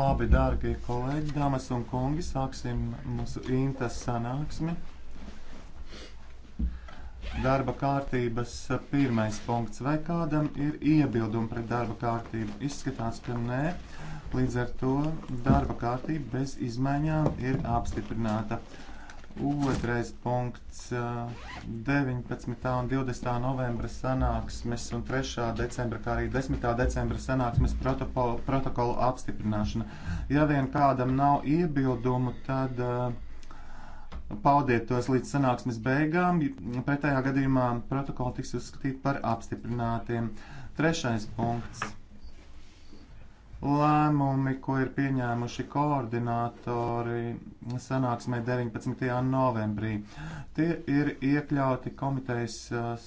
Labi, dārgie kolēģi, dāmas un kungi, sāksim mūsu īntas sanāksmi. Darba kārtības pirmais punkts. Vai kādam ir iebildumi pret darba kārtību? Izskatās, ka nē. Līdz ar to darba kārtība bez izmaiņām ir apstiprināta. Otrais punkts - 19. un 20. novembra sanāksmes un 3. decembra, kā arī 10. decembra sanāksmes protokolu, protokolu apstiprināšana. Ja vien kādam nav iebildumu, tad uh, paudiet tos līdz sanāksmes beigām. Pretējā gadījumā protokoli tiks uzskatīt par apstiprinātiem. Trešais punkts lēmumi, ko ir pieņēmuši koordinātori sanāksmē 19. novembrī. Tie ir iekļauti komitejas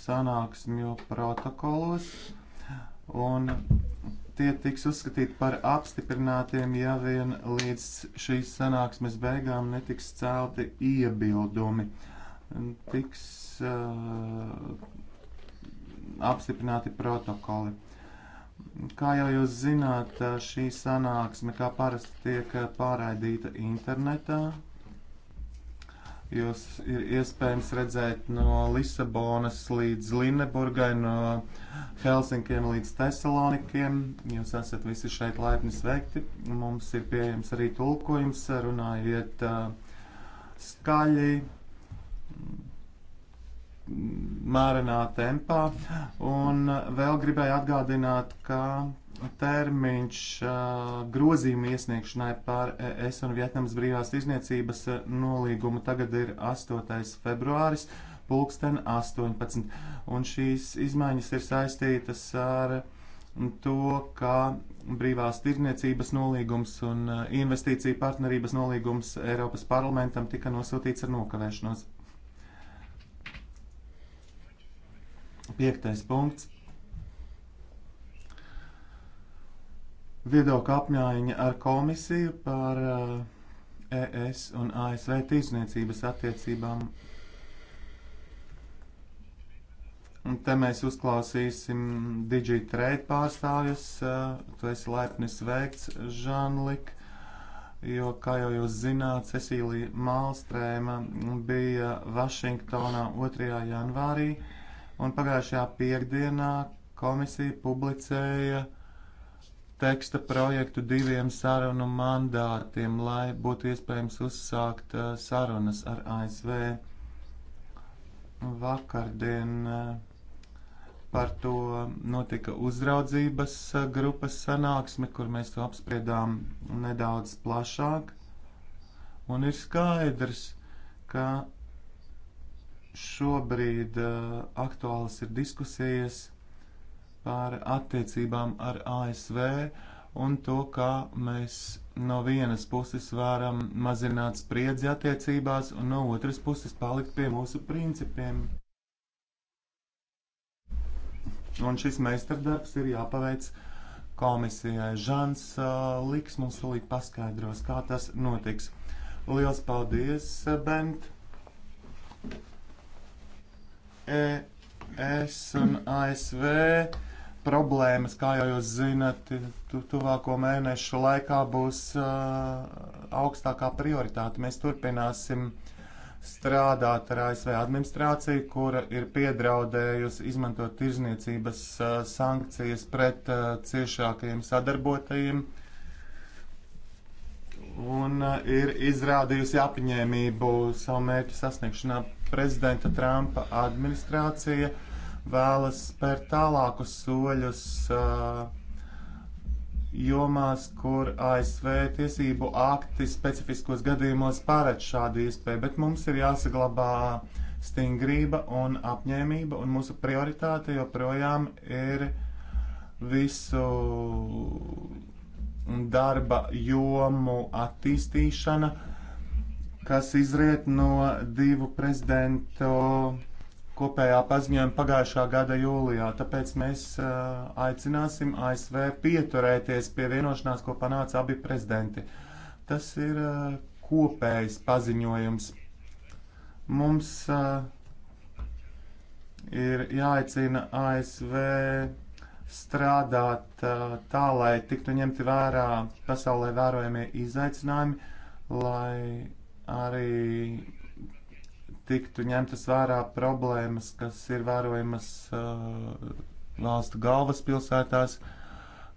sanāksmju protokolos un tie tiks uzskatīti par apstiprinātiem, ja vien līdz šīs sanāksmes beigām netiks celti iebildumi. Tiks uh, apstiprināti protokoli. Kā jau jūs zināt, šī sanāksme kā parasti tiek pārraidīta internetā. Jūs ir iespējams redzēt no Lisabonas līdz Lineburgai, no Helsinkiem līdz Tesalonikiem. Jūs esat visi šeit laipni sveikti. Mums ir pieejams arī tulkojums, runājiet uh, skaļi mērenā tempā. Un vēl gribēju atgādināt, ka termiņš uh, grozījuma iesniegšanai par ES un Vietnamas brīvās izniecības uh, nolīgumu tagad ir 8. februāris, pulksten 18. Un šīs izmaiņas ir saistītas ar to, ka brīvās tirdzniecības nolīgums un uh, investīcija partnerības nolīgums Eiropas parlamentam tika nosūtīts ar nokavēšanos. Piektais punkts. Viedokļa apmaiņa ar komisiju par uh, ES un ASV tīrzniecības attiecībām. Un te mēs uzklausīsim Digitrade pārstāvjus. Uh, tu esi laipni sveikts, Žanlik, jo, kā jau jūs zināt, Cecīlija Mālstrēma bija Vašingtonā 2. janvārī. Uh, un pagājušajā piekdienā komisija publicēja teksta projektu diviem sarunu mandātiem, lai būtu iespējams uzsākt uh, sarunas ar ASV. Vakardien uh, par to notika uzraudzības uh, grupas sanāksme, kur mēs to apspriedām nedaudz plašāk. Un ir skaidrs, ka šobrīd uh, eh, aktuāls ir diskusijas par attiecībām ar ASV un to, kā mēs no vienas puses varam mazināt spriedzi attiecībās un no otras puses palikt pie mūsu principiem. Un šis meistardarbs ir jāpaveic komisijai. Žants uh, Liks mums tūlīt paskaidros, kā tas notiks. Liels paldies, eh, Bent! ES un ASV problēmas, kā jau jūs zinat, tu, tuvāko mēnešu laikā būs uh, augstākā prioritāte. Mēs turpināsim strādāt ar ASV administrāciju, kura ir piedraudējusi izmantot tirzniecības uh, sankcijas pret uh, ciešākajiem sadarbotajiem un uh, ir izrādījusi apņēmību savu mērķu sasniegšanā prezidenta Trumpa administrācija vēlas spērt tālākus soļus uh, jomās, kur ASV tiesību akti specifiskos gadījumos paredz šādu iespēju, bet mums ir jāsaglabā stingrība un apņēmība, un mūsu prioritāte joprojām ir visu darba jomu attīstīšana kas izriet no divu prezidentu kopējā paziņojuma pagājušā gada jūlijā. Tāpēc mēs uh, aicināsim ASV pieturēties pie vienošanās, ko panāca abi prezidenti. Tas ir uh, kopējs paziņojums. Mums uh, ir jāaicina ASV strādāt uh, tā, lai tiktu ņemti vērā pasaulē vērojamie izaicinājumi, lai arī tiktu ņemtas vērā problēmas, kas ir vērojamas uh, valstu galvaspilsētās.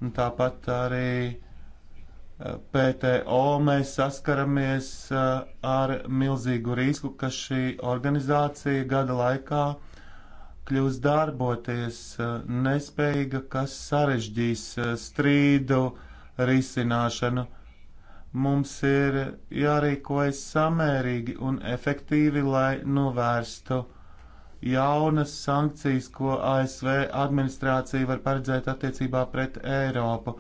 Un tāpat arī uh, PTO mēs saskaramies uh, ar milzīgu risku, ka šī organizācija gada laikā kļūs darboties uh, nespējīga, kas sarežģīs uh, strīdu risināšanu. Uh, Mums ir jārīkojas samērīgi un efektīvi, lai novērstu jaunas sankcijas, ko ASV administrācija var paredzēt attiecībā pret Eiropu.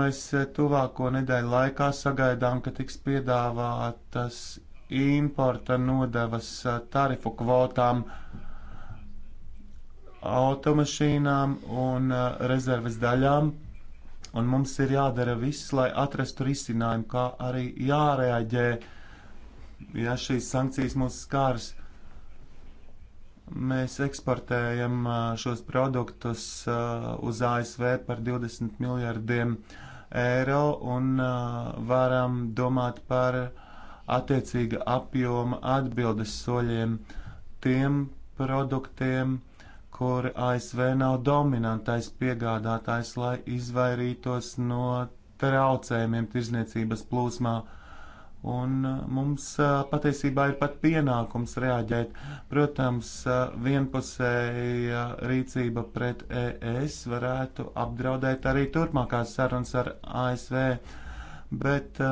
Mēs eh, tuvāko nedēļu laikā sagaidām, ka tiks piedāvātas importa nodevas eh, tarifu kvotām automašīnām un eh, rezerves daļām un mums ir jādara viss, lai atrastu risinājumu, kā arī jārēģē, ja šīs sankcijas mūs skārs. Mēs eksportējam šos produktus uz ASV par 20 miljardiem eiro un varam domāt par attiecīga apjoma atbildes soļiem tiem produktiem, kur ASV nav dominantais piegādātājs, lai izvairītos no traucējumiem tirzniecības plūsmā. Un uh, mums uh, patiesībā ir pat pienākums reaģēt. Protams, uh, vienpusēja rīcība pret ES varētu apdraudēt arī turpmākās sarunas ar ASV, bet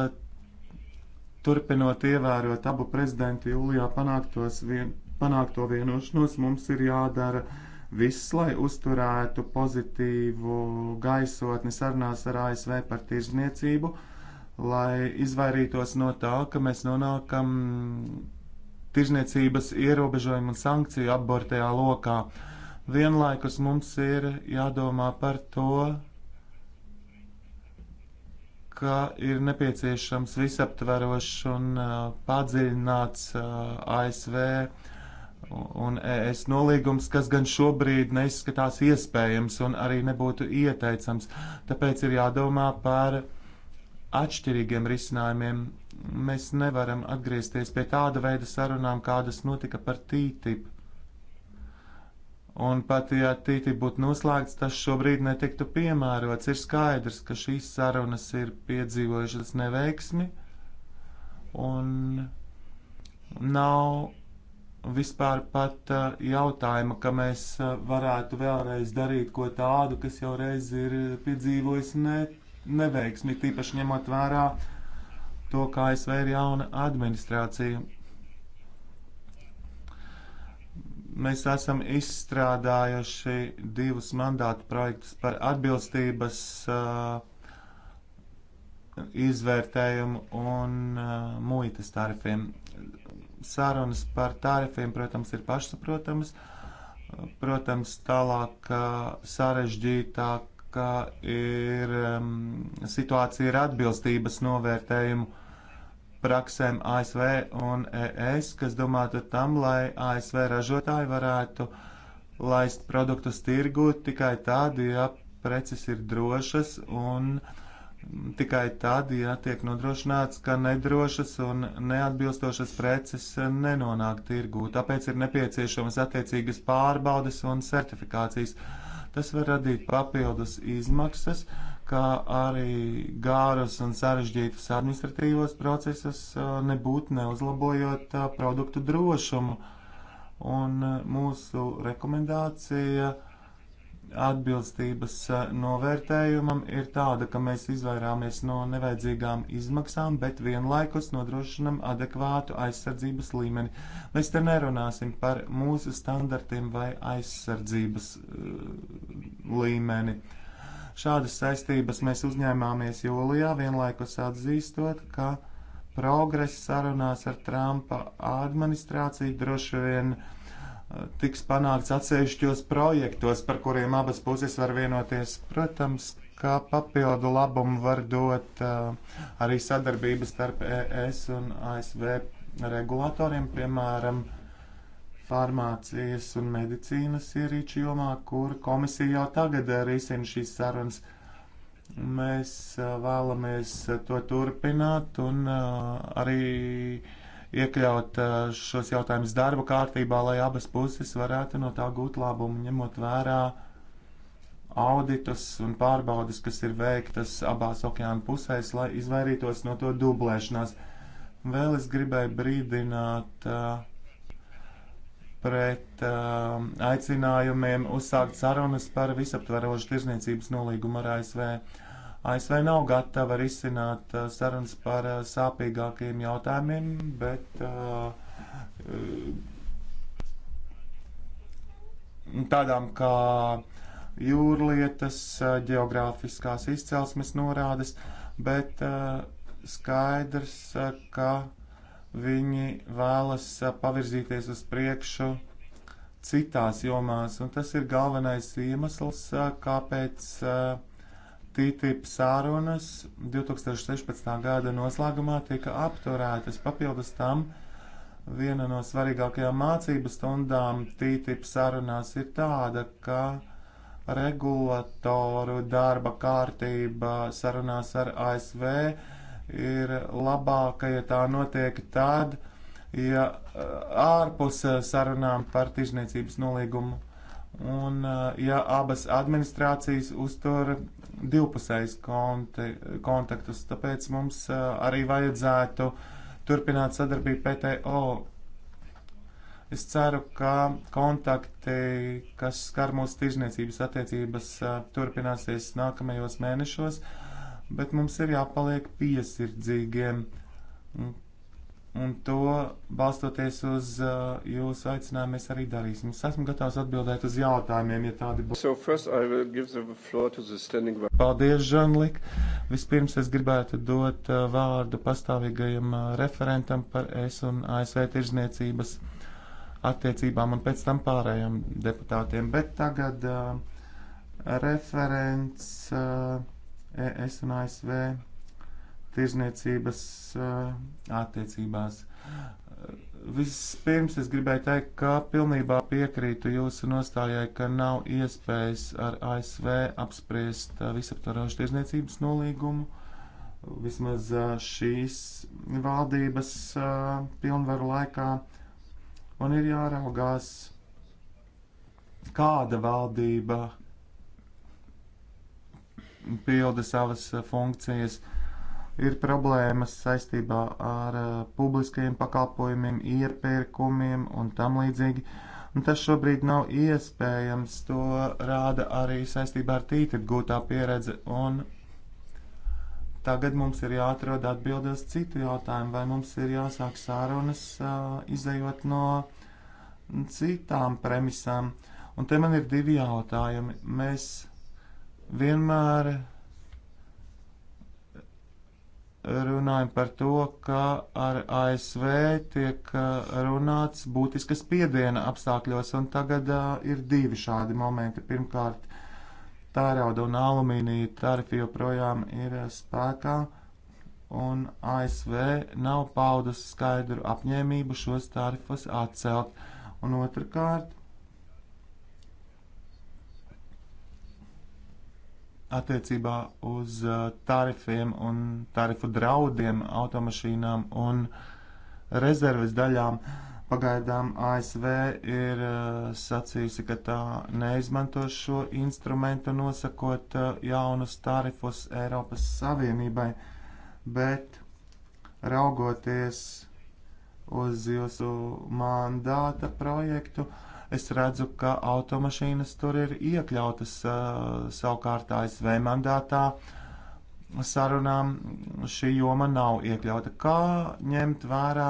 turpinot ievērot abu prezidentu jūlijā panāktos vien, panākto vienošanos, mums ir jādara uh, viss, lai uzturētu pozitīvu gaisotni sarunās ar ASV par tirzniecību, lai izvairītos no tā, ka mēs nonākam tirzniecības ierobežojumu un sankciju apbortajā lokā. Vienlaikus mums ir jādomā par to, ka ir nepieciešams visaptverošs un uh, padziļināts uh, ASV un ES nolīgums, kas gan šobrīd neizskatās iespējams un arī nebūtu ieteicams. Tāpēc ir jādomā par atšķirīgiem risinājumiem. Mēs nevaram atgriezties pie tāda veida sarunām, kādas notika par TTIP. Un pat ja TTIP būtu noslēgts, tas šobrīd netiktu piemērots. Ir skaidrs, ka šīs sarunas ir piedzīvojušas neveiksmi un nav vispār pat uh, jautājuma, ka mēs uh, varētu vēlreiz darīt ko tādu, kas jau reiz ir piedzīvojis ne, neveiksmi, tīpaši ņemot vērā to, kā ASV ir jauna administrācija. Mēs esam izstrādājuši divus mandātu projektus par atbilstības uh, izvērtējumu un uh, muitas tarifiem Sārunas par tārifiem, protams, ir pašsaprotamas. Protams, tālāk sarežģītāk ir um, situācija ar atbilstības novērtējumu praksēm ASV un ES, kas domātu tam, lai ASV ražotāji varētu laist produktus tirgu tikai tad, ja preces ir drošas un uh, tikai tad, ja tiek nodrošināts, ka nedrošas un neatbilstošas preces nenonāk tirgū. Tāpēc ir nepieciešamas attiecīgas pārbaudes un certifikācijas. Tas var radīt papildus izmaksas, kā arī gārus un sarežģītus administratīvos procesus uh, nebūtu neuzlabojot uh, produktu drošumu. Un uh, mūsu rekomendācija ir atbilstības eh, novērtējumam ir tāda, ka mēs izvairāmies no nevajadzīgām izmaksām, bet vienlaikus nodrošinam adekvātu aizsardzības līmeni. Mēs te nerunāsim par mūsu standartiem vai aizsardzības uh, līmeni. Šādas saistības mēs uzņēmāmies jūlijā, vienlaikus atzīstot, ka progress sarunās ar Trumpa administrāciju droši vien uh, tiks panākts atsevišķos projektos, par kuriem abas puses var vienoties. Protams, kā papildu labumu var dot uh, arī sadarbība starp ES un ASV regulatoriem, piemēram, farmācijas un medicīnas ierīču jomā, kur komisija jau tagad uh, risina šīs sarunas. Mēs uh, vēlamies to turpināt un arī iekļaut eh, šos jautājumus darba kārtībā, lai abas puses varētu no tā gūt labumu, ņemot vērā auditus un pārbaudas, kas ir veiktas abās okeāna pusēs, lai izvairītos no to dublēšanās. Vēl es gribēju brīdināt uh, pret uh, aicinājumiem uzsākt sarunas par visaptverošu tirzniecības nolīgumu ar ASV. ASV nav gatava risināt uh, sarunas par uh, sāpīgākiem jautājumiem, bet uh, tādām kā jūrlietas, geogrāfiskās izcelsmes norādes, bet skaidrs, ka viņi vēlas pavirzīties uz priekšu citās jomās, un tas ir galvenais iemesls, kāpēc uh, TTIP sārunas 2016. gada noslēgumā tika apturētas. Papildus tam viena no svarīgākajām mācību stundām TTIP sarunās ir tāda, ka regulatoru darba kārtība sarunās ar ASV ir labāka, ja tā notiek tad, ja ārpus sarunām par tirzniecības nolīgumu un ja abas administrācijas uztur divpusējus kontaktus, tāpēc mums arī vajadzētu turpināt sadarbību PTO. Es ceru, ka kontakti, kas skar mūsu tirzniecības attiecības, turpināsies nākamajos mēnešos, bet mums ir jāpaliek piesardzīgiem Un to balstoties uz uh, jūsu aicinājumu, mēs arī darīsim. Es esmu gatavs atbildēt uz jautājumiem, ja tādi būs. So standing... Paldies, Žanlik. Vispirms es gribētu dot uh, vārdu pastāvīgajam uh, referentam par es un ASV tirzniecības attiecībām un pēc tam pārējiem deputātiem. Bet tagad uh, referents uh, es un ASV tirzniecības eh, attiecībās. Eh, vispirms es gribēju teikt, ka pilnībā piekrītu jūsu nostājai, ka nav iespējas ar ASV apspriest eh, visaptvarošu tirzniecības nolīgumu. Vismaz šīs valdības pilnvaru laikā. Un ir jāraugās, kāda valdība pilda savas funkcijas. Uh, ir problēmas saistībā ar uh, publiskajiem pakalpojumiem, iepirkumiem un tam līdzīgi. Un tas šobrīd nav iespējams, to rāda arī saistībā ar tītip gūtā pieredze. Un tagad mums ir jāatrod atbildes citu jautājumu, vai mums ir jāsāk sārunas uh, izējot no citām premisām. Un te man ir divi jautājumi. Mēs vienmēr runājam par to, ka ar ASV tiek uh, runāts būtiskas piediena apstākļos, un tagad uh, ir divi šādi momenti. Pirmkārt, tērauda un alumīnija tarifi joprojām ir spēkā, un ASV nav paudus skaidru apņēmību šos tarifus atcelt. Un otrkārt, attiecībā uz uh, tarifiem un tarifu draudiem automašīnām un rezerves daļām. Pagaidām ASV ir uh, sacījusi, ka tā neizmanto šo instrumentu nosakot uh, jaunus tarifus Eiropas Savienībai, bet raugoties uz jūsu mandāta projektu, uh, Es redzu, ka automašīnas tur ir iekļautas uh, savukārt ASV mandātā. Sarunām šī joma nav iekļauta. Kā ņemt vērā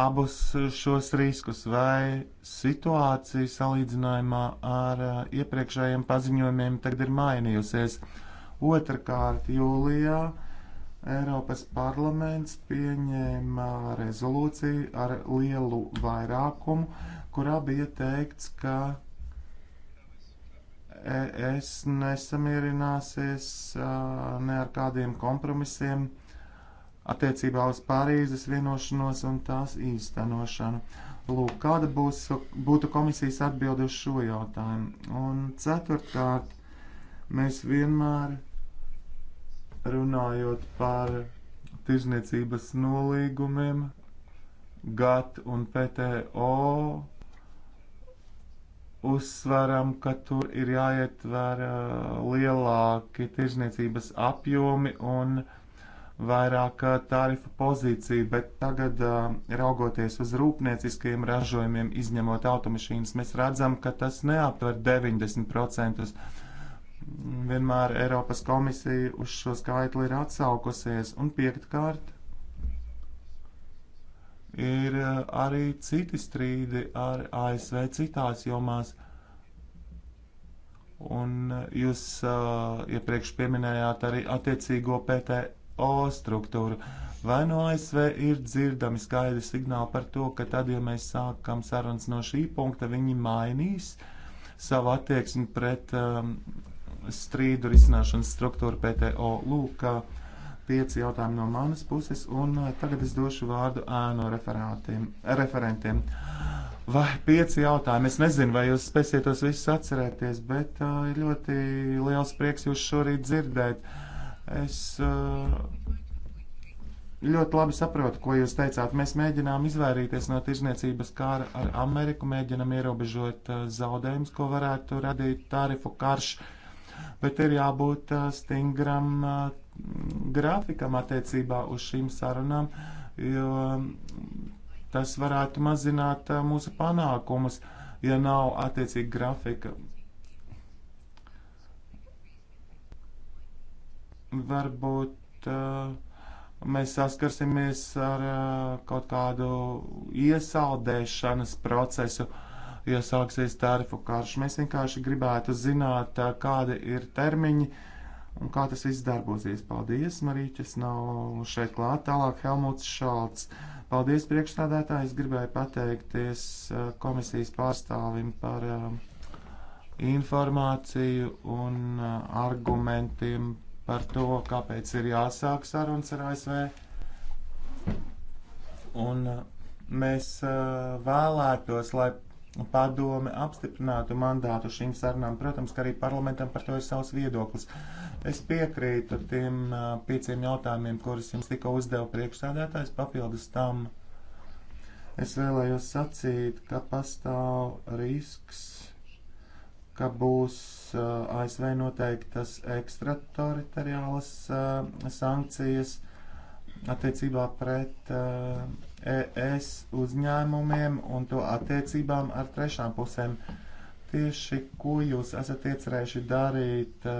abus šos riskus vai situācija salīdzinājumā ar uh, iepriekšējiem paziņojumiem tagad ir mainījusies? Otrakārt, jūlijā Eiropas parlaments pieņēma rezolūciju ar lielu vairākumu, kurā bija teikts, ka es nesamierināsies ne ar kādiem kompromisiem attiecībā uz Pārīzes vienošanos un tās īstenošanu. Lūk, kāda būs, būtu komisijas atbildi uz šo jautājumu. Un ceturtkārt, mēs vienmēr runājot par tirzniecības nolīgumiem, GATT un PTO uzsveram, ka tur ir jāietver uh, lielāki tirzniecības apjomi un vairāk uh, tarifu pozīciju, bet tagad, uh, raugoties uz rūpnieciskajiem ražojumiem, izņemot automašīnas, mēs redzam, ka tas neaptver 90%. Vienmēr Eiropas komisija uz šo skaitli ir atsaukusies un piektkārt ir eh, arī citi strīdi ar ASV citās jomās. Un eh, jūs uh, iepriekš pieminējāt arī attiecīgo PTO struktūru. Vai no ASV ir dzirdami skaidri signāli par to, ka tad, ja mēs sākam sarunas no šī punkta, viņi mainīs savu attieksmi pret um, strīdu risināšanas struktūru PTO? Lūk, uh, pieci jautājumi no manas puses, un uh, tagad es došu vārdu ēno referentiem. Vai pieci jautājumi? Es nezinu, vai jūs spēsiet tos visus atcerēties, bet uh, ļoti liels prieks jūs šorīt dzirdēt. Es uh, ļoti labi saprotu, ko jūs teicāt. Mēs mēģinām izvairīties no tirzniecības kara ar Ameriku, mēģinam ierobežot uh, zaudējumus, ko varētu radīt tarifu karš, bet ir jābūt uh, stingram. Uh, grafikam attiecībā uz šīm sarunām, jo tas varētu mazināt mūsu panākumus, ja nav attiecīgi grafika. Varbūt uh, mēs saskarsimies ar kaut kādu iesaldēšanas procesu, ja sāksies tarifu karš. Mēs vienkārši gribētu zināt, kādi ir termiņi, un kā tas viss darbosies. Paldies, Marīķis nav šeit klāt. Tālāk Helmuts Šalts. Paldies, priekšstādātāji. Es gribēju pateikties eh, komisijas pārstāvim par eh, informāciju un eh, argumentiem par to, kāpēc ir jāsāk sarunas ar ASV. Un mēs vēlētos, lai padome apstiprinātu mandātu šīm sarunām. Protams, ka arī parlamentam par to ir savs viedoklis. Es piekrītu tiem pieciem jautājumiem, kurus jums tikko uzdeva priekšsādātājs. Papildus tam es vēlējos sacīt, ka pastāv risks, ka būs ASV noteiktas ekstrateritoriālas sankcijas attiecībā pret ES uzņēmumiem un to attiecībām ar trešām pusēm. Tieši ko jūs esat iecerējuši darīt e,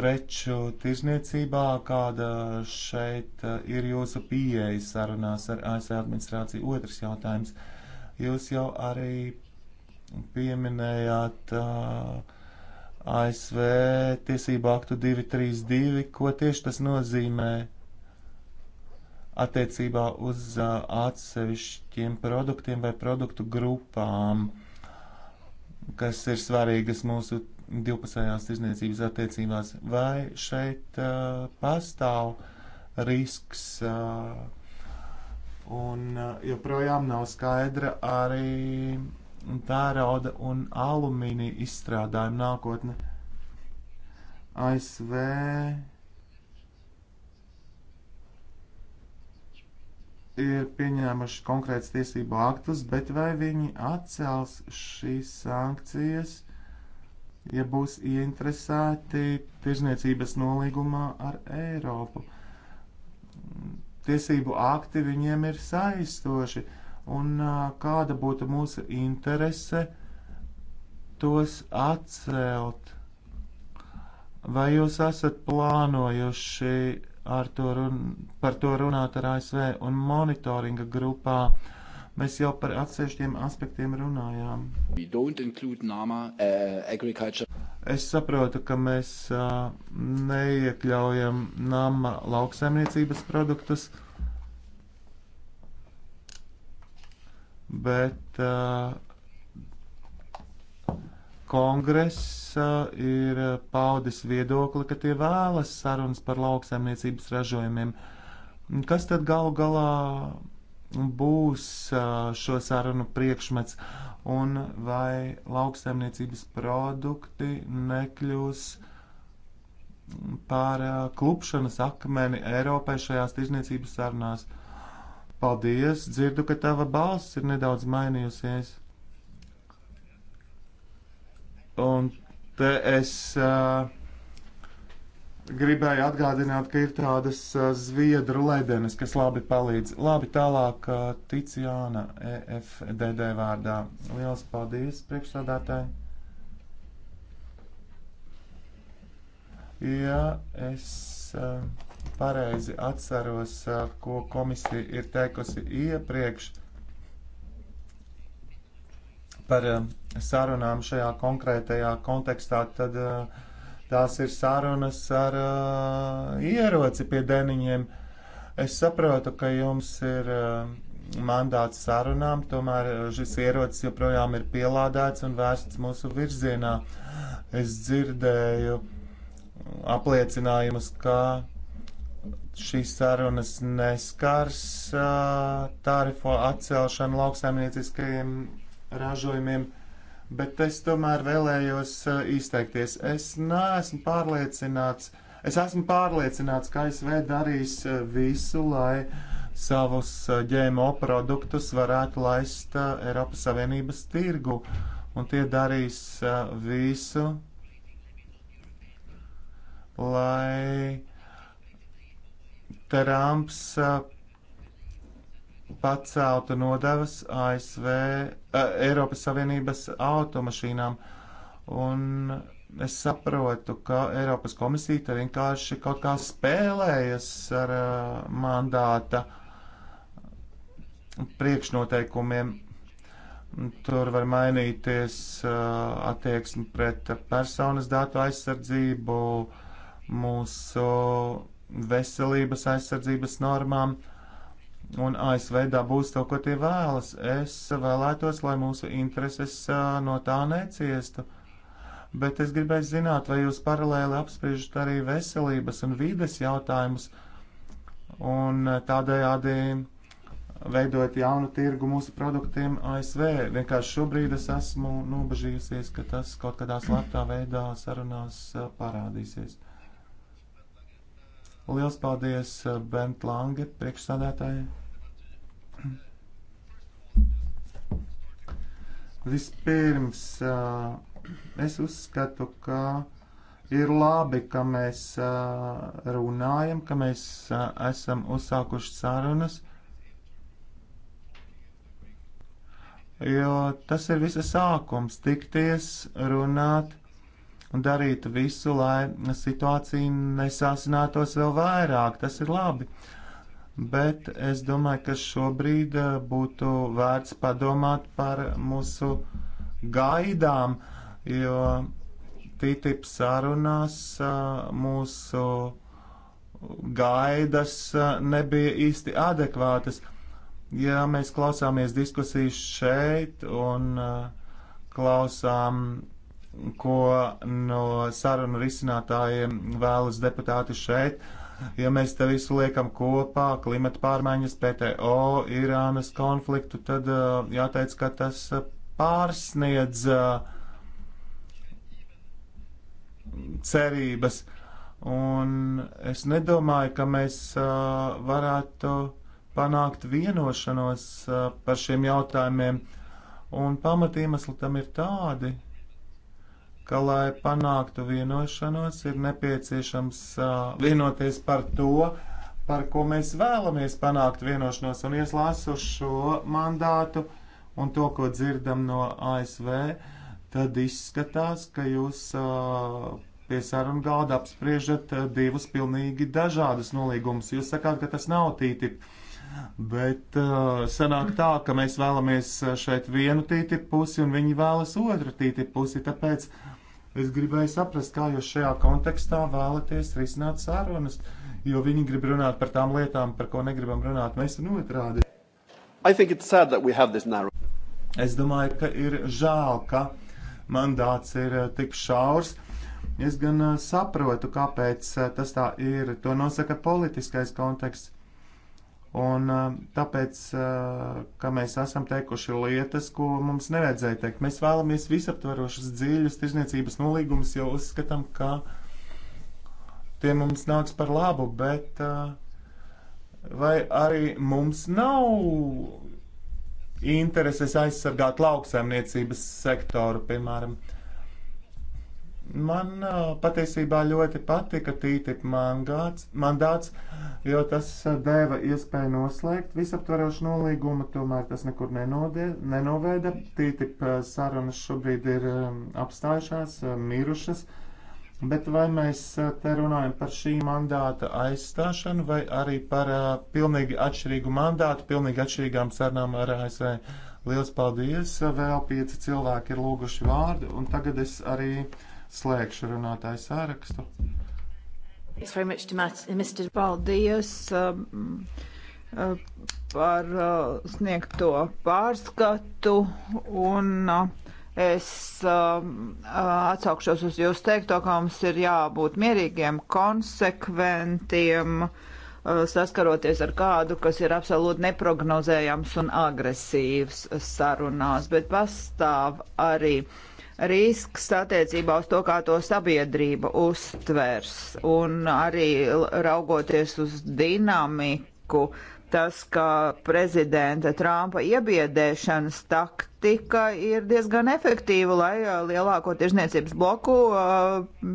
preču tirzniecībā, kāda šeit e, ir jūsu pieeja sarunās ar ASV e administrāciju? Otrs jautājums. Jūs jau arī pieminējāt uh, ASV tiesību aktu 232, ko tieši tas nozīmē? attiecībā uz atsevišķiem produktiem vai produktu grupām, kas ir svarīgas mūsu divpusējās tirzniecības attiecībās, vai šeit uh, pastāv risks uh, un uh, joprojām nav skaidra arī tērauda un alumīnija izstrādājuma nākotne. ASV ir pieņēmuši konkrēts tiesību aktus, bet vai viņi atcels šīs sankcijas, ja būs ieinteresēti tirzniecības nolīgumā ar Eiropu? Tiesību akti viņiem ir saistoši, un kāda būtu mūsu interese tos atcelt? Vai jūs esat plānojuši ar to run, par to runāt ar ASV un monitoringa grupā. Mēs jau par atsevišķiem aspektiem runājām. Nama, uh, es saprotu, ka mēs uh, neiekļaujam nama lauksaimniecības produktus, bet uh, kongress ir paudis viedokli, ka tie vēlas sarunas par lauksaimniecības ražojumiem. Kas tad galu galā būs šo sarunu priekšmets un vai lauksaimniecības produkti nekļūs par klupšanas akmeni Eiropai šajās tirzniecības sarunās? Paldies, dzirdu, ka tava balss ir nedaudz mainījusies. Un te es uh, gribēju atgādināt, ka ir tādas uh, zviedru ledenes, kas labi palīdz. Labi, tālāk uh, Ticijāna EFDD vārdā. Lielas paldies priekšsādātāji. Ja es uh, pareizi atceros, uh, ko komisija ir teikusi iepriekš, par eh, sarunām šajā konkrētajā kontekstā, tad eh, tās ir sarunas ar eh, ieroci pie deniņiem. Es saprotu, ka jums ir mandāts sarunām, tomēr šis ierocis joprojām ir pielādēts un vērsts mūsu virzienā. Es dzirdēju apliecinājumus, ka šīs sarunas neskars tarifu atcelšanu lauksaimnieciskajiem ražojumiem, bet es tomēr vēlējos eh, izteikties. Es neesmu pārliecināts, es esmu pārliecināts, ka ASV darīs eh, visu, lai savus eh, ģēmo produktus varētu laist Eiropas Savienības tirgu, un tie darīs visu, lai Trumps paceltu nodevas ASV, uh, eh, Eiropas Savienības automašīnām. Un es saprotu, ka Eiropas komisija te vienkārši kaut kā spēlējas ar uh, mandāta priekšnoteikumiem. Tur var mainīties uh, attieksme pret personas datu aizsardzību, mūsu veselības aizsardzības normām. Uh, un ASV dabūs to, ko tie vēlas. Es vēlētos, lai mūsu intereses no tā neciestu. Bet es gribēju zināt, vai jūs paralēli apspriežat arī veselības un vides jautājumus, un tādējādi veidojat jaunu tirgu mūsu produktiem ASV. Vienkārši šobrīd es esmu nobežījusies, ka tas kaut kādā slēptā veidā sarunās parādīsies. Liels paldies Bent Lange priekšsādātājai! Vispirms es uzskatu, ka ir labi, ka mēs runājam, ka mēs esam uzsākuši sarunas, jo tas ir visa sākums - tikties, runāt un darīt visu, lai situācija nesāsinātos vēl vairāk. Tas ir labi bet es domāju, ka šobrīd eh, būtu vērts padomāt par mūsu gaidām, jo TTIP sarunās eh, mūsu gaidas eh, nebija īsti adekvātas. Ja mēs klausāmies diskusijas šeit un klausām, ko no sarunu risinātājiem vēlas deputāti šeit, uh, Ja mēs te visu liekam kopā, klimata pārmaiņas, PTO, Irānas konfliktu, tad eh, jāteic, ka tas eh, pārsniedz eh, cerības. Un es nedomāju, ka mēs varētu panākt vienošanos par šiem jautājumiem. Un pamatīmesli tam ir tādi, ka, lai panāktu vienošanos, ir nepieciešams uh, vienoties par to, par ko mēs vēlamies panākt vienošanos. Un ieslāsu šo mandātu un to, ko dzirdam no ASV, tad izskatās, ka jūs uh, pie sarunu galda apspriežat uh, divus pilnīgi dažādus nolīgumus. Jūs sakāt, ka tas nav tītip. Bet uh, sanāk tā, ka mēs vēlamies šeit vienu tīti pusi un viņi vēlas otru tīti pusi, tāpēc uh, Es gribēju saprast, kā jūs šajā kontekstā vēlaties risināt sarunas, jo viņi grib runāt par tām lietām, par ko negribam runāt mēs un otrādi. Narrow... Es domāju, ka ir žēl, ka mandāts ir eh, tik šaurs. Es gan eh, saprotu, kāpēc eh, tas tā ir. To nosaka politiskais konteksts. Un uh, tāpēc, uh, kā mēs esam teikuši lietas, ko mums nevajadzēja teikt, mēs vēlamies visaptvarošas dziļus tirzniecības nolīgumus, jo uzskatām, ka tie mums nāks par labu, bet uh, vai arī mums nav intereses aizsargāt lauksaimniecības sektoru, piemēram. Man uh, patiesībā ļoti patika TTIP mangāts, mandāts, jo tas uh, deva iespēju noslēgt visaptvarošu nolīgumu, tomēr tas nekur nenodie, nenoveda. TTIP uh, sarunas šobrīd ir um, apstājušās, mirušas, bet vai mēs te runājam par šī mandāta aizstāšanu vai arī par pilnīgi atšķirīgu mandātu, pilnīgi atšķirīgām sarunām ar ASV? Liels paldies! Vēl pieci cilvēki ir lūguši vārdu, un tagad es arī slēgšu runātāju sārakstu. Uh, Paldies um, uh, par uh, sniegto pārskatu un uh, es um, uh, atsaukšos uz jūsu teikto, ka mums ir jābūt mierīgiem, konsekventiem, uh, saskaroties ar kādu, kas ir absolūti neprognozējams un agresīvs sarunās, bet pastāv arī uh, risks attiecībā uz to, kā to sabiedrība uztvers, un arī raugoties uz dinamiku, tas, ka prezidenta Trumpa iebiedēšanas taktika ir diezgan efektīva, lai uh, lielāko tirzniecības bloku uh,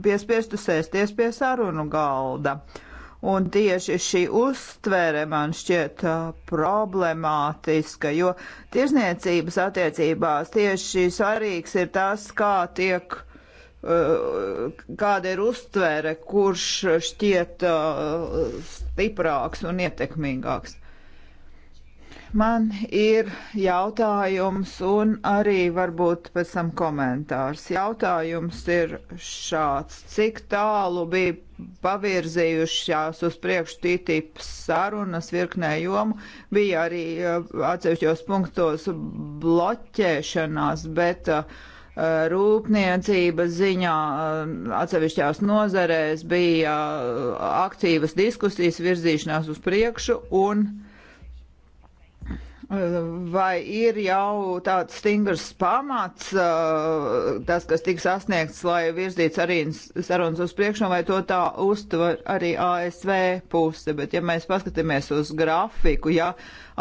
piespiestu sēsties pie sarunu galda. Uh, Un tieši šī uztvere man šķiet uh, problemātiska, jo tirzniecības attiecībās tieši svarīgs ir tas, kā tiek, uh, kāda ir uztvere, kurš šķiet uh, stiprāks un ietekmīgāks. Man ir jautājums un arī varbūt pēc tam komentārs. Jautājums ir šāds, cik tālu bija pavirzījušās uz priekšu TTIP sarunas virknē jomu, bija arī eh, atsevišķos punktos bloķēšanās, bet eh, rūpniecības ziņā eh, atsevišķās nozarēs bija aktīvas diskusijas virzīšanās uz priekšu un Vai ir jau tāds stingrs pamats, tas, kas tiks sasniegts, lai virzīts arī sarunas uz priekšu, vai to tā uztver arī ASV puse? Bet, ja mēs paskatāmies uz grafiku, ja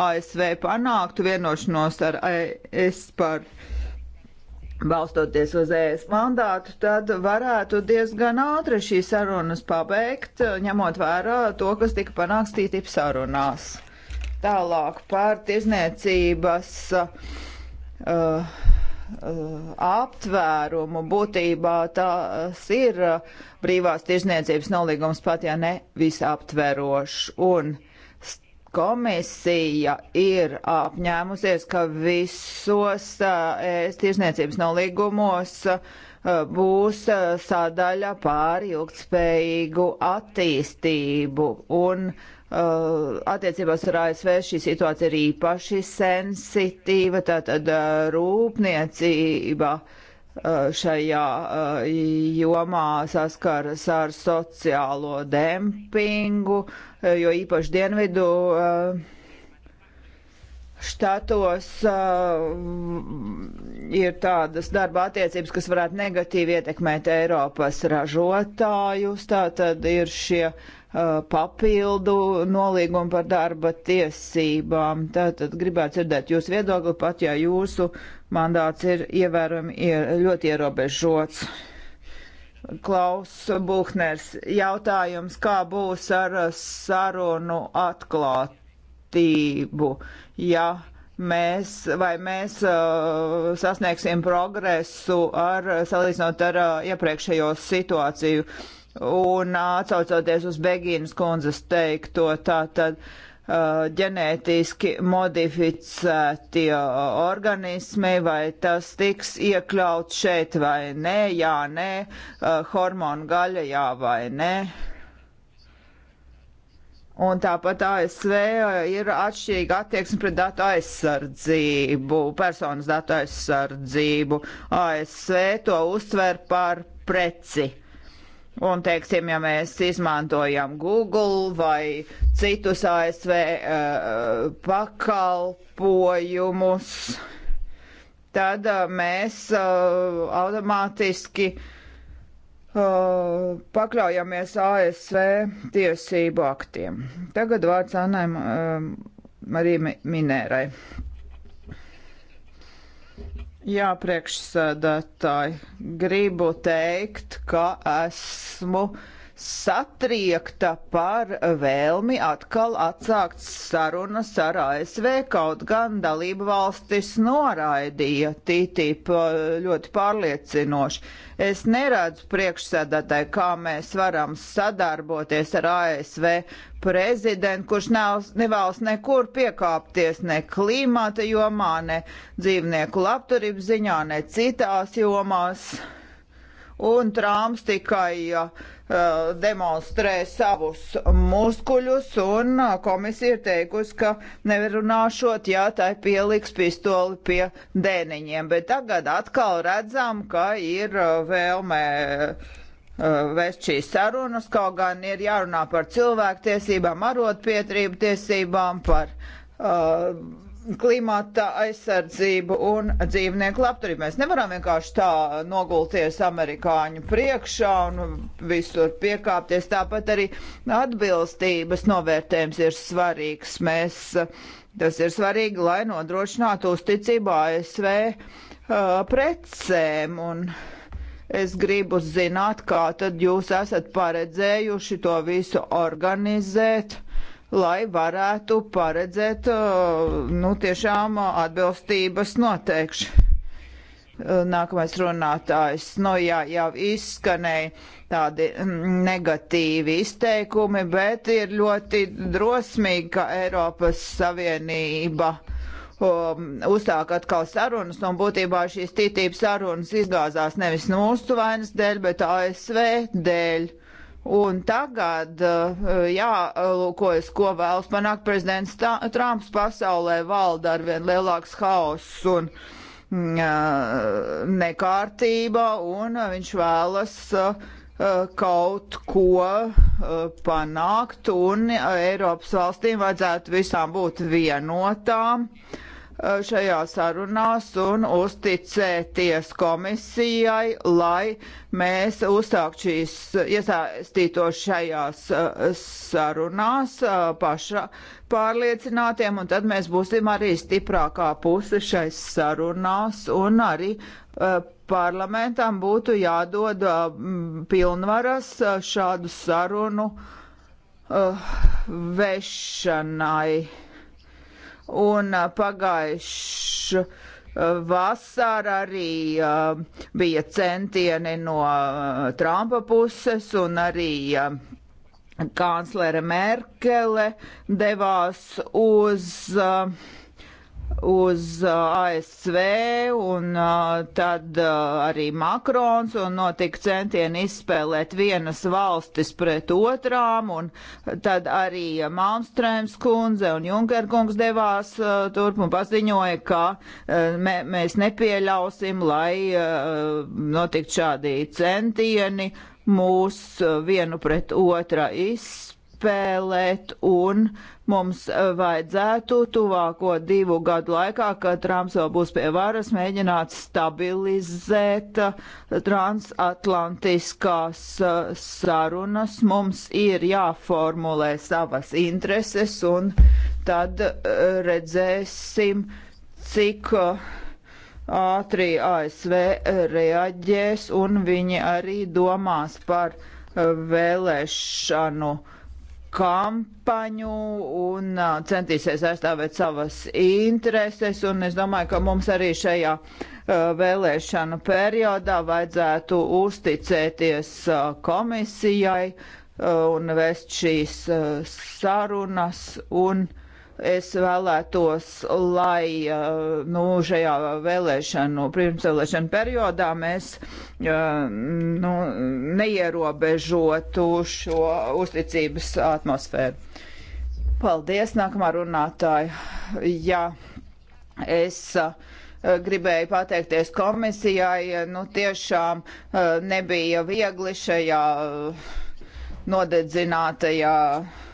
ASV panāktu vienošanos ar ES par balstoties uz ES mandātu, tad varētu diezgan ātri šīs sarunas pabeigt, ņemot vērā to, kas tika panāks tītip sarunās. Tālāk par tirzniecības uh, uh, aptvērumu būtībā tas ir uh, brīvās tirzniecības nolīgums pat, ja ne visaptverošs. Un komisija ir apņēmusies, ka visos uh, tirzniecības nolīgumos uh, būs uh, sadaļa pār ilgtspējīgu attīstību un uh, Uh, attiecībās ar ASV šī situācija ir īpaši sensitīva, tātad uh, rūpniecība uh, šajā jomā saskaras ar sociālo dempingu, jo īpaši dienvidu štatos ir tādas darba attiecības, kas varētu negatīvi ietekmēt Eiropas ražotājus, tātad ir šie Uh, papildu nolīgumu par darba tiesībām. Tātad gribētu dzirdēt jūsu viedokli, pat ja jūsu mandāts ir ievērojami ir ļoti ierobežots. Klaus Buhners, jautājums, kā būs ar sarunu atklātību? Ja mēs, vai mēs uh, sasniegsim progresu ar, salīdzinot ar uh, iepriekšējo situāciju. Un atsaucoties uz Begīnas kundzes teikto, tātad ģenētiski modificēti organismi, vai tas tiks iekļauts šeit vai nē, jā, nē, hormonu gaļa, jā vai nē. Un tāpat ASV ir atšķirīga attieksme pret datu aizsardzību, personas datu aizsardzību. ASV to uztver par preci. Uh, Un, teiksim, ja mēs izmantojam Google vai citus ASV uh, eh, pakalpojumus, tad uh, mēs uh, automātiski uh, pakļaujamies ASV tiesību aktiem. Tagad vārds Annai uh, Marijai Minērai. Jā, priekšsēdētāji, gribu teikt, ka esmu. Uh, satriekta par vēlmi atkal atsākt sarunas ar ASV, kaut gan dalību valstis noraidīja TTIP eh, ļoti pārliecinoši. Es neredzu priekšsēdētāji, kā mēs varam sadarboties ar ASV prezidentu, kurš nav, nevēlas nekur piekāpties ne klimata jomā, ne dzīvnieku labturības ziņā, ne citās jomās un Trumps tikai uh, demonstrē savus muskuļus, un uh, komisija ir teikusi, ka nevarunāšot, jā, tai pieliks pistoli pie dēniņiem, bet tagad atkal redzam, ka ir uh, vēlmē uh, vēst šīs sarunas, kaut gan ir jārunā par cilvēktiesībām, arotbiedrību tiesībām, par uh, klimata aizsardzību un dzīvnieku labturību. Mēs nevaram vienkārši tā nogulties amerikāņu priekšā un visur piekāpties. Tāpat arī atbilstības novērtējums ir svarīgs. Mēs, tas ir svarīgi, lai nodrošinātu uzticību ASV uh, precēm. Un, Es gribu zināt, kā tad jūs esat paredzējuši to visu organizēt lai varētu paredzēt uh, nu, tiešām atbilstības noteikšanu. Uh, nākamais runātājs, nu jā, jau izskanēja tādi mm, negatīvi izteikumi, bet ir ļoti drosmīgi, ka Eiropas Savienība um, uzsāk atkal sarunas, un būtībā šīs tītības sarunas izgāzās nevis mūsu vainas dēļ, bet ASV dēļ. Uh, Un tagad eh, jālūkojas, ko vēlas panākt prezidents Trumps pasaulē valda ar vien lielāks haoss un mm, eh, nekārtība, un eh, viņš vēlas kaut ko panākt, un Eiropas valstīm vajadzētu visām būt vienotām. No Eh, šajā sarunās un uzticēties komisijai, lai mēs uzsākt šīs iesaistītos šajās eh, sarunās eh, paša pārliecinātiem, un tad mēs būsim arī stiprākā puse šais sarunās un arī parlamentam būtu jādod pilnvaras šādu sarunu vešanai un uh, pagājuši uh, vasar arī uh, bija centieni no Trumpa puses un arī kanclere Merkele devās uz uh, uz uh, ASV un uh, tad uh, arī Makrons un notika centieni izspēlēt vienas valstis pret otrām un tad arī Malmstrēms kundze un Junkerkungs devās turp un paziņoja, ka mēs nepieļausim, lai notikt šādi centieni mūs vienu pret otra izspēlēt spēlēt, un mums vajadzētu tuvāko divu gadu laikā, kad Trumps vēl būs pie varas, mēģināt stabilizēt transatlantiskās sarunas. Mums ir jāformulē savas intereses, un tad eh, redzēsim, cik eh, ātri ASV reaģēs, un viņi arī domās par eh, vēlēšanu uh, kampaņu un centīsies aizstāvēt savas intereses. Un es domāju, ka mums arī šajā vēlēšanu periodā vajadzētu uzticēties komisijai un vest šīs sarunas un uh, Es vēlētos, lai eh, nu, šajā vēlēšanu, pirmsvēlēšanu periodā mēs eh, nu, neierobežotu šo uzticības atmosfēru. Paldies, nākamā runātāja. Jā, es eh, gribēju pateikties komisijai. Nu, tiešām nebija viegli šajā nodedzinātajā. Ja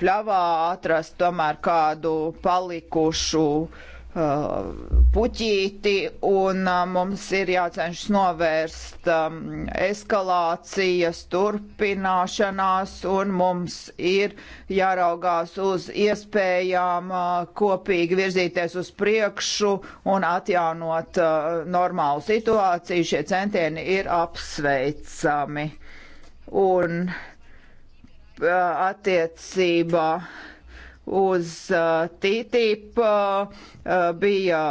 pļavā atrast tomēr kādu palikušu uh, puķīti, un uh, mums ir jācenšas novērst um, eskalācijas turpināšanās, un mums ir jāraugās uz iespējām uh, kopīgi virzīties uz priekšu un atjaunot uh, normālu situāciju. Šie centieni ir apsveicami. Un attiecībā uz uh, TTIP uh, bija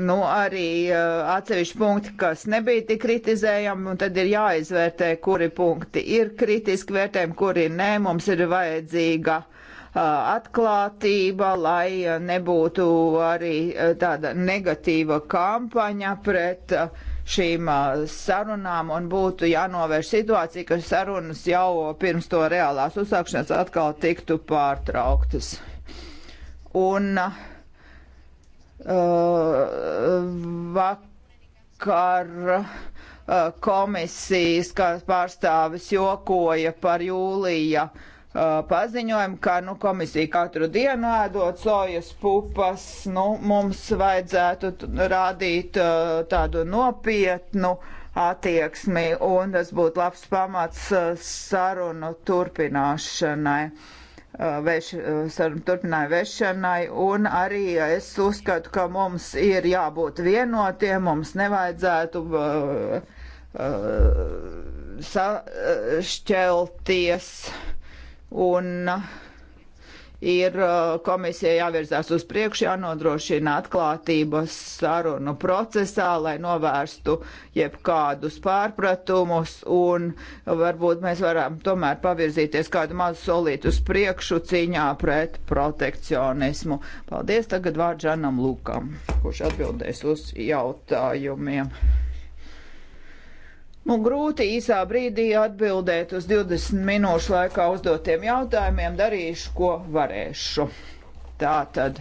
nu, arī uh, atsevišķi punkti, kas nebija tik kritizējami, un tad ir jāizvērtē, kuri punkti ir kritiski vērtējami, kuri nē. Mums ir vajadzīga atklātība, lai nebūtu arī tāda negatīva kampaņa pret uh, šīm sarunām un būtu jānovērš situācija, ka sarunas jau pirms to reālās uzsākšanas atkal tiktu pārtrauktas. Un uh, vakar uh, komisijas, kā pārstāvis jokoja par jūlija uh, paziņojumu, ka nu, komisija katru dienu ēdot sojas pupas, nu, mums vajadzētu rādīt tādu nopietnu attieksmi, un tas būtu labs pamats sarunu turpināšanai. Veš, sarunu turpināja vešanai, un arī es uzskatu, ka mums ir jābūt vienotiem, mums nevajadzētu uh, uh, sašķelties. Uh, un uh, ir uh, komisija jāvirzās uz priekšu, jānodrošina atklātības sarunu procesā, lai novērstu jebkādus pārpratumus, un varbūt mēs varam tomēr pavirzīties kādu mazu solītu uz priekšu cīņā pret protekcionismu. Paldies tagad vārdu Žanam Lukam, kurš atbildēs uz jautājumiem. Nu, grūti īsā brīdī atbildēt uz 20 minūšu laikā uzdotiem jautājumiem. Darīšu, ko varēšu. Tā tad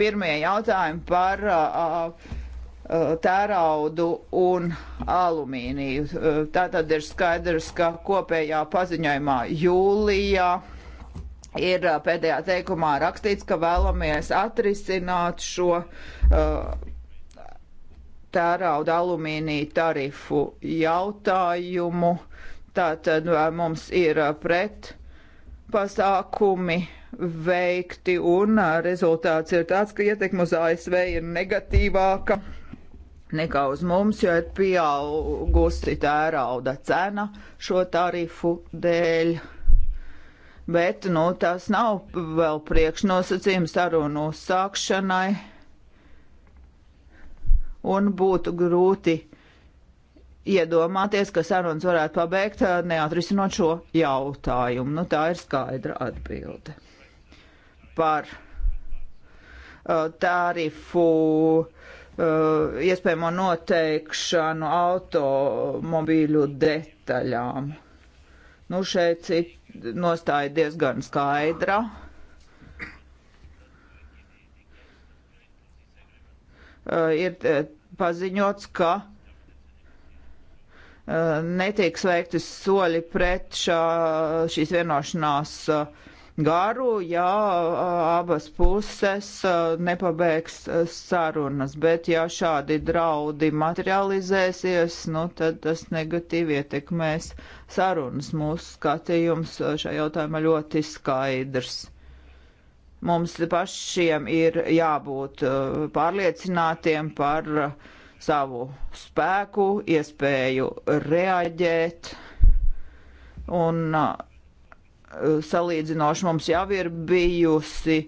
pirmie jautājumi par uh, tēraudu un alumīniju. Tā tad ir skaidrs, ka kopējā paziņojumā jūlijā ir pēdējā teikumā rakstīts, ka vēlamies atrisināt šo uh, tērauda alumīnija tarifu jautājumu. Tātad mums ir uh, pret pasākumi veikti un uh, rezultāts ir tāds, ka ietekme uz ASV ir negatīvāka nekā uz mums, jo ir pieaugusi tērauda cena šo tarifu dēļ. Bet nu, tas nav vēl priekšnosacījums sarunu sākšanai un būtu grūti iedomāties, ka sarunas varētu pabeigt eh, neatrisinot šo jautājumu. Nu, tā ir skaidra atbilde. Par uh, eh, tārifu uh, eh, iespējamo noteikšanu automobīļu detaļām. Nu, šeit nostāja diezgan skaidra. Uh, Eh, ir eh, paziņots, ka eh, netiek sveikti soļi pret šā, šīs vienošanās garu, ja abas puses nepabeigs sarunas, bet ja šādi draudi materializēsies, nu tad tas negatīvi ietekmēs sarunas. Mūsu skatījums šajā jautājumā ļoti skaidrs. Mums pašiem ir jābūt uh, pārliecinātiem par uh, savu spēku, iespēju reaģēt un uh, salīdzinoši mums jau ir bijusi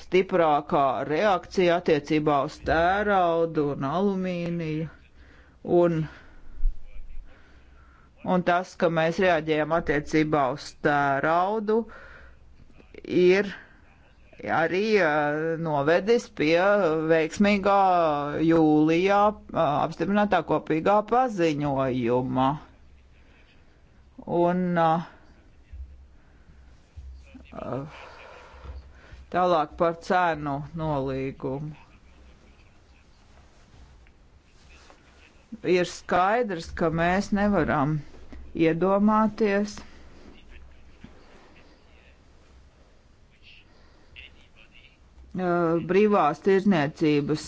stiprākā reakcija attiecībā uz tēraudu un alumīniju. Un, un tas, ka mēs reaģējam attiecībā uz tēraudu, uh, ir arī uh, novedis pie veiksmīgā jūlijā uh, apstiprinātā kopīgā paziņojuma. Un uh, tālāk par cenu nolīgumu. Ir skaidrs, ka mēs nevaram iedomāties Eh, brīvās tirzniecības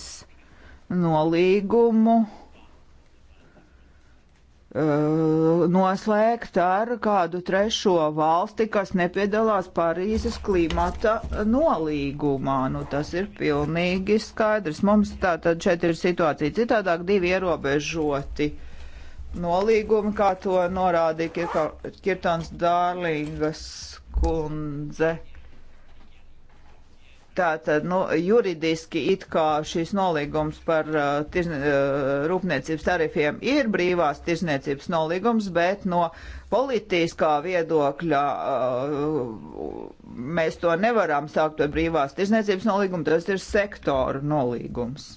nolīgumu eh, noslēgt ar kādu trešo valsti, kas nepiedalās Parīzes klimata nolīgumā. Nu, tas ir pilnīgi skaidrs. Mums tā tad šeit ir situācija citādāk, divi ierobežoti nolīgumi, kā to norādīja Kirtons Dārlingas kundze. Tātad, nu, juridiski it kā šīs nolīgums par uh, tirzn, uh, rūpniecības tarifiem ir brīvās tirzniecības nolīgums, bet no politiskā viedokļa uh, mēs to nevaram sākt ar brīvās tirzniecības nolīgumu, tas ir sektoru nolīgums.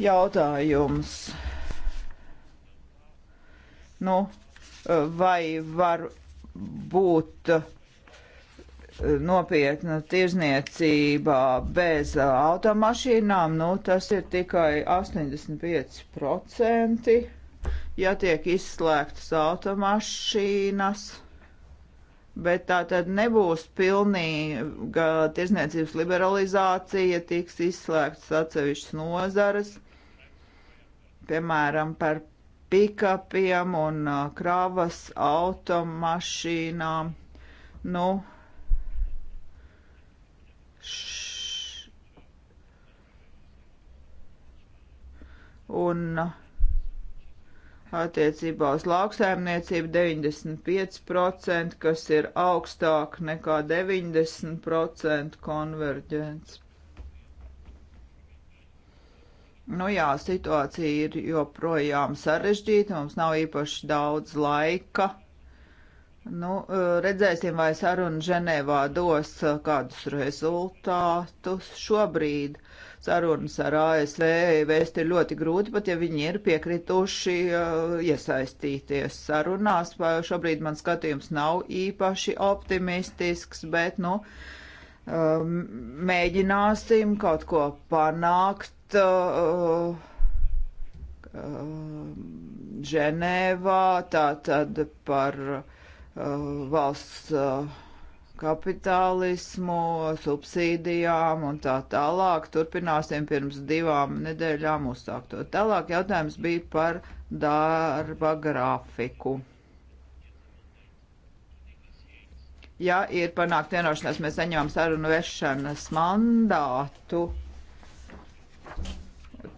Jautājums. Nu, vai var būt. Uh, nopietna tirzniecība bez uh, automašīnām, nu, tas ir tikai 85%, ja tiek izslēgtas automašīnas. Bet tā tad nebūs pilnīga tirzniecības liberalizācija, tiks izslēgtas atsevišķas nozares, piemēram, par pikapiem un uh, krāvas automašīnām. Nu, Š... Un attiecībā uz lauksaimniecību 95%, kas ir augstāk nekā 90% konverģents. Nu jā, situācija ir joprojām sarežģīta, mums nav īpaši daudz laika Nu, eh, redzēsim, vai saruna Ženēvā dos eh, kādus rezultātus. Šobrīd sarunas ar ASV vēst ir ļoti grūti, pat ja viņi ir piekrituši uh, iesaistīties sarunās. Šobrīd man skatījums nav īpaši optimistisks, bet, nu, um, mēģināsim kaut ko panākt. Uh, uh, Ženēvā, tā tad par uh, Uh, valsts uh, kapitālismu, subsīdijām un tā tālāk. Turpināsim pirms divām nedēļām uzsākto. Tālāk jautājums bija par darba grafiku. Ja ir panākt vienošanās, mēs saņemam sarunu vešanas mandātu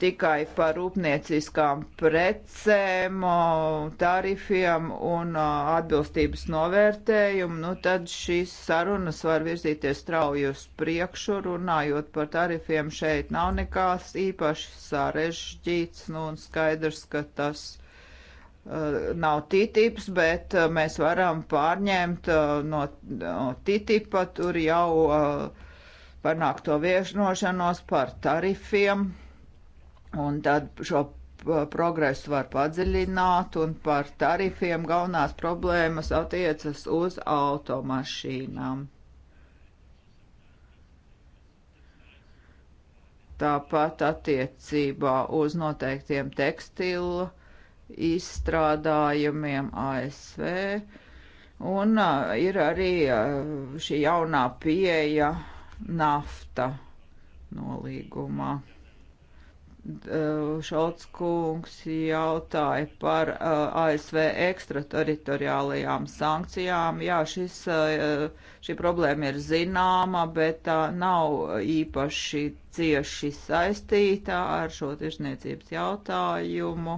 tikai par rūpnieciskām precēm, tarifiem un atbilstības novērtējumu, nu tad šīs sarunas var virzīties strauji uz priekšu, runājot par tarifiem šeit nav nekās īpaši sarežģīts, nu un skaidrs, ka tas uh, nav TTIPs, bet uh, mēs varam pārņemt uh, no, no TTIPa tur jau panākto viešanošanos par tarifiem Un tad šo uh, progresu var padziļināt, un par tarifiem galvenās problēmas attiecas uz automašīnām. Tāpat attiecībā uz noteiktiem tekstilu izstrādājumiem ASV. Un uh, ir arī uh, šī jaunā pieeja nafta nolīgumā. Šalts kungs jautāja par uh, ASV ekstrateritoriālajām sankcijām. Jā, šis, uh, šī problēma ir zināma, bet tā nav īpaši cieši saistīta ar šo tirsniecības jautājumu.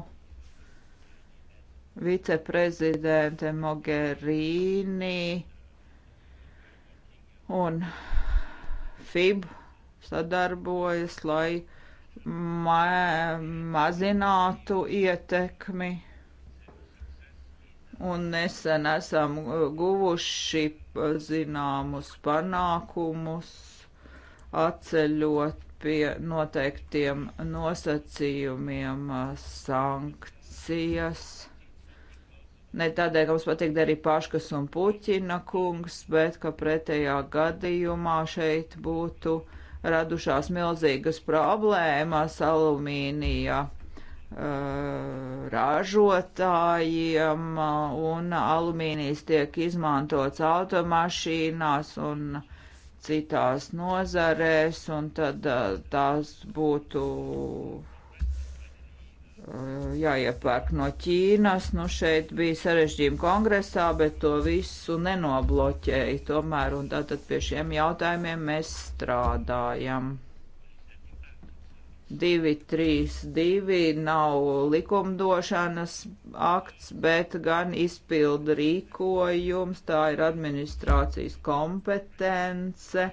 Viceprezidente Mogherini un FIB sadarbojas, lai ma mazinātu ietekmi. Un nesen esam guvuši zināmus panākumus, atceļot pie noteiktiem nosacījumiem sankcijas. Ne tādēļ, ka mums patīk arī Paškas un Puķina kungs, bet ka pretējā gadījumā šeit būtu uh, radušās milzīgas problēmas alumīnija uh, ražotājiem, uh, un alumīnijas tiek izmantots automašīnās un citās nozarēs, un tad uh, tās būtu Eh, jāiepērk no Ķīnas. Nu, šeit bija sarežģījumi kongresā, bet to visu nenobloķēja tomēr, un tātad pie šiem jautājumiem mēs strādājam. 232 nav likumdošanas akts, bet gan izpildu rīkojums, tā ir administrācijas kompetence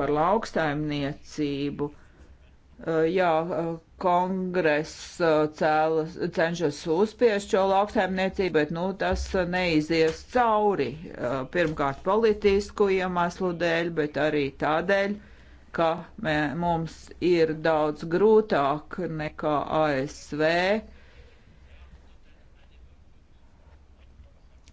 par lauksaimniecību. Eh, jā, eh, kongress uh, cēla, cenšas uzspiest šo lauksaimniecību, bet nu, tas uh, neizies cauri uh, pirmkārt politisku iemeslu dēļ, bet arī tādēļ, ka mē, mums ir daudz grūtāk nekā ASV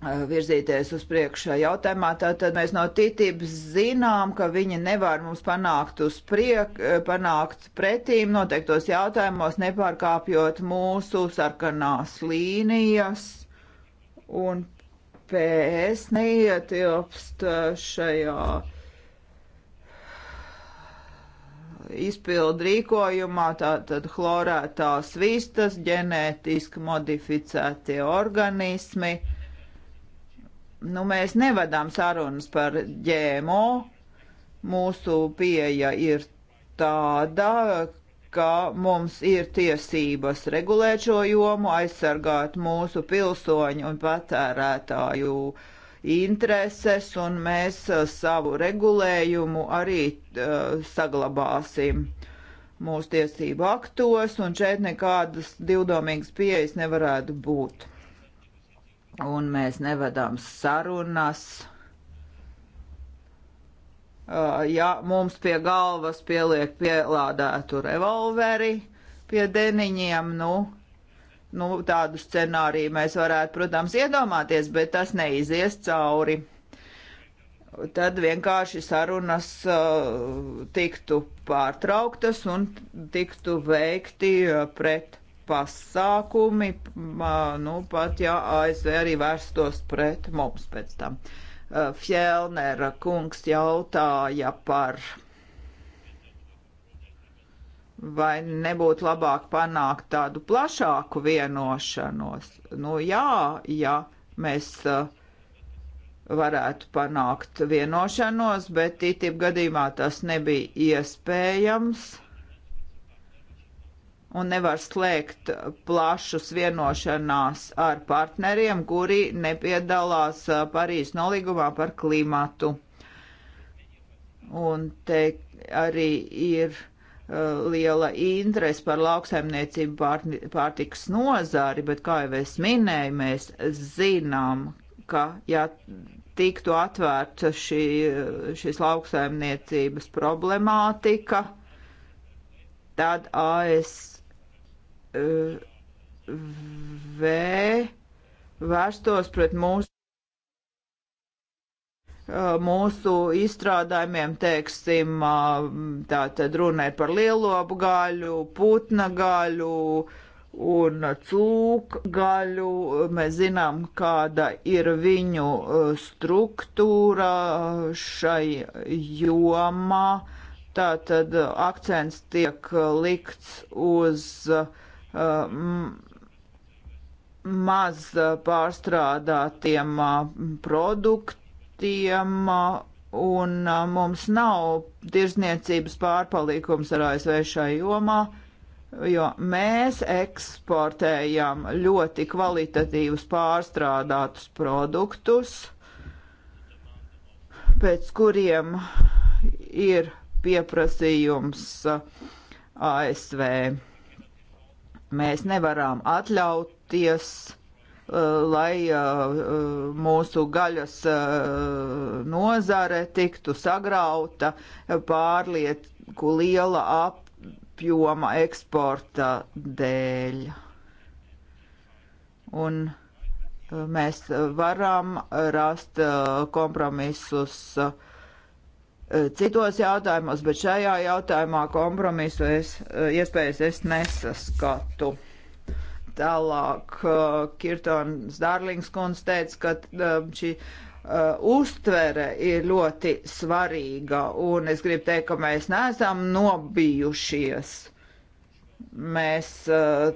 virzīties uz priekšu šajā jautājumā. Tātad mēs no tītības zinām, ka viņi nevar mums panākt uz priek, panākt pretīm noteiktos jautājumos, nepārkāpjot mūsu sarkanās līnijas. Un PS neietilpst šajā izpildu rīkojumā, tātad chlorētās vistas, ģenētiski modificētie organismi Nu, mēs nevedām sarunas par ģēmo. Mūsu pieeja ir tāda, ka mums ir tiesības regulēt šo jomu, aizsargāt mūsu pilsoņu un patērētāju intereses, un mēs uh, savu regulējumu arī uh, saglabāsim mūsu tiesību aktos, un šeit nekādas divdomīgas pieejas nevarētu būt un mēs nevedām sarunas. Uh, ja mums pie galvas pieliek pielādētu revolveri pie deniņiem, nu, nu, tādu scenāriju mēs varētu, protams, iedomāties, bet tas neizies cauri. Tad vienkārši sarunas uh, tiktu pārtrauktas un tiktu veikti uh, pret pasākumi, nu, pat ja ASV arī vērstos pret mums pēc tam. Fjellnera kungs jautāja par vai nebūtu labāk panākt tādu plašāku vienošanos. Nu jā, ja mēs varētu panākt vienošanos, bet TTIP gadījumā tas nebija iespējams un nevar slēgt plašus vienošanās ar partneriem, kuri nepiedalās uh, Parīzes nolīgumā par klimatu. Un te arī ir uh, liela interese par lauksaimniecību pārtikas nozari, bet, kā jau es minēju, mēs zinām, ka, ja tiktu atvērta šī, uh, šīs lauksaimniecības problemātika, tad ASV V vērstos pret mūsu, mūsu izstrādājumiem, teiksim, tā tad runa ir par lielopu gaļu, putna gaļu un cūku gaļu. Mēs zinām, kāda ir viņu uh, struktūra šai jomā. Tā tad akcents tiek likts uz uh, Uh, maz uh, pārstrādātiem uh, produktiem un mums nav tirzniecības pārpalikums ar ASV šai jomā jo mēs eksportējam ļoti kvalitatīvus pārstrādātus produktus, pēc kuriem ir pieprasījums ASV. Mēs nevaram atļauties, uh, lai uh, uh, mūsu gaļas nozare tiktu sagrauta pārlieku liela apjoma eksporta dēļ. Un mēs varam rast kompromisus uh, Eh, citos jautājumos, bet šajā jautājumā kompromisu es, eh, iespējas es nesaskatu. Tālāk eh, Kirtons Dārlings kundze teica, ka šī uztvere ir ļoti svarīga, un es gribu teikt, ka mēs neesam nobijušies. Mēs uh,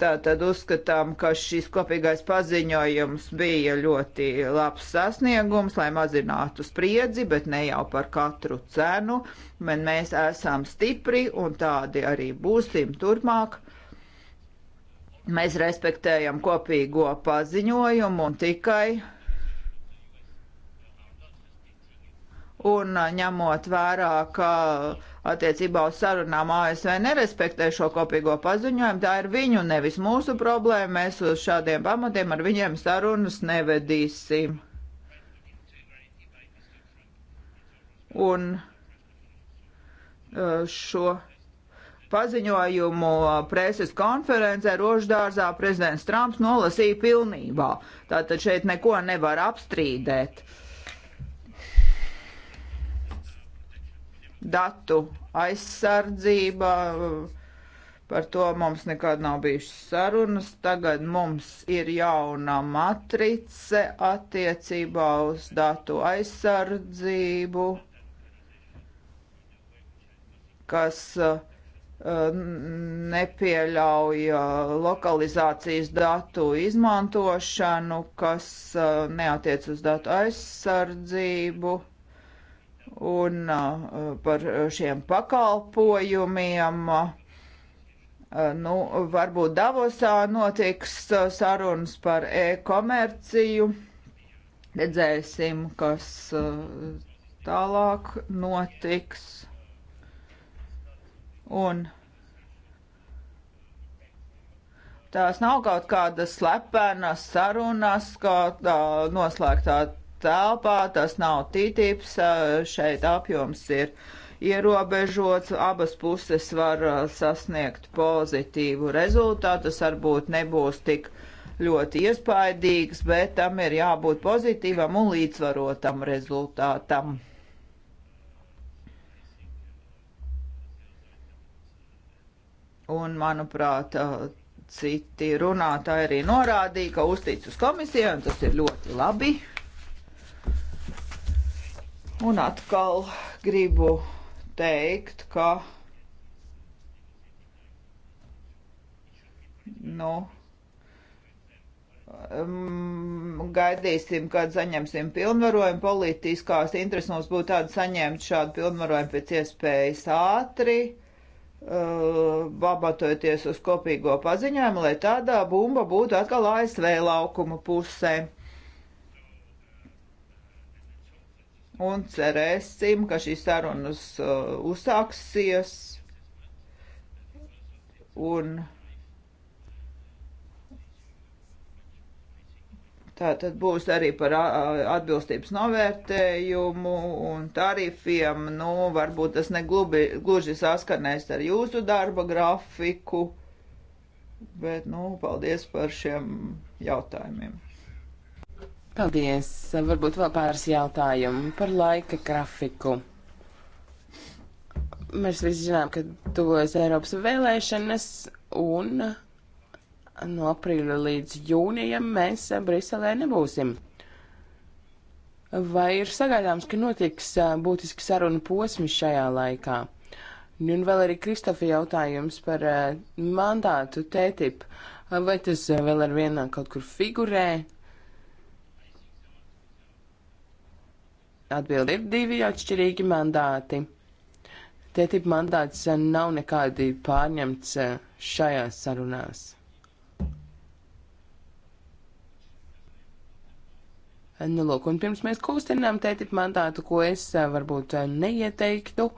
Tātad uzskatām, ka šis kopīgais paziņojums bija ļoti labs sasniegums, lai mazinātu spriedzi, bet ne jau par katru cenu. Men mēs esam stipri un tādi arī būsim turpmāk. Mēs respektējam kopīgo paziņojumu un tikai. Un ņemot vērā, ka uh, attiecībā uz sarunām ASV nerespektē šo kopīgo paziņojumu, tā ir viņu nevis mūsu problēma, mēs uz šādiem pamatiem ar viņiem sarunas nevedīsim. Un uh, šo paziņojumu preses konferencē Roždārzā prezidents Trumps nolasīja pilnībā. Tātad šeit neko nevar apstrīdēt. Uh, datu aizsardzība. Par to mums nekad nav bijušas sarunas. Tagad mums ir jauna matrice attiecībā uz datu aizsardzību, kas uh, nepieļauj uh, lokalizācijas datu izmantošanu, kas uh, neatiec uz datu aizsardzību un uh, par šiem pakalpojumiem. Uh, nu, varbūt Davosā notiks uh, sarunas par e-komerciju. Redzēsim, kas tālāk notiks. Un tās nav kaut kādas slepenas sarunas, kādā noslēgtā telpā, tas nav tītības, šeit apjoms ir ierobežots, abas puses var sasniegt pozitīvu rezultātu, tas varbūt nebūs tik ļoti iespaidīgs, bet tam ir jābūt pozitīvam un līdzvarotam rezultātam. Un, manuprāt, citi runātāji arī norādīja, ka uztic uz komisiju, un tas ir ļoti labi. Un atkal gribu teikt, ka nu, um, gaidīsim, kad saņemsim pilnvarojumu. Politiskās intereses mums būtu tāda saņemt šādu pilnvarojumu pēc iespējas ātri, uh, babatojoties uz kopīgo paziņojumu, lai tādā bumba būtu atkal ASV laukuma pusē. un cerēsim, ka šīs sarunas uh, uzsāksies un tā tad būs arī par uh, atbilstības novērtējumu un tarifiem, nu, varbūt tas neglubi, gluži saskanēs ar jūsu darba grafiku, bet, nu, paldies par šiem jautājumiem. Paldies. Varbūt vēl pāris jautājumu par laika grafiku. Mēs visi zinām, ka tuvojas Eiropas vēlēšanas un no aprīļa līdz jūnijam mēs Briselē nebūsim. Vai ir sagaidāms, ka notiks būtiski saruna posmi šajā laikā? Nu, un vēl arī Kristofa jautājums par mandātu tētip. Vai tas vēl ar vienā kaut kur figurē? Atbildi ir divi atšķirīgi mandāti. TTIP mandāts nav nekādi pārņemts eh, šajās sarunās. Eh, nu, lūk, un pirms mēs kustinām tētip mandātu, ko es eh, varbūt neieteiktu, uh,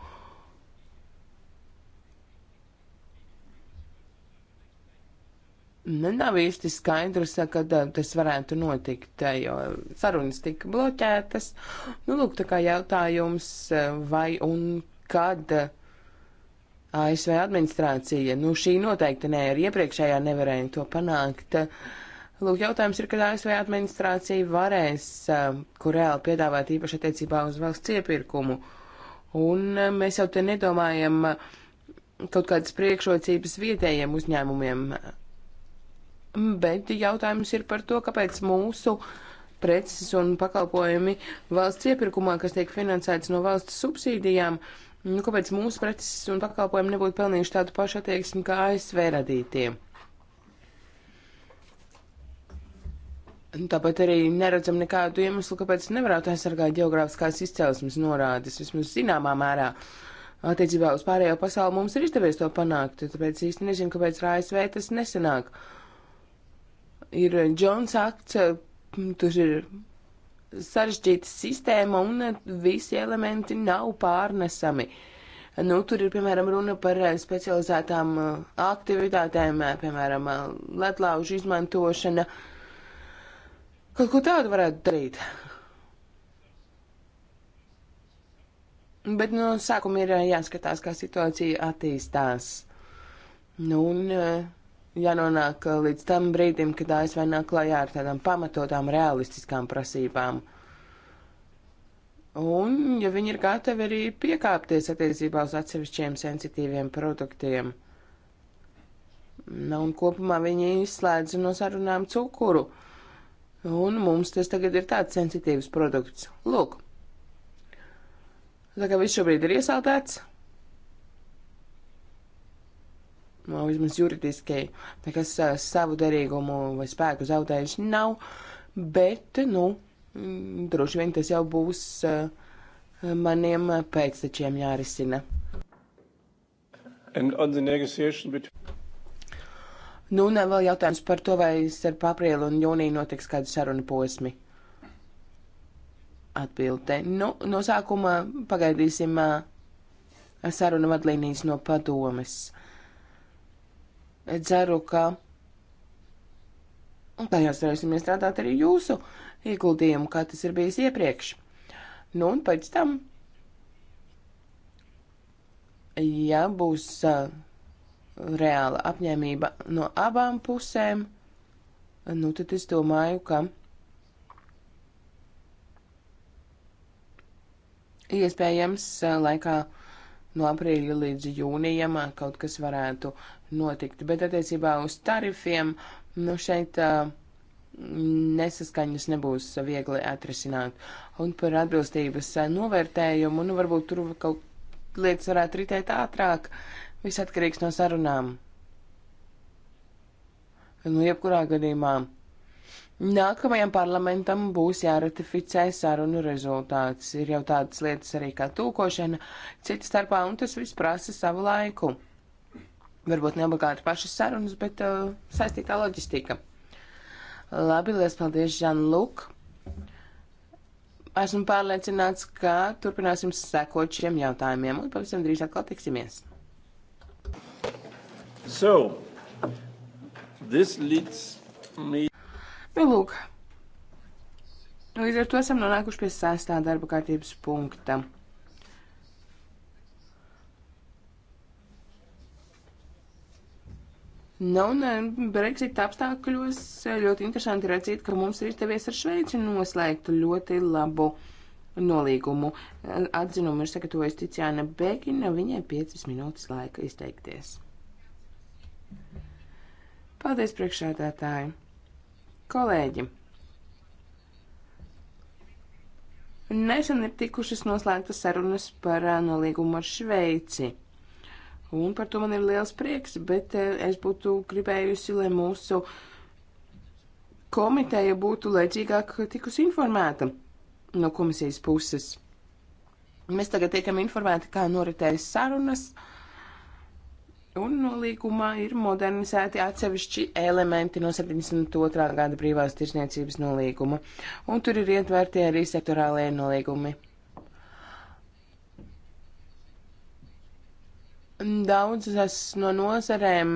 Nav īsti skaidrs, kad tas varētu notikt, jo sarunas tika bloķētas. Nu, lūk, tā kā jautājums, vai un kad ASV administrācija, nu, šī noteikti nē, ar iepriekšējā nevarēja to panākt. Lūk, jautājums ir, kad ASV administrācija varēs, kur reāli piedāvāt īpaši attiecībā uz valsts iepirkumu. Un mēs jau te nedomājam kaut kādas priekšrocības vietējiem uzņēmumiem Bet jautājums ir par to, kāpēc mūsu preces un pakalpojumi valsts iepirkumā, kas tiek finansēts no valsts subsīdijām, nu, kāpēc mūsu preces un pakalpojumi nebūtu pelnījuši tādu pašu attieksmi kā ASV radītie. Tāpat arī neredzam nekādu iemeslu, kāpēc nevarētu aizsargāt geogrāfiskās izcelsmes norādes, vismaz zināmā mērā. Attiecībā uz pārējo pasauli mums ir izdevies to panākt, tāpēc īsti nezinu, kāpēc ASV tas nesanāk. Uh, ir Jones akts, tur ir sarežģīta sistēma un visi elementi nav pārnesami. Nu, tur ir, piemēram, runa par eh, specializētām eh, aktivitātēm, eh, piemēram, ledlaužu izmantošana. Kaut ko tādu varētu darīt. Bet, nu, sākumā ir jāskatās, kā situācija attīstās. Nu, un, uh, jānonāk uh, līdz tam brīdim, kad ASV nāk klajā ar tādām pamatotām, realistiskām prasībām. Un, ja viņi ir gatavi arī piekāpties attiecībā uz atsevišķiem sensitīviem produktiem, nu, un kopumā viņi izslēdz no sarunām cukuru, un mums tas tagad ir tāds sensitīvs produkts. Lūk, tā kā viss šobrīd ir iesaldēts, Nu, vismaz juridiski nekas eh, savu derīgumu vai spēku zaudējuši nav, bet, nu, mm, droši vien tas jau būs eh, maniem pēctečiem jārisina. Nu, un eh, vēl jautājums par to, vai starp aprīlu un jūniju notiks kādi saruna posmi. Atbilde. Nu, no sākuma pagaidīsim sarunu vadlīnijas no padomes. Ceru, ka un tajās varēsim iestrādāt arī jūsu ieguldījumu, kā tas ir bijis iepriekš. Nu, un pēc tam, ja būs uh, reāla apņēmība no abām pusēm, nu, tad es domāju, ka iespējams uh, laikā no aprīļa līdz jūnijam kaut kas varētu notikt. Bet attiecībā uz tarifiem, nu šeit nesaskaņas nebūs viegli atrisināt. Un par atbilstības novērtējumu, nu varbūt tur kaut lietas varētu ritēt ātrāk, viss atkarīgs no sarunām. Nu, jebkurā gadījumā Nākamajam parlamentam būs jāratificē sarunu rezultāts. Ir jau tādas lietas arī kā tūkošana, cita starpā, un tas viss prasa savu laiku. Varbūt neobligāti pašas sarunas, bet uh, saistītā loģistika. Labi, liels paldies, Žan Luk. Esmu pārliecināts, ka turpināsim sekot šiem jautājumiem, un pavisam drīz atkal tiksimies. So, this leads me. Nu, lūk, līdz ar to esam nonākuši pie sestā darba kārtības punkta. Nu, un eh, Brexit apstākļos eh, ļoti interesanti redzēt, ka mums ir izdevies ar Šveici noslēgt ļoti labu nolīgumu. Eh, Atzinumu ir sagatavojis Ticijāna Begina, viņai 5 minūtes laika izteikties. Paldies, priekšādātāji! Kolēģi, nesen ir tikušas noslēgtas sarunas par nolīgumu ar Šveici. Un par to man ir liels prieks, bet es būtu gribējusi, lai mūsu komiteja būtu leģīgāk tikusi informēta no komisijas puses. Mēs tagad tiekam informēti, kā noritējas sarunas. Uh, Un nolīgumā ir modernizēti atsevišķi elementi no 72. gada brīvās tirsniecības nolīguma, un tur ir ietvērti arī sektorālajie nolīgumi. Daudzas no nozarēm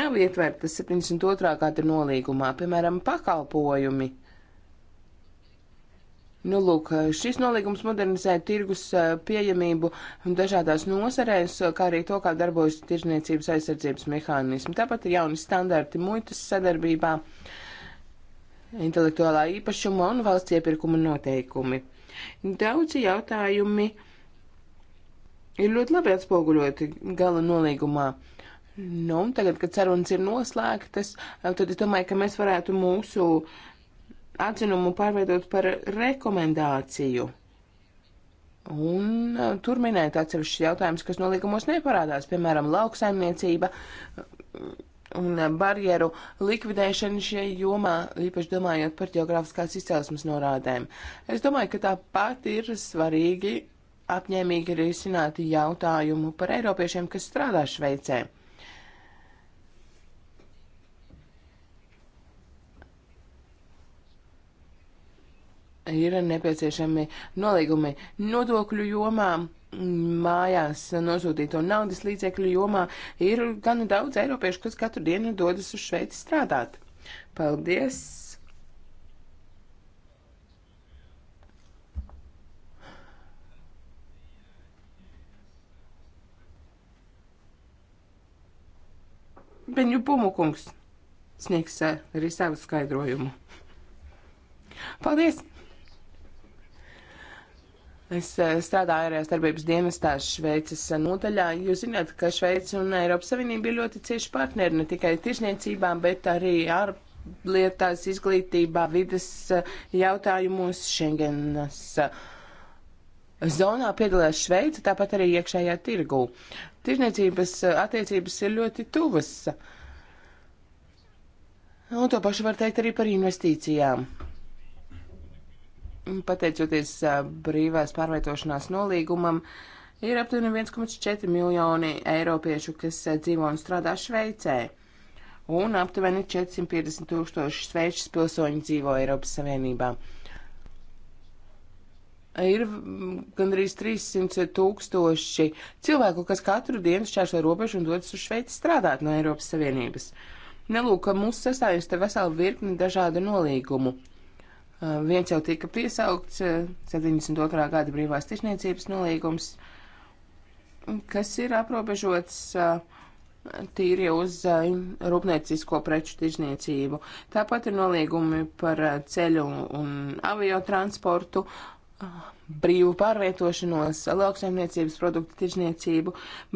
nav ietvertas 72. gada nolīgumā, piemēram, pakalpojumi. Nu, lūk, šis nolīgums modernizē tirgus eh, pieejamību dažādās nozarēs, kā arī to, kā darbojas tirzniecības aizsardzības mehānismi. Tāpat ir jauni standarti muitas sadarbībā, intelektuālā īpašuma un valsts iepirkuma noteikumi. Daudzi jautājumi ir ļoti labi atspoguļoti gala nolīgumā. Nu, tagad, kad sarunas ir noslēgtas, eh, tad es domāju, ka mēs varētu mūsu uh, atzinumu pārveidot par rekomendāciju. Un e, tur minēt atsevišķus jautājumus, kas nolīgumos neparādās, piemēram, lauksaimniecība un e, barjeru likvidēšana šajā jomā, īpaši domājot par geogrāfiskās izcelsmes norādēm. Es domāju, ka tāpat ir svarīgi apņēmīgi risināt jautājumu par eiropiešiem, kas strādā Šveicē. ir nepieciešami nolīgumi nodokļu jomā, mājās nosūtīto naudas līdzekļu jomā. Ir gan daudz eiropiešu, kas katru dienu dodas uz Šveici strādāt. Paldies! Beņu Pumukungs sniegs arī savu skaidrojumu. Paldies! Es eh, strādāju arī starpības dienestā Šveices eh, nodaļā. Jūs zināt, ka Šveica un Eiropas Savienība ir ļoti cieši partneri ne tikai tiešniecībā, bet arī ārlietās, izglītībā, vidas eh, jautājumos, Schengenas zonā piedalās Šveica, tāpat arī iekšējā tirgū. Tirzniecības attiecības ir ļoti tuvas. Un to pašu var teikt arī par investīcijām pateicoties brīvās pārvietošanās nolīgumam, ir aptuveni 1,4 miljoni eiropiešu, kas dzīvo un strādā Šveicē. Un aptuveni 450 tūkstoši Šveices pilsoņu dzīvo Eiropas Savienībā. Ir gandrīz 300 tūkstoši cilvēku, kas katru dienu šķērso robežu un dodas uz Šveici strādāt no Eiropas Savienības. Nelūk, ka mūsu sastāvjas te vesela virkni dažādu nolīgumu. Eh, viens jau tika piesaukts 72. Eh, gada brīvās tiešniecības nolīgums, kas ir aprobežots eh, tīri uz rūpniecisko preču tiešniecību. Tāpat ir nolīgumi par ceļu un avio transportu, brīvu pārvietošanos, lauksaimniecības produktu tirzniecību,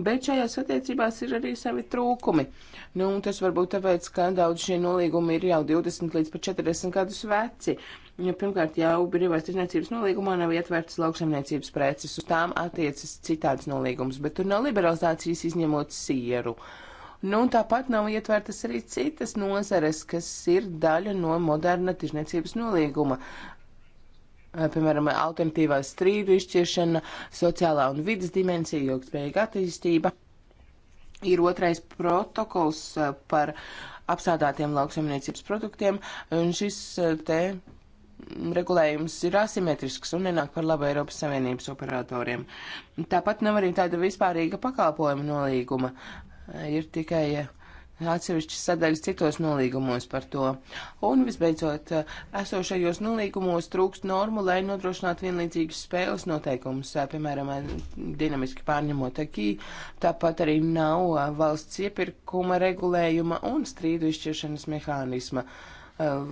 bet šajās attiecībās ir arī savi trūkumi. Nu, tas varbūt tāpēc, ka daudz šie nolīgumi ir jau 20 līdz pat 40 gadus veci, Jo pirmkārt jau brīvās tirniecības nolīgumā nav ietvertas lauksaimniecības preces, uz tām attiecas citāds nolīgums, bet tur nav liberalizācijas izņemot sieru. Nu, tāpat nav ietvertas arī citas nozares, kas ir daļa no moderna tirniecības nolīguma. Piemēram, alternatīvā strīdu izšķiršana, sociālā un vidas dimensija, ilgspējīga attīstība. Ir otrais protokols eh, par apsādātiem lauksaimniecības produktiem, un šis eh, te regulējums ir asimetrisks un nenāk par labu Eiropas Savienības operatoriem. Tāpat nav arī tāda vispārīga pakalpojuma nolīguma. Ir tikai atsevišķas sadaļas citos nolīgumos par to. Un visbeidzot, esošajos nolīgumos trūkst normu, lai nodrošinātu vienlīdzīgus spēles noteikumus, piemēram, dinamiski pārņemot akī, tāpat arī nav valsts iepirkuma regulējuma un strīdu izšķiršanas mehānisma. Uh, Eh,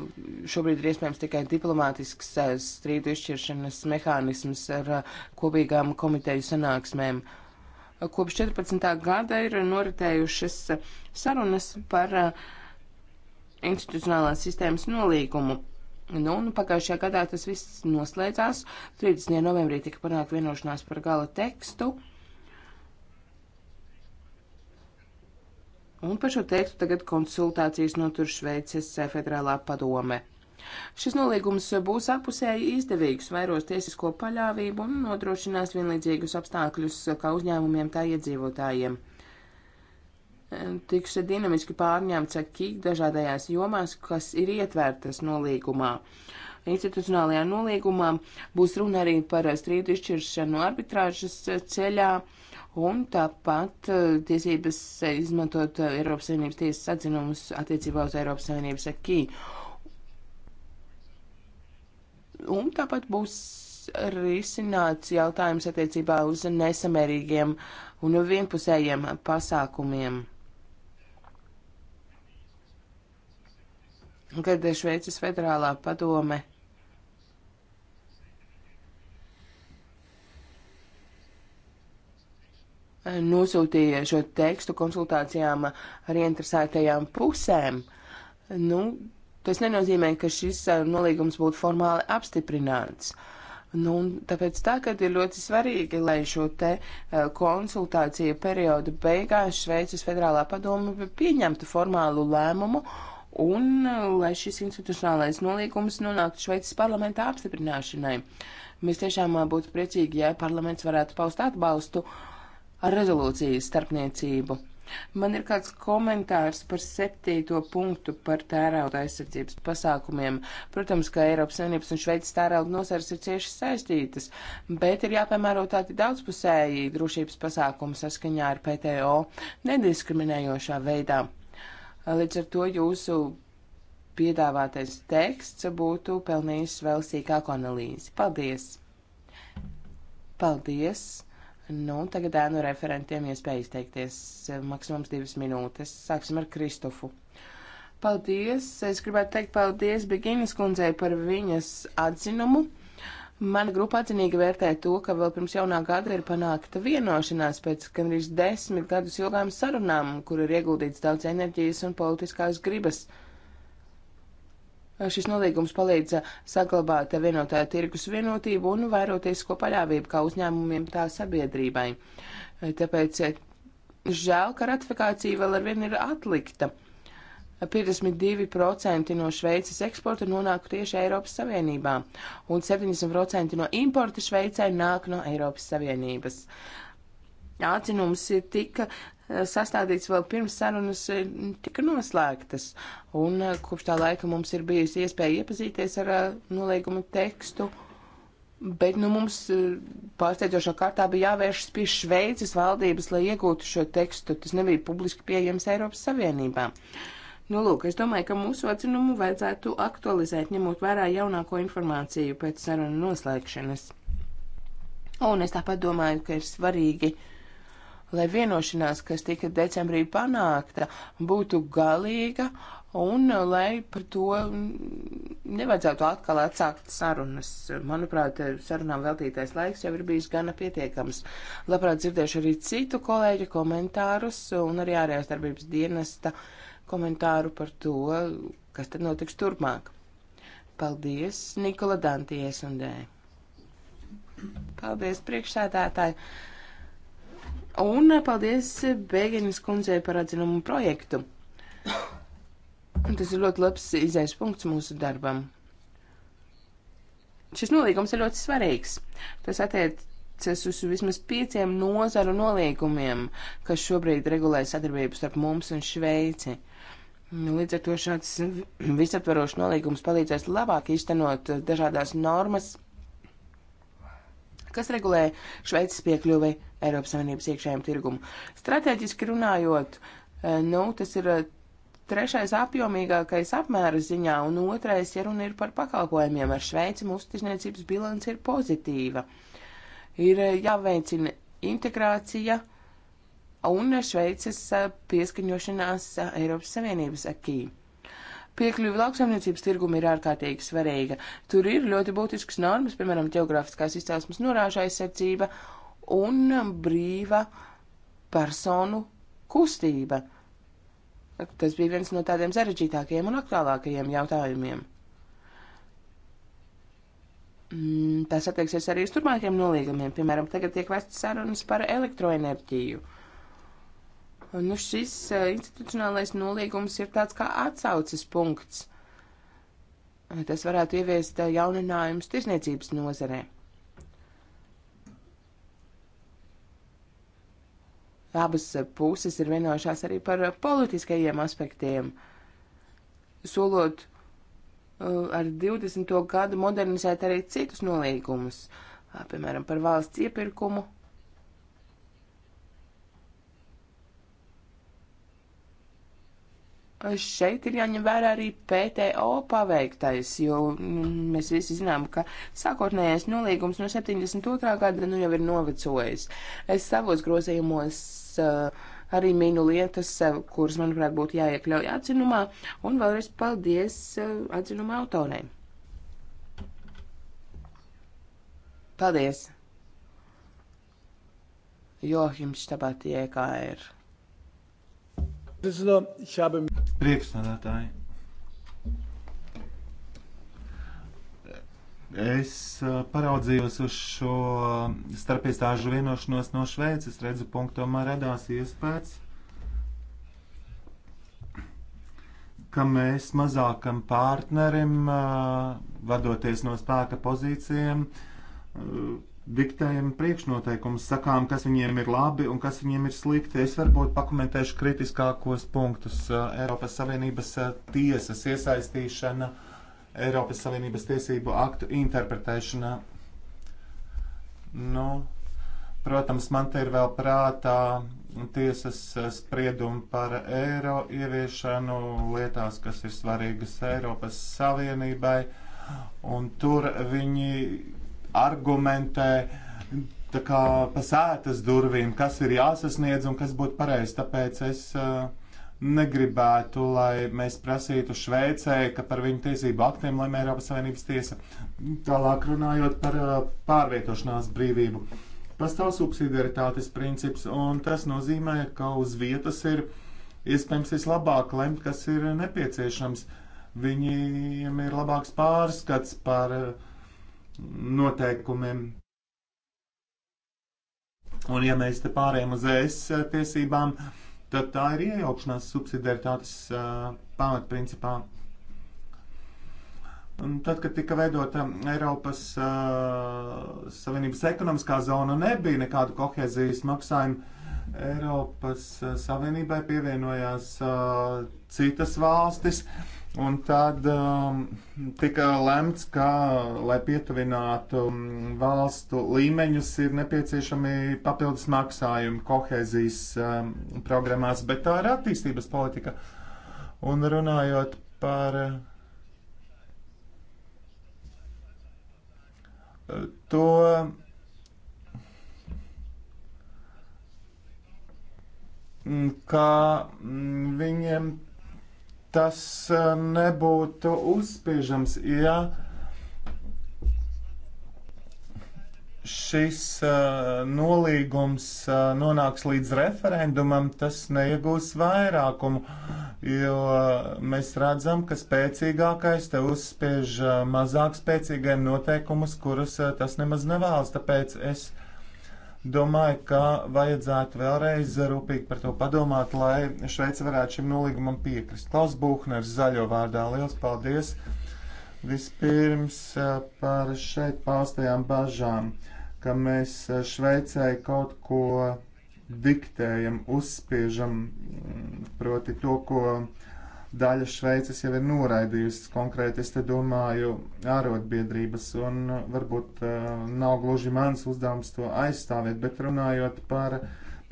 šobrīd ir iespējams tikai diplomātisks eh, strīdu izšķiršanas mehānisms ar eh, kopīgām komiteju sanāksmēm. Kopš 14. gada ir noritējušas sarunas par institucionālās sistēmas nolīgumu. Nu, un pagājušajā gadā tas viss noslēdzās. 30. novembrī tika panākt vienošanās par gala tekstu. Uh, Un par šo tekstu tagad konsultācijas notur Šveices federālā padome. Šis nolīgums būs apusēji izdevīgs, vairos tiesisko paļāvību un nodrošinās vienlīdzīgus apstākļus kā uzņēmumiem, tā iedzīvotājiem. Tiks dinamiski pārņemts akīk dažādajās jomās, kas ir ietvērtas nolīgumā. Institucionālajā nolīgumā būs runa arī par strīdu izšķiršanu arbitrāžas ceļā un tāpat eh, tiesības izmantot eh, Eiropas Savienības tiesas atzinumus attiecībā uz Eiropas Savienības akī. Un tāpat būs risināts jautājums attiecībā uz nesamērīgiem un vienpusējiem pasākumiem. Kad Šveices federālā padome nosūtīja šo tekstu konsultācijām ar interesētajām pusēm. Nu, tas nenozīmē, ka šis nolīgums būtu formāli apstiprināts. Nu, tāpēc tagad ir ļoti svarīgi, lai šo te konsultāciju periodu beigās Šveices federālā padoma pieņemtu formālu lēmumu un lai šis institucionālais nolīgums nonāktu Šveices parlamentā apstiprināšanai. Mēs tiešām būtu priecīgi, ja parlaments varētu paust atbalstu uh, ar rezolūcijas starpniecību. Man ir kāds komentārs par septīto punktu par tērauda aizsardzības pasākumiem. Protams, ka Eiropas Savienības un Šveices tērauda nozars ir cieši saistītas, bet ir jāpiemēro tādi daudzpusēji drošības pasākumi saskaņā ar PTO nediskriminējošā veidā. Līdz ar to jūsu piedāvātais teksts būtu pelnījis vēl sīkāku analīzi. Paldies! Paldies! Nu, tagad ēnu referentiem iespēja izteikties eh, maksimums divas minūtes. Sāksim ar Kristofu. Paldies! Es gribētu teikt paldies Beginas kundzei par viņas atzinumu. Mana grupa atzinīgi vērtē to, ka vēl pirms jaunā gada ir panākta vienošanās pēc gandrīz desmit gadus ilgām sarunām, kur ir ieguldīts daudz enerģijas un politiskās gribas šis nolīgums palīdz saglabāt vienotā tirgus vienotību un vēroties kopaļāvību kā uzņēmumiem tā sabiedrībai. Tāpēc žēl, ka ratifikācija vēl arvien ir atlikta. 52% no Šveices eksporta nonāk tieši Eiropas Savienībā, un 70% no importa Šveicē nāk no Eiropas Savienības. Atzinums tika Eh, sastādīts vēl pirms sarunas eh, tika noslēgtas. Un eh, kopš tā laika mums ir bijusi iespēja iepazīties ar nolīguma tekstu. Bet nu, mums pārsteidzošā kārtā bija jāvēršas pie Šveices valdības, lai iegūtu šo tekstu. Tas nebija publiski pieejams Eiropas Savienībā. Nu, lūk, es domāju, ka mūsu atzinumu vajadzētu aktualizēt, ņemot vērā jaunāko informāciju pēc sarunu noslēgšanas. Un es tāpat domāju, ka ir svarīgi uh, lai vienošanās, kas tika decembrī panākta, būtu galīga un uh, lai par to mm, nevajadzētu atkal atsākt sarunas. Manuprāt, eh, sarunām veltītais laiks jau ir bijis gana pietiekams. Labprāt dzirdēšu arī citu kolēģu komentārus un arī ārējās darbības dienesta komentāru par to, kas tad notiks turpmāk. Paldies, Nikola Danties un Dē. Paldies, priekšsēdētāji. Un paldies Bēgeņas kundzei par atzinumu projektu. Tas ir ļoti labs izējas punkts mūsu darbam. Šis nolīgums ir ļoti svarīgs. Tas attiecas uz vismaz pieciem nozaru nolīgumiem, kas šobrīd regulē sadarbību starp mums un Šveici. Līdz ar to šāds visaptvarošs nolīgums palīdzēs labāk īstenot dažādās normas kas regulē Šveices piekļuvi Eiropas Savienības iekšējiem tirgumu. Strateģiski runājot, eh, nu, tas ir eh, trešais apjomīgākais apmēra ziņā, un otrais, ja runa ir par pakalpojumiem, ar Šveici mūsu tirzniecības bilance ir pozitīva. Ir eh, jāveicina integrācija un Šveices pieskaņošanās Eiropas Savienības akī. Piekļuva lauksaimniecības tirgumi ir ārkārtīgi svarīga. Tur ir ļoti būtiskas normas, piemēram, geogrāfiskās izcelsmes norāža aizsardzība un brīva personu kustība. Tas bija viens no tādiem sarežģītākajiem un aktuālākajiem jautājumiem. Mm, tas attieksies arī uz turpmākajiem nolīgumiem. Piemēram, tagad tiek vestas sarunas par elektroenerģiju. Uh, Nu, šis eh, institucionālais nolīgums ir tāds kā atsauces punkts. Eh, tas varētu ieviest eh, jauninājumus tirsniecības nozarē. Abas puses ir vienojušās arī par politiskajiem aspektiem, solot ar 20. gadu modernizēt arī citus nolīgumus, piemēram, par valsts iepirkumu šeit ir jāņem vērā arī PTO paveiktais, jo nu, mēs visi zinām, ka sākotnējais nolīgums no 72. gada nu jau ir novecojis. Es savos grozījumos uh, arī minu lietas, uh, kuras, manuprāt, būtu jāiekļauj atzinumā, un vēlreiz paldies uh, atzinuma autoriem. Paldies! Johims Tabatie, kā ir? Priekšsēdētāji. Es uh, paraudzījos uz šo starpiestāžu vienošanos no Šveices. Redzu, punktu tomēr radās iespējas, ka mēs mazākam partnerim, uh, vadoties no spēka pozīcijiem, uh, diktējam priekšnoteikumus, sakām, kas viņiem ir labi un kas viņiem ir slikti. Es varbūt pakomentēšu kritiskākos punktus uh, - Eiropas Savienības uh, tiesas iesaistīšana, Eiropas Savienības tiesību aktu interpretēšanā. Nu, protams, man te ir vēl prātā tiesas uh, spriedumi par eiro ieviešanu lietās, kas ir svarīgas Eiropas Savienībai, un tur viņi argumentē tā kā pa sētas durvīm, kas ir jāsasniedz un kas būtu pareizi. Tāpēc es uh, negribētu, lai mēs prasītu Šveicē, ka par viņu tiesību aktiem lem Eiropas Savienības tiesa. Tālāk runājot par uh, pārvietošanās brīvību. Pastāv subsidiaritātes princips, un tas nozīmē, ka uz vietas ir iespējams vislabāk lemt, kas ir nepieciešams. Viņiem ir labāks pārskats par uh, noteikumiem. Un ja mēs te pārējām uz ES tiesībām, tad tā ir iejaukšanās subsidiaritātes uh, pamatprincipā. Un tad, kad tika veidota Eiropas uh, Savienības ekonomiskā zona, nebija nekādu kohēzijas maksājumu. Eiropas uh, Savienībai pievienojās uh, citas valstis. Uh, Un tad um, tika lemts, ka, lai pietuvinātu um, valstu līmeņus, ir nepieciešami papildus maksājumi kohēzijas um, programmās, bet tā ir attīstības politika. Un runājot par uh, to. Mm, Kā mm, viņiem tas eh, nebūtu uzspiežams, ja šis eh, nolīgums eh, nonāks līdz referendumam, tas neiegūs vairākumu, jo mēs redzam, ka spēcīgākais te uzspiež mazāk spēcīgiem noteikumus, kurus tas nemaz nevēlas. Tāpēc es Domāju, ka vajadzētu vēlreiz rūpīgi par to padomāt, lai Šveice varētu šim nolīgumam piekrist. Klaus Buhners zaļo vārdā. Liels paldies! Vispirms eh, par šeit pārstajām bažām, ka mēs eh, Šveicē kaut ko diktējam, uzspiežam, mm, proti to, ko daļa Šveices jau ir noraidījusi konkrēti, es te domāju, ārotbiedrības, un uh, varbūt uh, nav gluži mans uzdevums to aizstāvēt, bet runājot par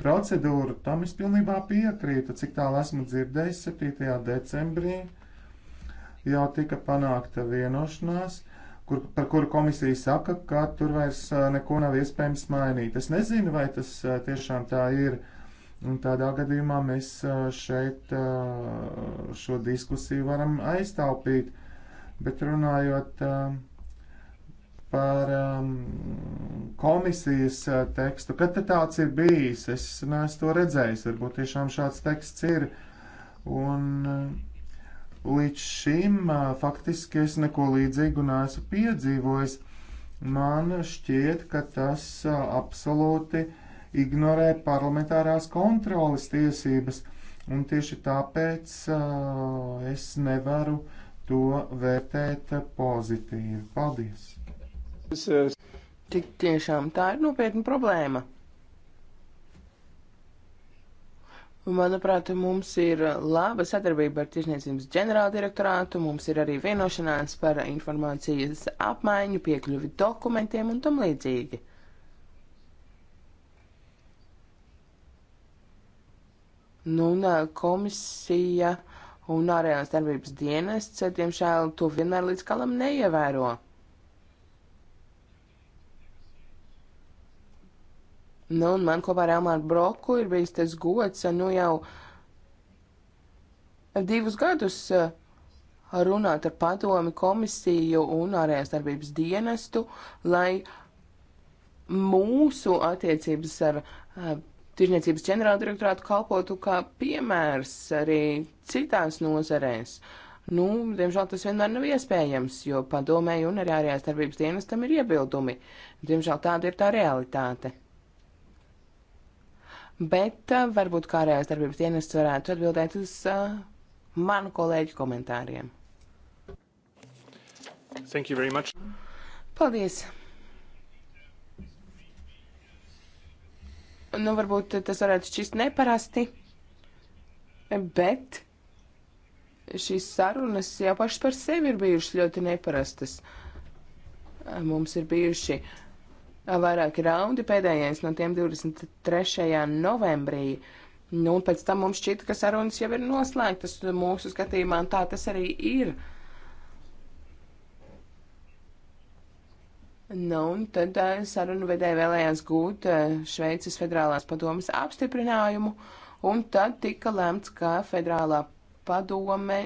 procedūru, tam es pilnībā piekrītu, cik tālu esmu dzirdējis 7. decembrī jau tika panākta vienošanās. Kur, par kuru komisija saka, ka tur vairs uh, neko nav iespējams mainīt. Es nezinu, vai tas uh, tiešām tā ir. Uh, Un tādā gadījumā mēs šeit šo diskusiju varam aiztaupīt. Bet runājot par komisijas tekstu, kad te tāds ir bijis, es neesmu to redzējis, varbūt tiešām šāds teksts ir. Un līdz šim faktiski es neko līdzīgu neesmu piedzīvojis. Man šķiet, ka tas absolūti ir ignorē parlamentārās kontrolas tiesības, un tieši tāpēc uh, es nevaru to vērtēt pozitīvi. Paldies! Tik tiešām tā ir nopietna problēma. Manuprāt, mums ir laba sadarbība ar Tirzniecības ģenerāldirektorātu, mums ir arī vienošanās par informācijas apmaiņu, piekļuvi dokumentiem un tam līdzīgi. Nu, un komisija un ārējās darbības dienests, diemžēl, to vienmēr līdz galam neievēro. Nu, un man kopā ar Elmāru Broku ir bijis tas gods, nu jau divus gadus runāt ar padomi komisiju un ārējās darbības dienestu, lai mūsu attiecības ar Tirzniecības ģenerāldirektorātu kalpotu kā piemērs arī citās nozarēs. Nu, diemžēl tas vienmēr nav iespējams, jo padomēju un arī ārējās darbības dienestam ir iebildumi. Diemžēl tāda ir tā realitāte. Bet uh, varbūt kā ārējās darbības dienests varētu atbildēt uz uh, manu kolēģu komentāriem. Thank you very much. Paldies! Nu, varbūt tas varētu šķist neparasti, bet šīs sarunas jau pašas par sevi ir bijušas ļoti neparastas. Mums ir bijuši vairāki raundi, pēdējais no tiem 23. novembrī. Nu, un pēc tam mums šķita, ka sarunas jau ir noslēgtas. Mūsu skatījumā tā tas arī ir. Uh, Nu, un tad eh, sarunu vedēja vēlējās gūt eh, Šveices federālās padomas apstiprinājumu, un tad tika lemts, ka federālā padome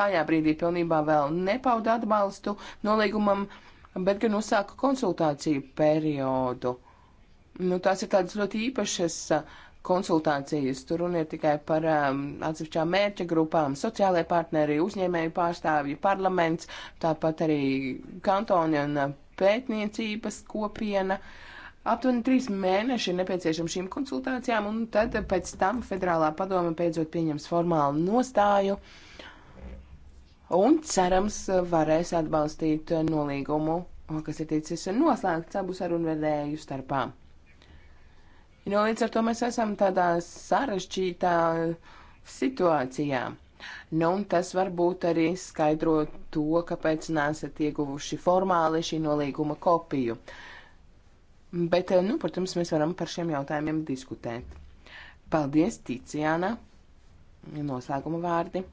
tajā brīdī pilnībā vēl nepauda atbalstu nolīgumam, bet gan uzsāka konsultāciju periodu. Nu, tās ir tādas ļoti īpašas uh, konsultācijas. Tur runa ir tikai par um, atsevišķām mērķa grupām - sociālai partneri, uzņēmēju pārstāvji, parlaments, tāpat arī kantoni un uh, pētniecības kopiena. Aptuveni trīs mēneši ir nepieciešami šīm konsultācijām, un tad pēc tam federālā padome beidzot pieņems formālu nostāju un cerams varēs atbalstīt nolīgumu, kas ir ticis noslēgts abu sarunvedēju starpā. Nu, līdz ar to mēs esam tādā sarežģītā situācijā. Nu, un tas varbūt arī skaidro to, kāpēc nesat ieguvuši formāli šī nolīguma kopiju. Bet, nu, protams, mēs varam par šiem jautājumiem diskutēt. Paldies, Ticijāna! Noslēguma vārdi.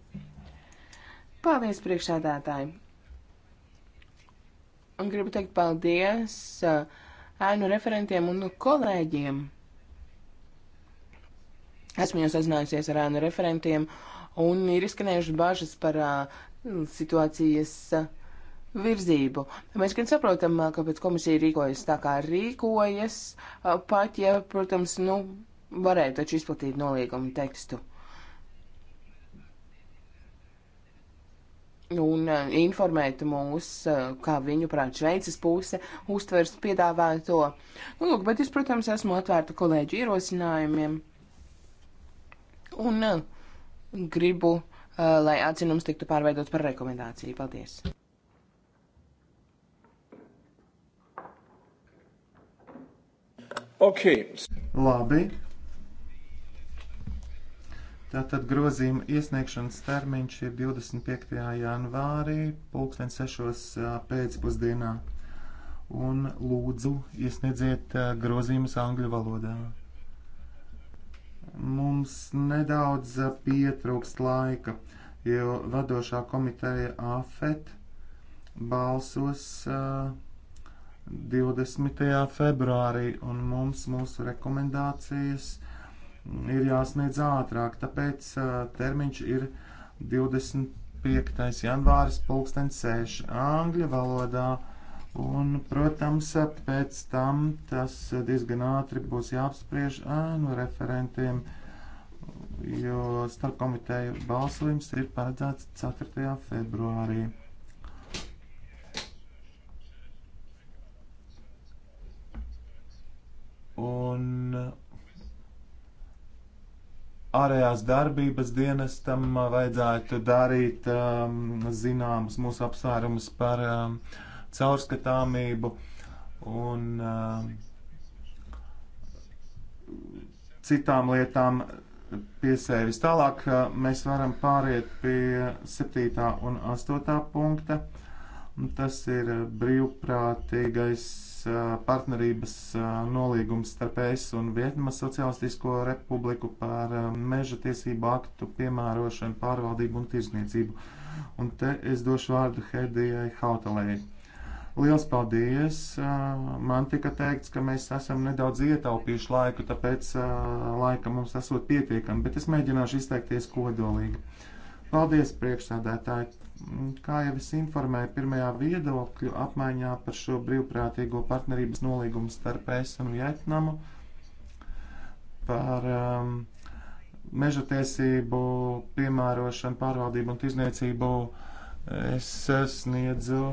Paldies, priekšsēdētāji! Un gribu teikt paldies uh, ēnu referentiem un kolēģiem. Esmu jau sazinājusies ar ēnu referentiem un ir izskanējušas bažas par uh, situācijas uh, virzību. Mēs gan saprotam, uh, kāpēc komisija rīkojas tā, kā rīkojas, uh, pat ja, protams, nu, varēja taču izplatīt nolīgumu tekstu. Un uh, informēt mūs, uh, kā viņu prāt Šveices puse uztvers piedāvāto. Nu, lūk, bet es, protams, esmu atvērta kolēģu ierosinājumiem un uh, gribu, uh, lai atzinums tiktu pārveidots par rekomendāciju. Paldies! Okay. Labi. Tātad grozījuma iesniegšanas termiņš ir 25. janvārī, pulksten 6. Uh, pēcpusdienā. Un lūdzu iesniedziet grozījumus angļu valodā. Mums nedaudz pietrūkst laika, jo vadošā komiteja AFET balsos uh, 20. februārī, un mums mūsu rekomendācijas ir jāsniedz ātrāk, tāpēc uh, termiņš ir 25. janvāris, pulksten 6. Angļu valodā uh, Un, protams, pēc tam tas diezgan ātri būs jāapspriež ēnu referentiem, jo starpkomiteju balsojums ir paredzēts 4. februārī. Un ārējās darbības dienestam vajadzētu darīt um, zināmas mūsu apsvērumus par um, uh, caurskatāmību un eh, citām lietām piesēvis. Tālāk eh, mēs varam pāriet pie 7. un 8. punkta. Tas ir eh, brīvprātīgais partnerības nolīgums starp ES un Vietnamas Socialistisko republiku par meža tiesību aktu piemērošanu, pārvaldību un tirzniecību. Un te es došu vārdu Hedijai Hautalēji. Liels paldies! Man tika teikts, ka mēs esam nedaudz ietaupījuši laiku, tāpēc laika mums esot pietiekami, bet es mēģināšu izteikties kodolīgi. Paldies, priekšsādātāji! Mm, kā jau es informēju pirmajā viedokļu apmaiņā par šo brīvprātīgo partnerības nolīgumu starp ES un Vietnamu, par um, meža tiesību piemērošanu, pārvaldību un tirzniecību es sniedzu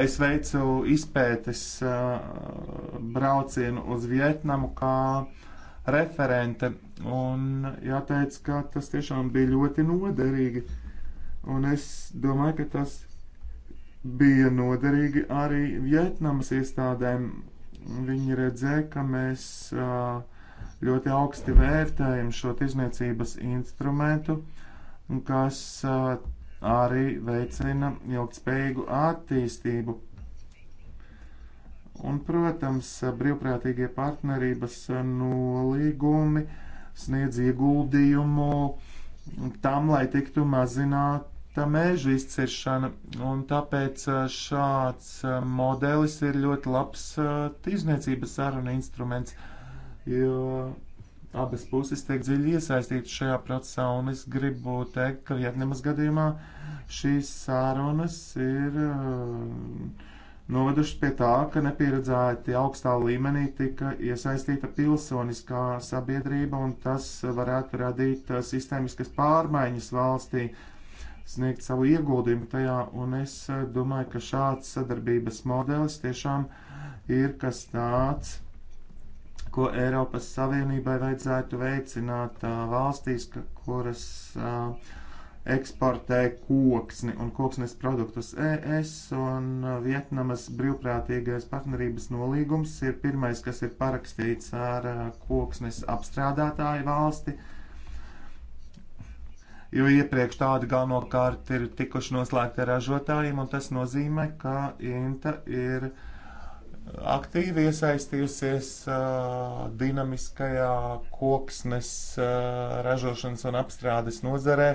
Es veicu izpētes uh, braucienu uz Vietnamu kā referente, un jāteic, ka tas tiešām bija ļoti noderīgi. Un es domāju, ka tas bija noderīgi arī Vietnamas iestādēm. Viņi redzēja, ka mēs uh, ļoti augsti vērtējam šo tirzniecības instrumentu, kas uh, arī veicina ilgspējīgu attīstību. Un, protams, brīvprātīgie partnerības nolīgumi sniedz ieguldījumu tam, lai tiktu mazināta mēža izciršana. Un tāpēc eh, šāds eh, modelis ir ļoti labs eh, tirzniecības saruna instruments, jo abas puses tiek dziļi iesaistītas šajā procesā, un es gribu teikt, ka Vietnamas gadījumā šīs sārunas ir uh, novedušas pie tā, ka nepieredzēti augstā līmenī tika iesaistīta pilsoniskā sabiedrība, un tas varētu radīt uh, sistēmiskas pārmaiņas valstī, sniegt savu ieguldījumu tajā, un es uh, domāju, ka šāds sadarbības modelis tiešām ir kas tāds, ko Eiropas Savienībai vajadzētu veicināt valstīs, kuras eksportē koksni un koksnes produktus. ES un Vietnamas brīvprātīgais partnerības nolīgums ir pirmais, kas ir parakstīts ar koksnes apstrādātāju valsti jo iepriekš tādi galvenokārt ir tikuši noslēgti ar ražotājiem, un tas nozīmē, ka INTA ir uh, aktīvi iesaistījusies uh, dinamiskajā koksnes uh, ražošanas un apstrādes nozarē,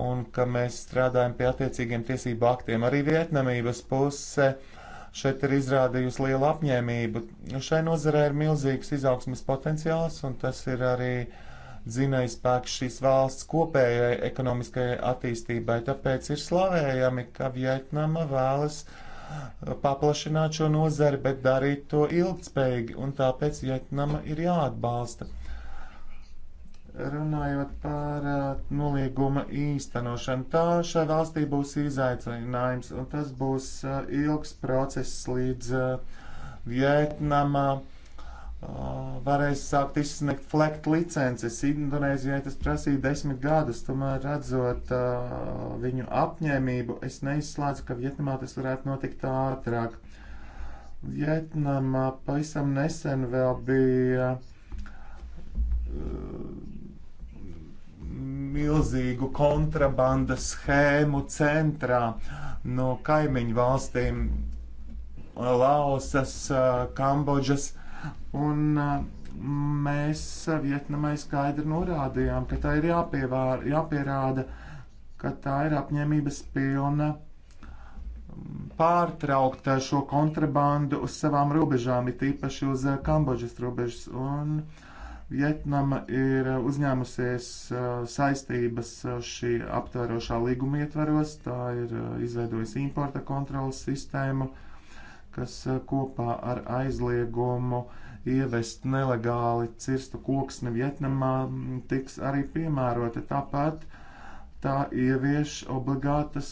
un ka mēs strādājam pie attiecīgiem tiesību aktiem. Arī Vietnamības puse šeit ir izrādījusi lielu apņēmību. Šai nozarē ir milzīgs izaugsmes potenciāls, un tas ir arī dzinējs spēks šīs valsts kopējai ekonomiskajai attīstībai. Tāpēc ir slavējami, ka Vietnama vēlas uh, paplašināt šo nozari, bet darīt to ilgspējīgi, un tāpēc Vietnama ir jāatbalsta. Runājot par uh, nolieguma īstenošanu, tā šai valstī būs izaicinājums, un tas būs uh, ilgs process līdz uh, Vietnamā. Uh, Ah, varēs sākt izsniegt flekt licences. Indonēzijai tas prasīja desmit gadus, tomēr redzot uh, viņu apņēmību, es neizslēdzu, ka Vietnamā tas varētu notikt ātrāk. Vietnamā pavisam nesen vēl bija uh, milzīgu kontrabandas schēmu centrā no kaimiņu valstīm Laosas, uh, Kambodžas, Un uh, mēs Vietnamai skaidri norādījām, ka tā ir jāpievēr, jāpierāda, ka tā ir apņēmības pilna um, pārtraukt šo kontrabandu uz savām robežām, it īpaši uz uh, Kambodžas robežas. Un Vietnama ir uzņēmusies uh, saistības šī aptvērošā līguma ietvaros, tā ir izveidojusi importa kontrolas sistēmu, kas kopā ar aizliegumu uh, ievest nelegāli cirstu koksni Vietnamā, tiks arī piemērota. Tāpat tā ievieš obligātas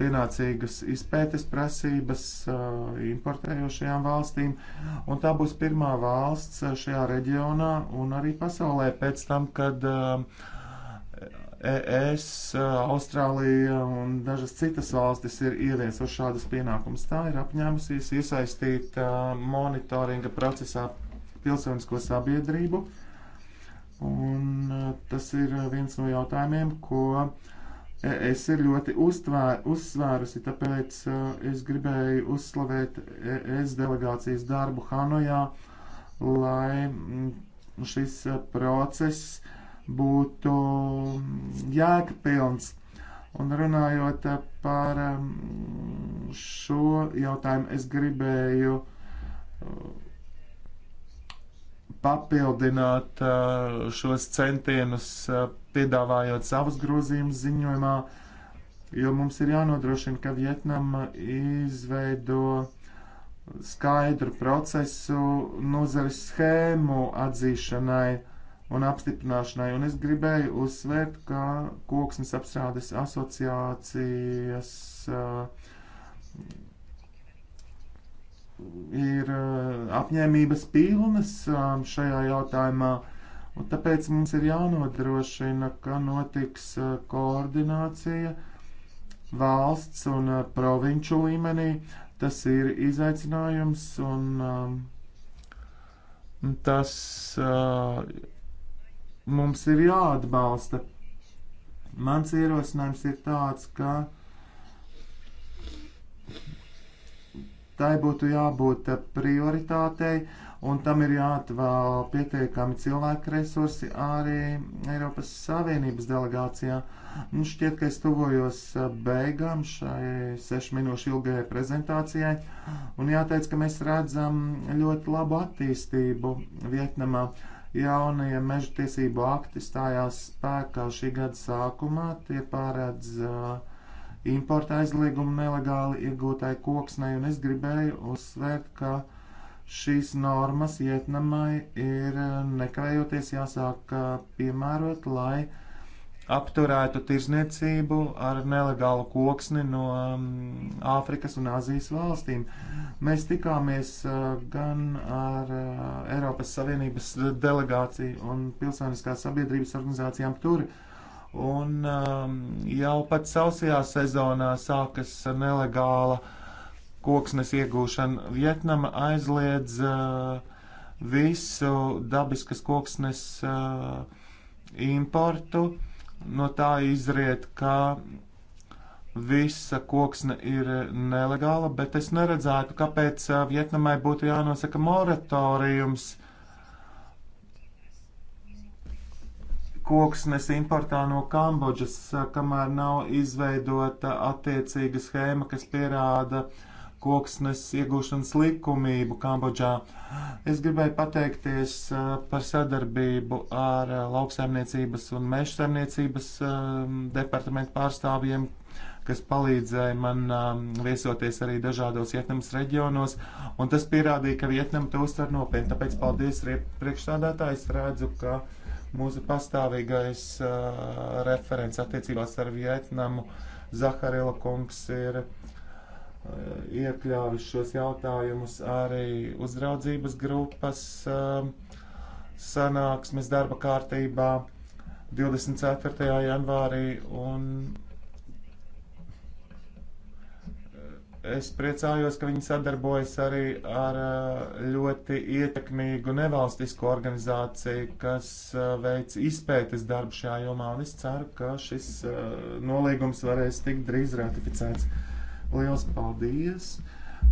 pienācīgas izpētes prasības importējošajām valstīm, un tā būs pirmā valsts šajā reģionā un arī pasaulē pēc tam, kad uh, ES, eh, Austrālija un dažas citas valstis ir ieviesuši šādas pienākumus. Tā ir apņēmusies iesaistīt eh, monitoringa procesā pilsonisko sabiedrību. Un eh, tas ir viens no jautājumiem, ko es ir ļoti uztvēr, uzsvērusi, tāpēc es gribēju uzslavēt ES delegācijas darbu Hanojā, lai mm, šis process būtu mm, jēgpilns. Un runājot par mm, šo jautājumu, es gribēju mm, papildināt šos centienus, piedāvājot savus grozījumus ziņojumā, jo mums ir jānodrošina, ka Vietnama izveido skaidru procesu nozares schēmu atzīšanai un apstiprināšanai. Un es gribēju uzsvērt, ka koksnes apstrādes asociācijas uh, ir uh, apņēmības pilnas uh, šajā jautājumā. Un tāpēc mums ir jānodrošina, ka notiks uh, koordinācija valsts un uh, provinču līmenī. Tas ir izaicinājums un um, tas uh, mums ir jāatbalsta. Mans ierosinājums ir tāds, ka tai būtu jābūt prioritātei, un tam ir jāatvēl pietiekami cilvēku resursi arī Eiropas Savienības delegācijā. Nu, šķiet, ka es tuvojos beigām šai sešu minūšu ilgajai prezentācijai, un jāteic, ka mēs redzam ļoti labu attīstību Vietnamā. Uh, Jaunie meža tiesību akti stājās spēkā šī gada sākumā. Tie pārēdz uh, importa aizliegumu nelegāli iegūtai koksnei, un es gribēju uzsvērt, ka šīs normas Vietnamai ir uh, nekavējoties jāsāk uh, piemērot, lai uh, apturētu tirzniecību ar nelegālu koksni no um, Āfrikas un Azijas valstīm. Mēs tikāmies uh, gan ar uh, Eiropas Savienības delegāciju un pilsoniskās sabiedrības organizācijām tur. Un um, jau pat sausajā sezonā sākas nelegāla koksnes iegūšana. Vietnama aizliedz uh, visu dabiskas koksnes importu no tā izriet, ka visa koksne ir nelegāla, bet es neredzētu, kāpēc uh, Vietnamai būtu jānosaka moratorijums koksnes importā no Kambodžas, uh, kamēr nav izveidota attiecīga schēma, kas pierāda uh, koksnes iegūšanas likumību Kambodžā. Es gribēju pateikties par sadarbību ar lauksaimniecības un meža saimniecības departamentu pārstāvjiem, kas palīdzēja man viesoties arī dažādos Vietnamas reģionos, un tas pierādīja, ka Vietnama to uztver nopietni. Tāpēc paldies priekšstādātājs, redzu, ka mūsu pastāvīgais referents attiecībās ar Vietnamu Zaharila kungs ir Eh, iekļāvis šos jautājumus arī uzraudzības grupas eh, sanāksmes darba kārtībā 24. janvārī. Un eh, es priecājos, ka viņi sadarbojas arī ar ļoti ietekmīgu nevalstisko organizāciju, kas veic izpētes darbu šajā jomā. Un es ceru, ka šis nolīgums varēs tikt drīz ratificēts. Liels paldies!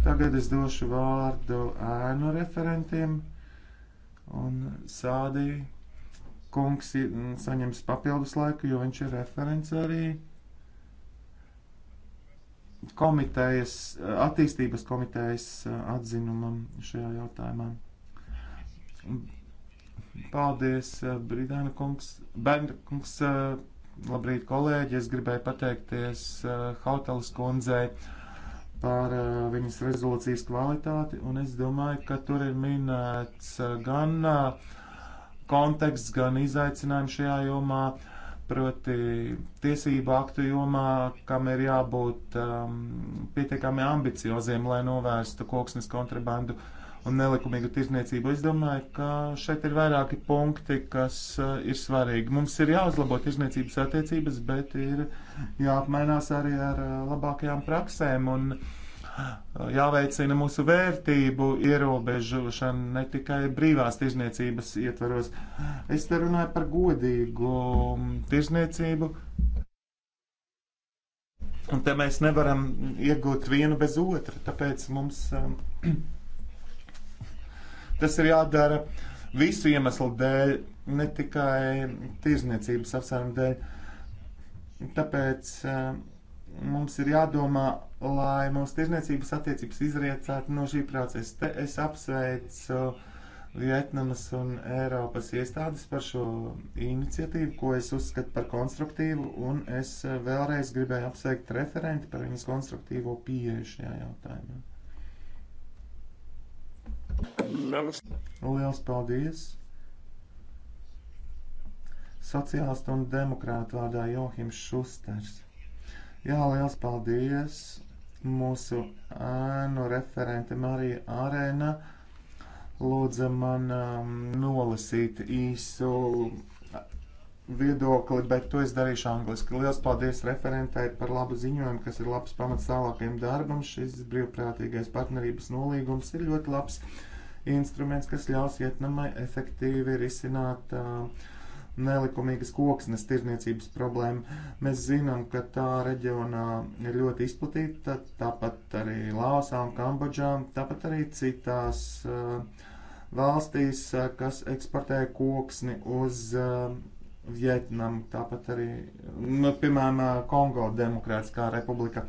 Tagad es došu vārdu ēnu referentiem un sādī kungs saņems papildus laiku, jo viņš ir referents arī komitejas, attīstības komitejas uh, atzinumam šajā jautājumā. Paldies, uh, Brīdāna kungs, Bērna kungs uh, Labrīt, kolēģi! Es gribēju pateikties uh, Hautalas kundzei par uh, viņas rezolūcijas kvalitāti, un es domāju, ka tur ir minēts uh, gan uh, konteksts, gan izaicinājumi šajā jomā, proti tiesību aktu jomā, kam ir jābūt um, pietiekami ambicioziem, lai novērstu koksnes kontrabandu. Uh, un nelikumīgu tirzniecību. Es domāju, ka šeit ir vairāki punkti, kas uh, ir svarīgi. Mums ir jāuzlabo tirzniecības attiecības, bet ir jāapmainās arī ar uh, labākajām praksēm un uh, jāveicina mūsu vērtību ierobežošana ne tikai brīvās tirzniecības ietvaros. Es te runāju par godīgu mm, tirzniecību. Un te mēs nevaram iegūt vienu bez otra, tāpēc mums um, Tas ir jādara visu iemeslu dēļ, ne tikai tirzniecības apsvērumu dēļ. Tāpēc eh, mums ir jādomā, lai mūsu tirzniecības attiecības izriecētu no šī procesa. Te es apsveicu Vietnamas un Eiropas iestādes par šo iniciatīvu, ko es uzskatu par konstruktīvu, un es eh, vēlreiz gribēju apsveikt referenti par viņas konstruktīvo pieeju šajā jautājumā. Lielas paldies! Sociālistu un demokrātu vārdā Johims Šusters. Jā, liels paldies! Mūsu ēnu referente Marija Arēna lūdza man um, nolasīt īsu viedokli, bet to es darīšu angliski. Lielas paldies referentai par labu ziņojumu, kas ir labs pamats tālākajam darbam. Šis brīvprātīgais partnerības nolīgums ir ļoti labs instruments, kas ļaus Vietnamai efektīvi risināt uh, nelikumīgas koksnes tirniecības problēmu. Mēs zinām, ka tā reģionā ir ļoti izplatīta, tāpat arī Lāsām, Kambodžām, tāpat arī citās uh, valstīs, kas eksportē koksni uz uh, Vietnam, tāpat arī, nu, piemēram, Kongo Demokrātiskā republika.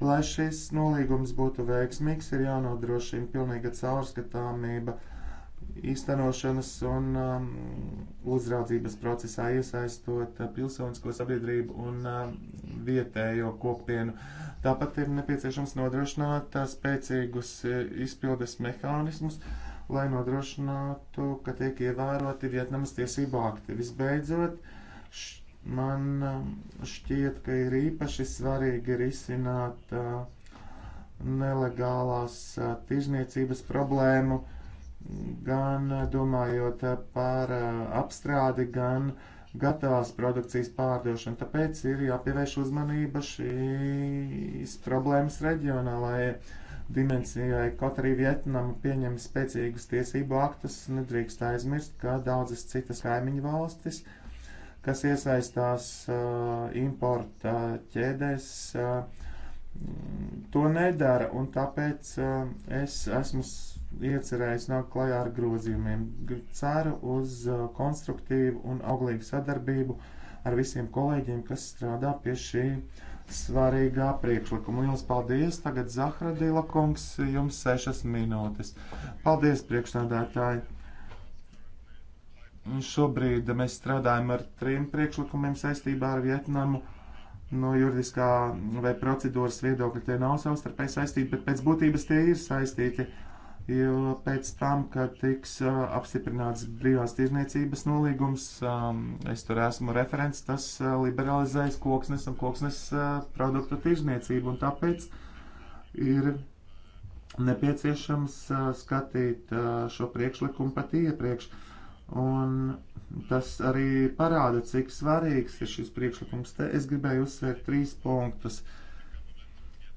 Lai šis nolīgums būtu veiksmīgs, ir jānodrošina pilnīga caurskatāmība īstenošanas un um, uzraudzības procesā iesaistot uh, pilsonisko sabiedrību un uh, vietējo kopienu. Tāpat ir nepieciešams nodrošināt uh, spēcīgus uh, izpildes mehānismus, uh, lai nodrošinātu, ka tiek ievēroti Vietnamas tiesību akti. Visbeidzot, š, man um, šķiet, ka ir īpaši svarīgi risināt uh, nelegālās uh, tirzniecības problēmu, gan uh, domājot uh, par uh, apstrādi, gan gatavās produkcijas pārdošanu. Tāpēc ir jāpievērš uzmanība šīs problēmas reģionālajai dimensijai. Kaut arī Vietnama pieņem spēcīgus tiesību aktus, nedrīkst aizmirst, ka daudzas citas kaimiņu valstis, kas iesaistās uh, importa ķēdēs, uh, to nedara, un tāpēc uh, es esmu iecerējis nākt klajā ar grozījumiem. Ceru uz uh, konstruktīvu un auglīgu sadarbību ar visiem kolēģiem, kas strādā pie šī uh, svarīgā priekšlikuma. Lielas paldies! Tagad Zahradīla kungs, jums sešas minūtes. Paldies, priekšnādātāji! Šobrīd mēs strādājam ar trim priekšlikumiem saistībā ar Vietnamu. No juridiskā vai procedūras viedokļa tie nav savstarpēji saistīti, bet pēc būtības tie ir saistīti. Uh, jo pēc tam, kad tiks uh, apstiprināts brīvās tirzniecības nolīgums, um, es tur esmu referents, tas uh, liberalizēs koksnes un koksnes uh, produktu tirzniecību, un tāpēc ir nepieciešams uh, skatīt uh, šo priekšlikumu pat iepriekš. Un tas arī parāda, cik svarīgs ir šis priekšlikums. Te es gribēju uzsvērt trīs punktus.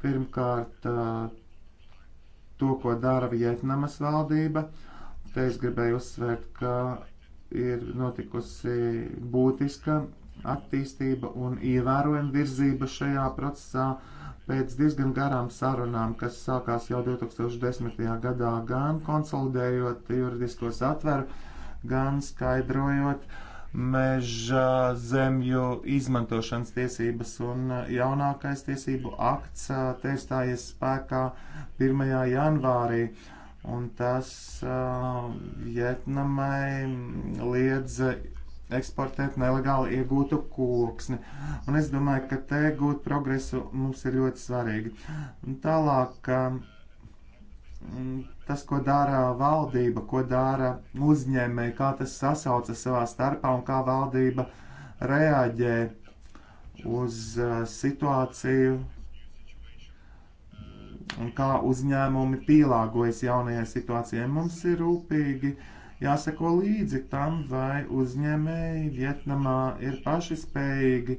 Pirmkārt, uh, to, ko dara Vietnamas valdība. Te es gribēju uzsvērt, ka ir notikusi būtiska attīstība un ievērojama virzība šajā procesā pēc diezgan garām sarunām, kas sākās jau 2010. gadā, gan konsolidējot juridiskos atveru, gan skaidrojot uh, meža zemju izmantošanas tiesības, un uh, jaunākais tiesību akts uh, te stājies spēkā 1. janvārī, un tas uh, Vietnamai liedz eksportēt nelegāli iegūtu koksni. Un es domāju, ka te gūt progresu mums ir ļoti svarīgi. Un tālāk um, Mm, tas, ko dara valdība, ko dara uzņēmēji, kā tas sasaucas savā starpā un kā valdība reaģē uz uh, situāciju un kā uzņēmumi pielāgojas jaunajai situācijai. Mums ir rūpīgi jāseko līdzi tam, vai uzņēmēji Vietnamā ir paši spējīgi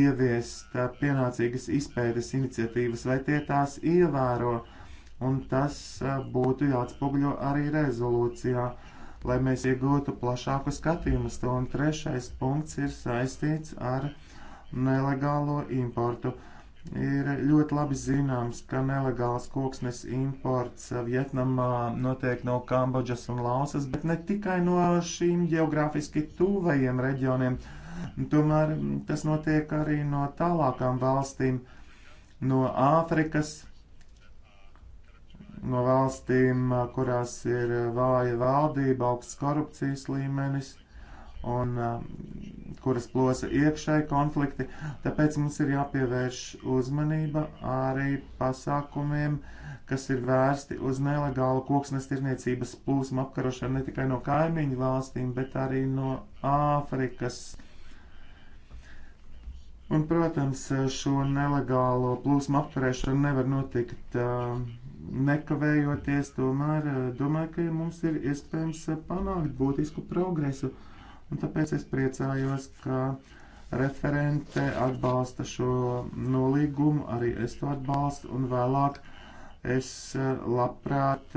ieviest uh, pienācīgas izpētes iniciatīvas, vai tie tās ievēro un tas būtu jāatspogļo arī rezolūcijā, lai mēs iegūtu plašāku skatījumu. Un trešais punkts ir saistīts ar nelegālo importu. Ir ļoti labi zināms, ka nelegāls koksnes imports Vietnamā notiek no Kambodžas un Lausas, bet ne tikai no šīm geogrāfiski tuvajiem reģioniem. Tomēr tas notiek arī no tālākām valstīm, no Āfrikas, no valstīm, kurās ir vāja valdība, augsts korupcijas līmenis un kuras plosa iekšēji konflikti. Tāpēc mums ir jāpievērš uzmanība arī pasākumiem, kas ir vērsti uz nelegālu koksnes tirniecības plūsmu apkarošanu ne tikai no kaimiņu valstīm, bet arī no Āfrikas. Un, protams, šo nelegālo plūsmu apkarēšanu nevar notikt uh, nekavējoties, tomēr eh, domāju, ka mums ir iespējams eh, panākt būtisku progresu. Un tāpēc es priecājos, ka referente atbalsta šo nolīgumu, arī es to atbalstu, un vēlāk es eh, labprāt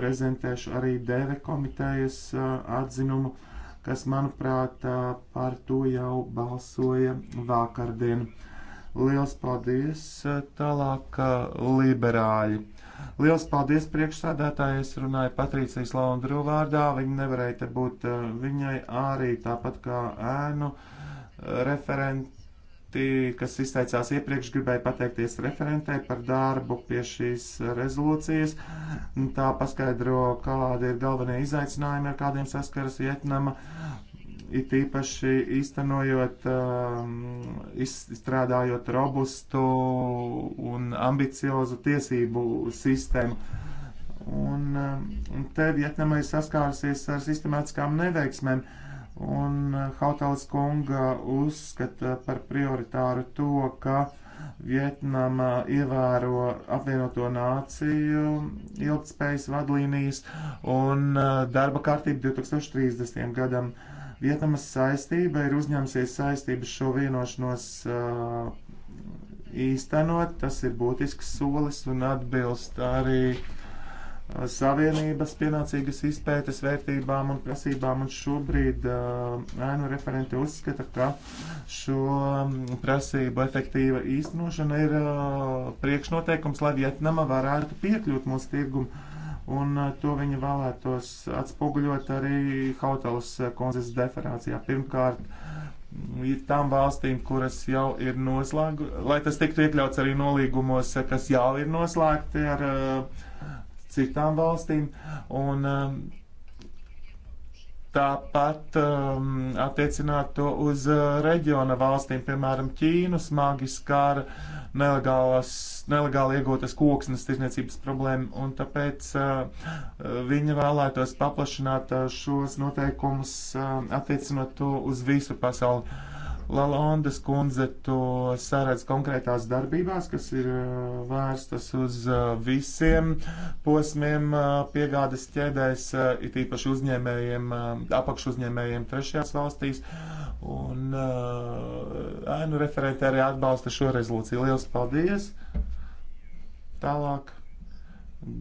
prezentēšu arī DV komitejas atzinumu, kas, manuprāt, par to jau balsoja vakardien. Liels paldies! Eh, tālāk eh, liberāļi. Liels paldies priekšsādātāji, es runāju Patrīcijas Laundru vārdā, viņa nevarēja te būt, eh, viņai arī tāpat kā ēnu referenti, kas izteicās iepriekš, gribēja pateikties referentē par darbu pie šīs rezolūcijas. Tā paskaidro, kādi ir galvenie izaicinājumi, ar kādiem saskaras Vietnama it īpaši īstenojot, um, izstrādājot robustu un ambiciozu tiesību sistēmu. Un, um, un te Vietnamai saskārusies ar sistemātiskām neveiksmēm, un uh, Hautals kunga uzskata par prioritāru to, ka Vietnama ievēro apvienoto nāciju ilgtspējas vadlīnijas un uh, darba kārtību 2030. gadam. Vietnamas saistība ir uzņemsies saistības šo vienošanos uh, īstenot. Tas ir būtisks solis un atbilst arī uh, Savienības pienācīgas izpētes vērtībām un prasībām, un šobrīd uh, ainu referenti uzskata, ka šo prasību efektīva īstenošana ir uh, priekšnoteikums, lai Vietnama varētu piekļūt mūsu tirgumu un eh, to viņa vēlētos atspoguļot arī Hautalas eh, kundzes deferācijā. Pirmkārt, mm, tām valstīm, kuras jau ir noslēgta, lai tas tiktu iekļauts arī nolīgumos, eh, kas jau ir noslēgti ar uh, citām valstīm, un uh, Tāpat um, attiecināt to uz uh, reģiona valstīm, piemēram, Ķīnu smagi skāra nelegāli iegūtas koksnes tirzniecības problēma, un tāpēc uh, viņa vēlētos paplašināt uh, šos noteikumus, uh, attiecinot to uz visu pasauli. Uh, Lalondas kundze to saredz konkrētās darbībās, kas ir uh, vērstas uz uh, visiem posmiem uh, piegādes ķēdēs, it īpaši uzņēmējiem, apakšuzņēmējiem trešajās valstīs. Un ēnu referenti arī atbalsta šo rezolūciju. Lielas paldies! Tālāk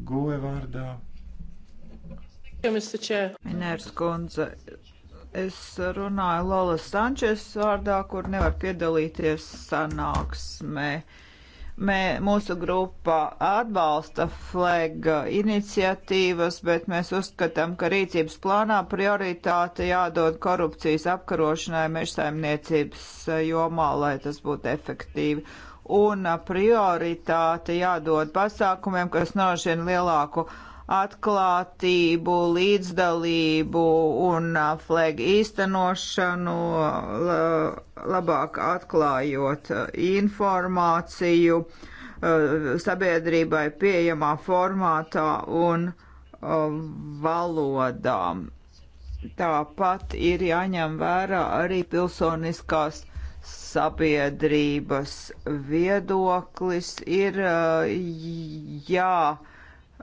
Goe vārdā. Minērs kundze, es runāju Lola Sančes vārdā, kur nevar piedalīties sanāksmē. Mē, mūsu grupa atbalsta flega iniciatīvas, bet mēs uzskatām, ka rīcības plānā prioritāte jādod korupcijas apkarošanai mežsaimniecības jomā, lai tas būtu efektīvi un prioritāte jādod pasākumiem, kas nožina lielāku atklātību, līdzdalību un flēgu īstenošanu, labāk atklājot informāciju sabiedrībai pieejamā formātā un valodām. Tāpat ir jāņem vērā arī pilsoniskās sabiedrības viedoklis, ir jā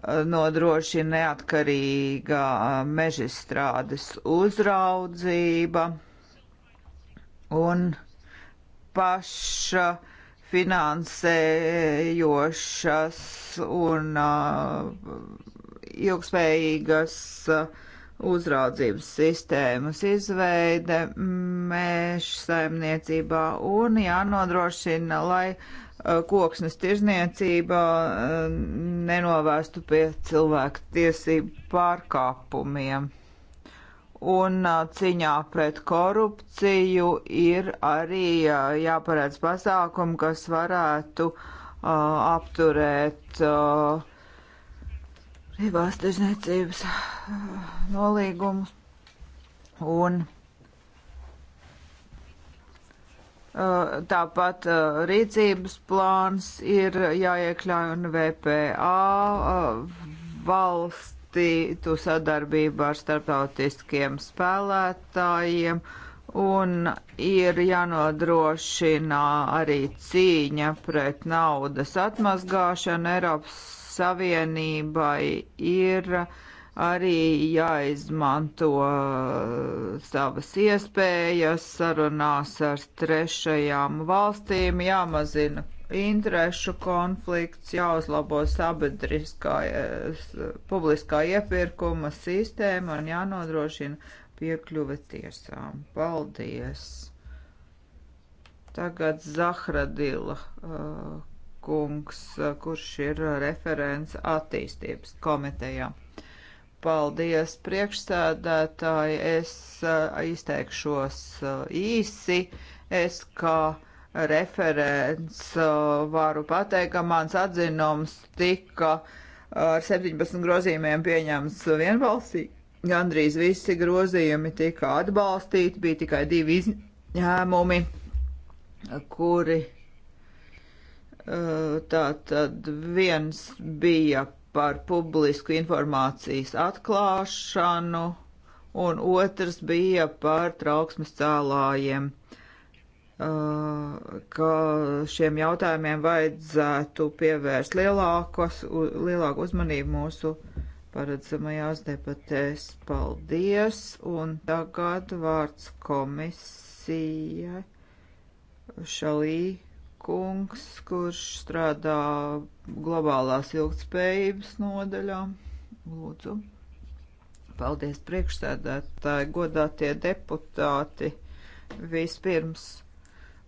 nodrošina neatkarīga mežstrādes uzraudzība un paša finansējošas un uh, ilgspējīgas uh, uzraudzības sistēmas izveide meža saimniecībā un jānodrošina, lai Eh, koksnes tirzniecība eh, nenovērstu pie cilvēku tiesību pārkāpumiem. Un eh, ciņā pret korupciju ir arī jāparedz pasākumi, kas varētu uh, apturēt uh, privās tirzniecības nolīgumus. Un Eh, tāpat eh, rīcības plāns ir jāiekļauj un VPA eh, valstī, tu sadarbību ar starptautiskiem spēlētājiem un ir jānodrošina arī cīņa pret naudas atmazgāšanu. Eiropas Savienībai ir uh, arī jāizmanto uh, savas iespējas sarunās ar trešajām valstīm, jāmazina interešu konflikts, jāuzlabo sabiedriskā uh, publiskā iepirkuma sistēma un jānodrošina piekļuve tiesām. Paldies! Tagad Zahradila uh, kungs, kurš ir referents attīstības komitejā. Paldies, priekšsēdētāji. Es uh, izteikšos uh, īsi. Es kā referents uh, varu pateikt, ka mans atzinums tika uh, ar 17 grozījumiem pieņemts vienbalsī. Gandrīz visi grozījumi tika atbalstīti, bija tikai divi izņēmumi, kuri uh, tā tad viens bija par publisku informācijas atklāšanu, un otrs bija par trauksmes cēlājiem, uh, ka šiem jautājumiem vajadzētu pievērst lielākos, lielāku uzmanību mūsu paredzamajās debatēs. Paldies, un tagad vārds komisijai. Šalī kungs, kurš strādā globālās ilgtspējības nodaļā. Lūdzu. Paldies priekšsēdētāji, godātie deputāti. Vispirms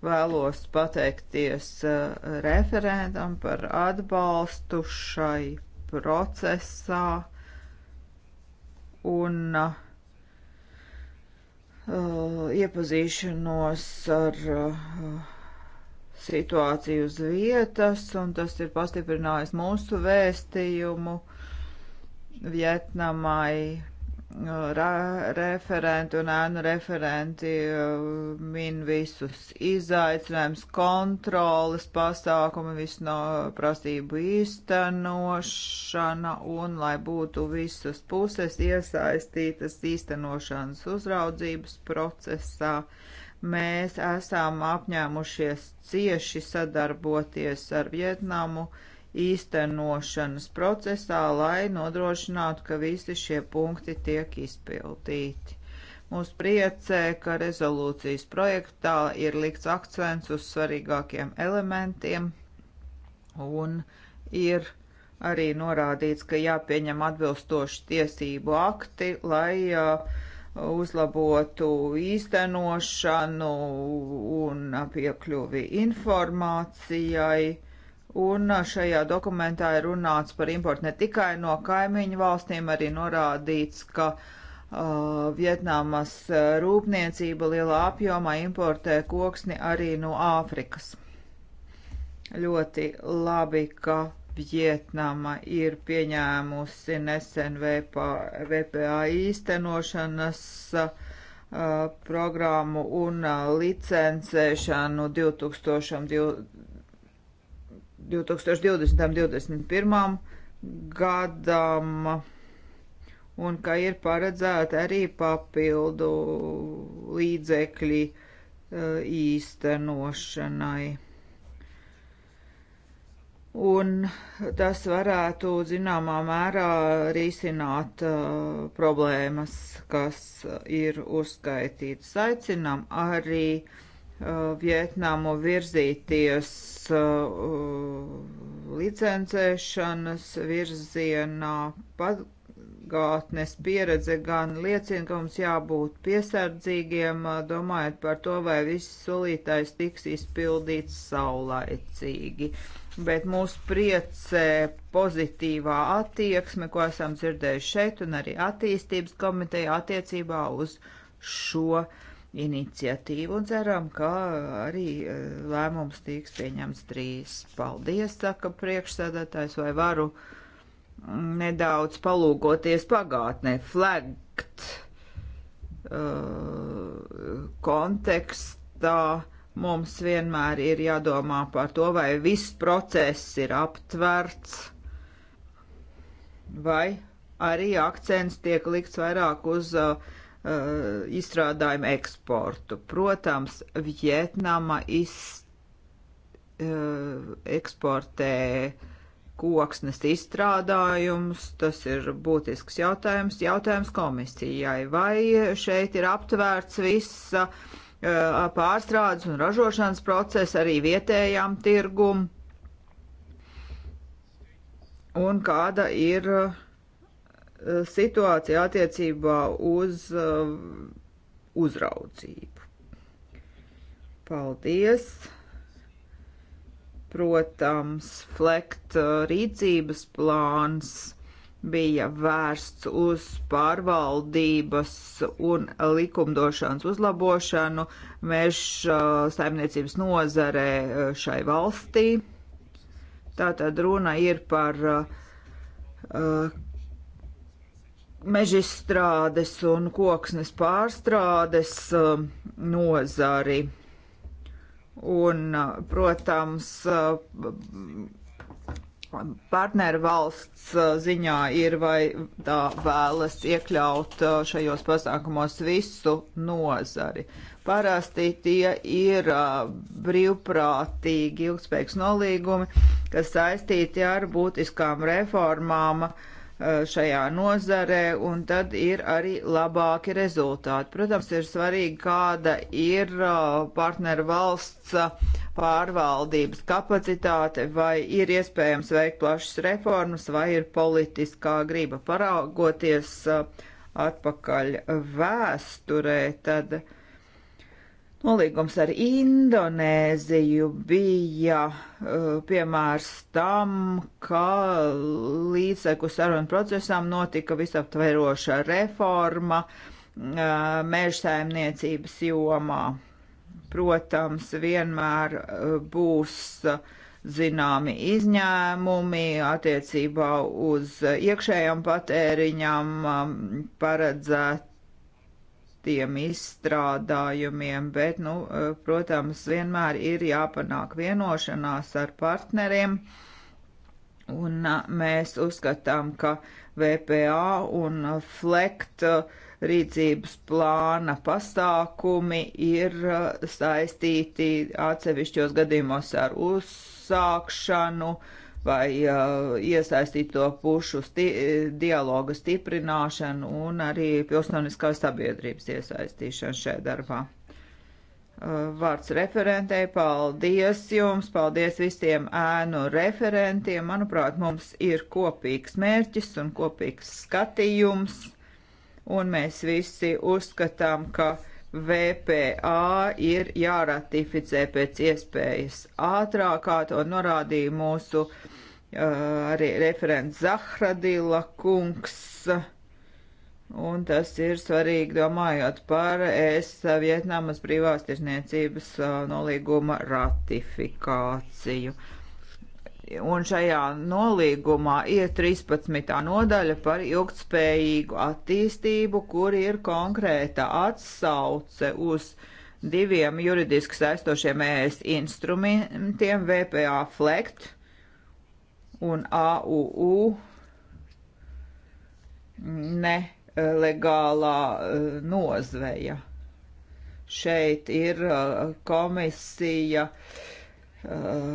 vēlos pateikties eh, referendam par atbalstu šai procesā un uh, iepazīšanos ar uh, situāciju uz vietas, un tas ir pastiprinājis mūsu vēstījumu Vietnamai. Uh, re referenti un ēnu referenti uh, min visus izaicinājumus, kontroles pasākumi, visu no prasību īstenošana un lai būtu visas puses iesaistītas īstenošanas uzraudzības procesā. Uh, Mēs esam apņēmušies cieši sadarboties ar Vietnamu īstenošanas procesā, lai nodrošinātu, ka visi šie punkti tiek izpildīti. Mūs priecē, ka rezolūcijas projektā ir likts akcents uz svarīgākiem elementiem un ir arī norādīts, ka jāpieņem atbilstoši tiesību akti, lai uh, uzlabotu īstenošanu un piekļuvi informācijai. Un šajā dokumentā ir runāts par importu ne tikai no kaimiņu valstīm, arī norādīts, ka uh, Vietnamas rūpniecība lielā apjomā importē koksni arī no Āfrikas. Ļoti labi, ka Vietnama ir pieņēmusi nesen VPA īstenošanas programmu un licencēšanu 2020-2021 gadam, un ka ir paredzēta arī papildu līdzekļi īstenošanai un tas varētu zināmā mērā risināt uh, problēmas, kas ir uzskaitītas. Aicinām arī uh, Vietnamu virzīties uh, licencēšanas virzienā. Pagātnes pieredze gan liecina, ka mums jābūt piesardzīgiem, uh, domājot par to, vai viss solītais tiks izpildīts saulaicīgi bet mūs priecē pozitīvā attieksme, ko esam dzirdējuši šeit un arī attīstības komiteja attiecībā uz šo iniciatīvu un ceram, ka arī e, lēmums tiks pieņemts drīz. Paldies, saka priekšsēdētājs, vai varu nedaudz palūgoties pagātnē, flegt uh, e, kontekstā. Uh, Mums vienmēr ir jādomā par to, vai viss process ir aptverts, vai arī akcents tiek likts vairāk uz uh, uh izstrādājumu eksportu. Protams, Vietnama iz, uh, eksportē koksnes izstrādājums, tas ir būtisks jautājums, jautājums komisijai, vai šeit ir aptvērts visa uh, pārstrādes un ražošanas procesu arī vietējām tirgum un kāda ir situācija attiecībā uz uzraudzību. Paldies! Protams, flekt rīcības plāns bija vērsts uz pārvaldības un likumdošanas uzlabošanu meža uh, saimniecības nozarē uh, šai valstī. Tātad runa ir par uh, uh, mežstrādes un koksnes pārstrādes uh, nozari. Un, protams, uh, partneru valsts uh, ziņā ir, vai tā vēlas iekļaut uh, šajos pasākumos visu nozari. Parasti tie ir uh, brīvprātīgi ilgspējīgs nolīgumi, kas saistīti ar būtiskām reformām šajā nozarē, un tad ir arī labāki rezultāti. Protams, ir svarīgi, kāda ir partneru valsts pārvaldības kapacitāte, vai ir iespējams veikt plašas reformas, vai ir politiskā griba paraugoties atpakaļ vēsturē, tad nolīgums ar Indonēziju bija piemērs tam, ka līdzseku sarunu procesām notika visaptveroša reforma mēžsaimniecības jomā Protams, vienmēr eh, būs eh, zināmi izņēmumi attiecībā uz eh, iekšējām patēriņām um, paredzētiem izstrādājumiem, bet, nu, protams, vienmēr ir jāpanāk vienošanās ar partneriem. Un mēs uzskatām, ka VPA un FLEKT uh, rīcības plāna pasākumi ir uh, saistīti atsevišķos gadījumos ar uzsākšanu vai uh, iesaistīto pušu sti dialoga stiprināšanu un arī pilsoniskās sabiedrības iesaistīšanu šajā darbā uh, vārds referentei. Paldies jums, paldies visiem ēnu referentiem. Manuprāt, mums ir kopīgs mērķis un kopīgs skatījums un mēs visi uzskatām, ka VPA ir jāratificē pēc iespējas ātrāk, kā to norādīja mūsu uh, arī referents Zahradila kungs. Un tas ir svarīgi domājot par es Vietnamas brīvās tirzniecības nolīguma ratifikāciju. Un šajā nolīgumā ir 13. nodaļa par ilgtspējīgu attīstību, kur ir konkrēta atsauce uz diviem juridiski saistošiem ES instrumentiem - VPA FLECT un AUU nelegālā eh, nozveja. Šeit ir eh, komisija eh,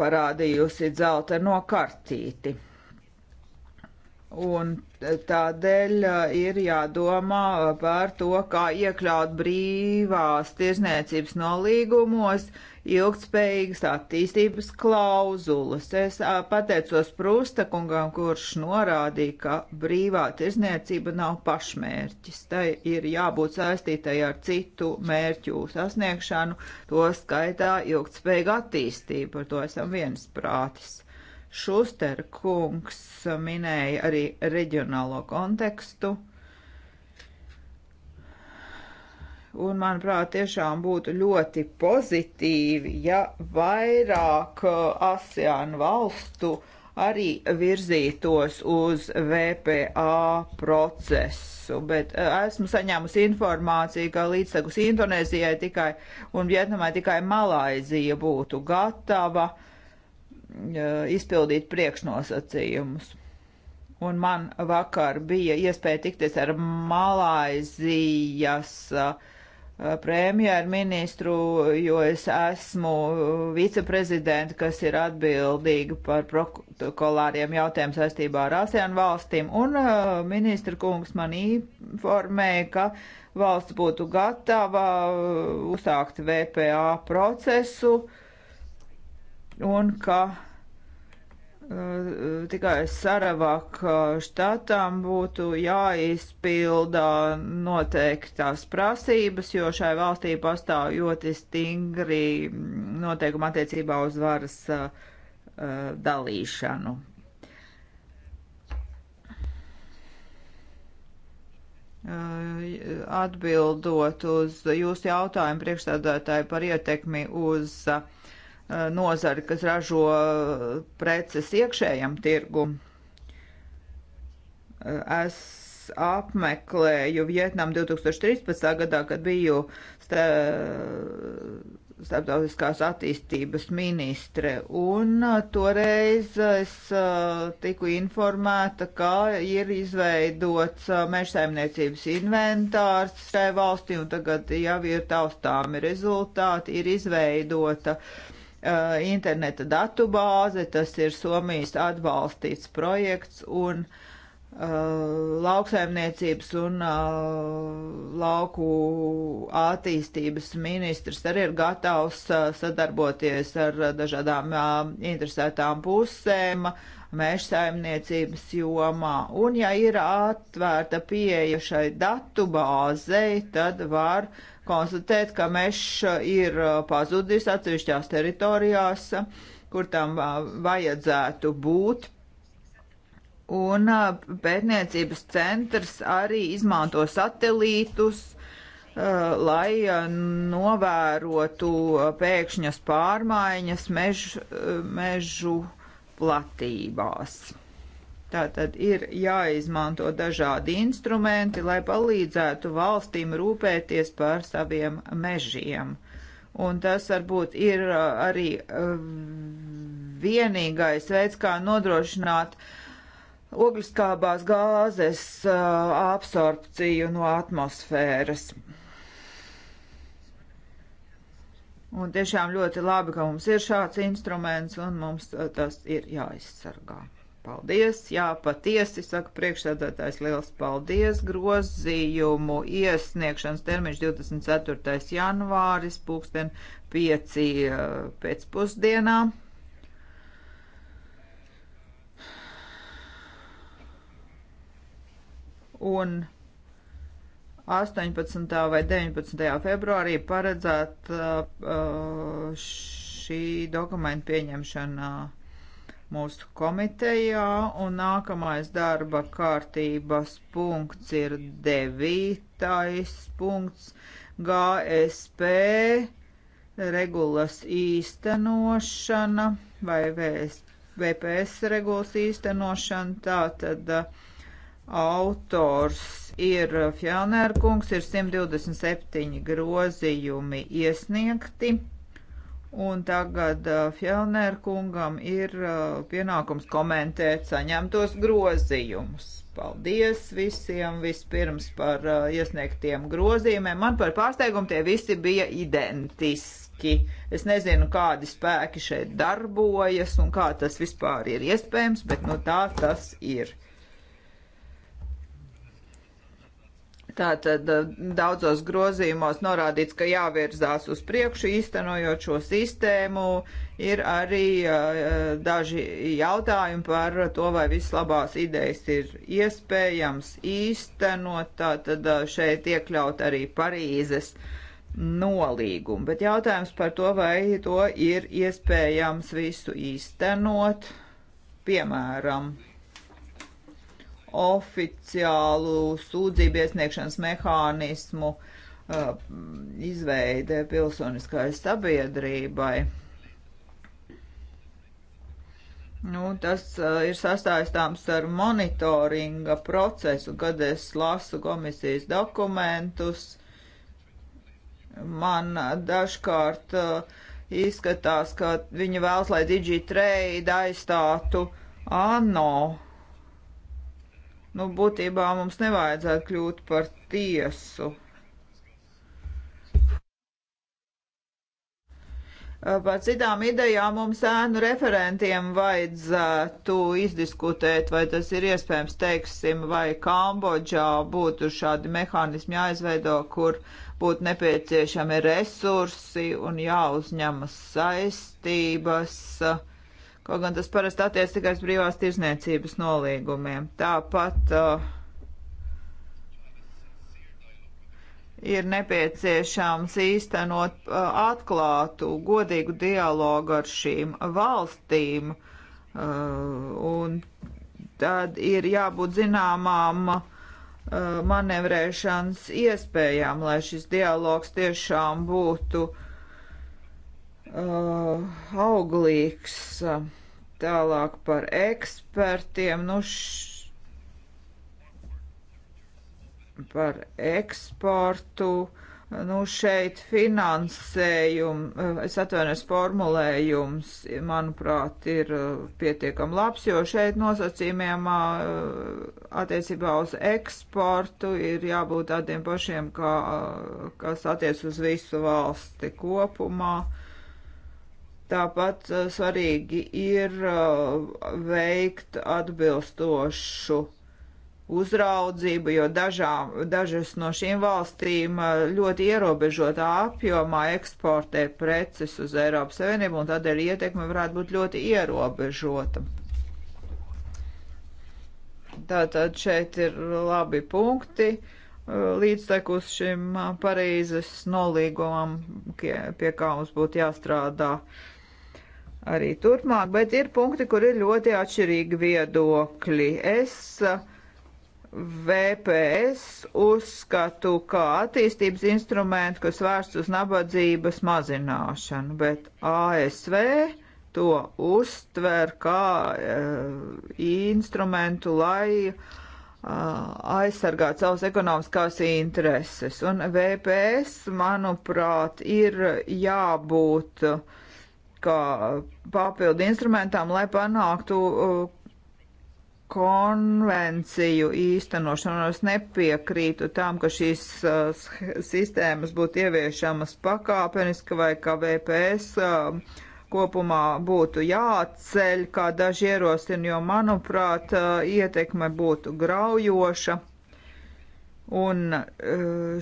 parādījusi dzelteno kartīti. Un tādēļ uh, ir jādomā uh, par to, kā iekļaut brīvās tirzniecības nolīgumos ilgspējīgas attīstības klauzulas. Es uh, pateicos Prūsta kungam, kurš norādīja, ka brīvā tirzniecība nav pašmērķis. Tai ir jābūt saistītai ar citu mērķu sasniegšanu, to skaitā ilgspējīga attīstība, par to esam viensprātis. Šuster kungs minēja arī reģionālo kontekstu. Un, manuprāt, tiešām būtu ļoti pozitīvi, ja vairāk uh, ASEAN valstu arī virzītos uz VPA procesu. Bet uh, esmu saņēmusi informāciju, ka līdztekus Indonēzijai tikai un Vietnamai tikai Malaizija būtu gatava uh, izpildīt priekšnosacījumus. Un man vakar bija iespēja tikties ar Malaizijas premjerministru, jo es esmu viceprezidenta, kas ir atbildīga par protokolāriem jautājumiem saistībā ar ASEAN valstīm. Un ministra kungs man informēja, ka valsts būtu gatava uzsākt VPA procesu. Uh, un ka uh, uh, tikai Saravak uh, štatām būtu jāizpilda noteiktās prasības, jo šai valstī pastāv ļoti stingri noteikumi attiecībā uz varas uh, dalīšanu. Atbildot uz jūsu jautājumu priekšstādātāju par ietekmi uz uh, nozari, kas ražo uh, preces iekšējam tirgum. Uh, es apmeklēju Vietnamu 2013. gadā, kad biju starptautiskās attīstības ministre, un uh, toreiz es tiku informēta, ka ir izveidots mežsaimniecības inventārs šai valstī, un tagad jau ir taustāmi rezultāti, ir izveidota uh, Uh, interneta datu bāze, tas ir Somijas atbalstīts projekts un uh, lauksaimniecības un uh, lauku attīstības ministrs arī ir gatavs sadarboties ar dažādām interesētām pusēm mežsaimniecības jomā. Un ja ir atvērta pieeja šai datu bāzei, tad var uh, konstatēt, ka mešs ir uh, pazudis atsevišķās teritorijās, kur tam uh, vajadzētu būt. Un uh, pētniecības centrs arī izmanto satelītus, lai novērotu pēkšņas pārmaiņas mežu, mežu platībās. Tātad ir jāizmanto dažādi instrumenti, lai palīdzētu valstīm rūpēties par saviem mežiem. Un tas varbūt ir uh, arī uh, vienīgais veids, kā nodrošināt ogliskābās gāzes uh, absorpciju no atmosfēras. Un tiešām ļoti labi, ka mums ir šāds instruments un mums tas ir jāizsargā. Paldies, jā, patiesi, saka priekšsēdētājs, liels paldies. Grozījumu iesniegšanas termiņš 24. janvāris, pulksten 5 eh, pēcpusdienā. Un 18. vai 19. februārī paredzēta eh, šī dokumenta pieņemšana. Uh, mūsu komitejā, un nākamais darba kārtības punkts ir devītais punkts GSP regulas īstenošana vai VPS regulas īstenošana. Tātad uh, autors ir Fjānērkungs, ir 127 grozījumi iesniegti Un tagad uh, Fjellner kungam ir uh, pienākums komentēt saņemtos grozījumus. Paldies visiem vispirms par uh, iesniegtiem grozījumiem. Man par pārsteigumu tie visi bija identiski. Es nezinu, kādi spēki šeit darbojas un kā tas vispār ir iespējams, bet nu tā tas ir. Uh, Tātad eh, daudzos grozījumos norādīts, ka jāvirzās uz priekšu, īstenojot šo sistēmu. Ir arī eh, daži jautājumi par to, vai viss labās idejas ir iespējams īstenot. Tātad eh, šeit iekļaut arī Parīzes nolīgumu. Bet jautājums par to, vai to ir iespējams visu īstenot, piemēram oficiālu sūdzību iesniegšanas mehānismu uh, izveide pilsoniskai sabiedrībai. Nu, tas uh, ir sastāstāms ar monitoringa procesu, kad es lasu komisijas dokumentus. Man dažkārt uh, izskatās, ka viņi vēlas, lai DigiTrade aizstātu ANO. Ah, Nu, būtībā mums nevajadzētu kļūt par tiesu. Par citām idejām mums ēnu referentiem vajadzētu izdiskutēt, vai tas ir iespējams, teiksim, vai Kambodžā būtu šādi mehānismi jāizveido, kur būtu nepieciešami resursi un jāuzņemas saistības. Uh, Kaut gan tas parasti attiec tikai uz brīvās tirzniecības nolīgumiem. Tāpat uh, ir nepieciešams īstenot uh, atklātu, godīgu dialogu ar šīm valstīm, uh, un tad ir jābūt zināmām uh, manevrēšanas iespējām, lai šis dialogs tiešām būtu uh, uh, auglīgs. Uh, tālāk par ekspertiem. Nu, š... par eksportu. Nu, šeit finansējumu, uh, es atvainojos, formulējums, manuprāt, ir uh, pietiekam labs, jo šeit nosacījumiem attiecībā uz eksportu ir jābūt tādiem pašiem, kā, kas attiec uz visu valsti kopumā. Uh, Tāpat eh, svarīgi ir eh, veikt atbilstošu uzraudzību, jo dažām, dažas no šīm valstīm eh, ļoti ierobežotā apjomā eksportē preces uz Eiropas Savienību, un tādēļ ietekme varētu būt ļoti ierobežota. Tātad šeit ir labi punkti līdztekus šim Parīzes nolīgumam, pie kā mums būtu jāstrādā. Uh, arī turpmāk, bet ir punkti, kur ir ļoti atšķirīgi viedokļi. Es VPS uzskatu kā attīstības instrumentu, kas vērsts uz nabadzības mazināšanu, bet ASV to uztver kā uh, instrumentu, lai uh, eh, aizsargāt savas ekonomiskās intereses. Un VPS, manuprāt, ir jābūt uh, kā papildu instrumentam, lai panāktu uh, konvenciju īstenošanu. Es nepiekrītu tam, ka šīs uh, sistēmas būtu ieviešamas pakāpeniski vai ka VPS uh, kopumā būtu jāceļ, kā daži ierosina, jo, manuprāt, ietekme būtu graujoša Un e,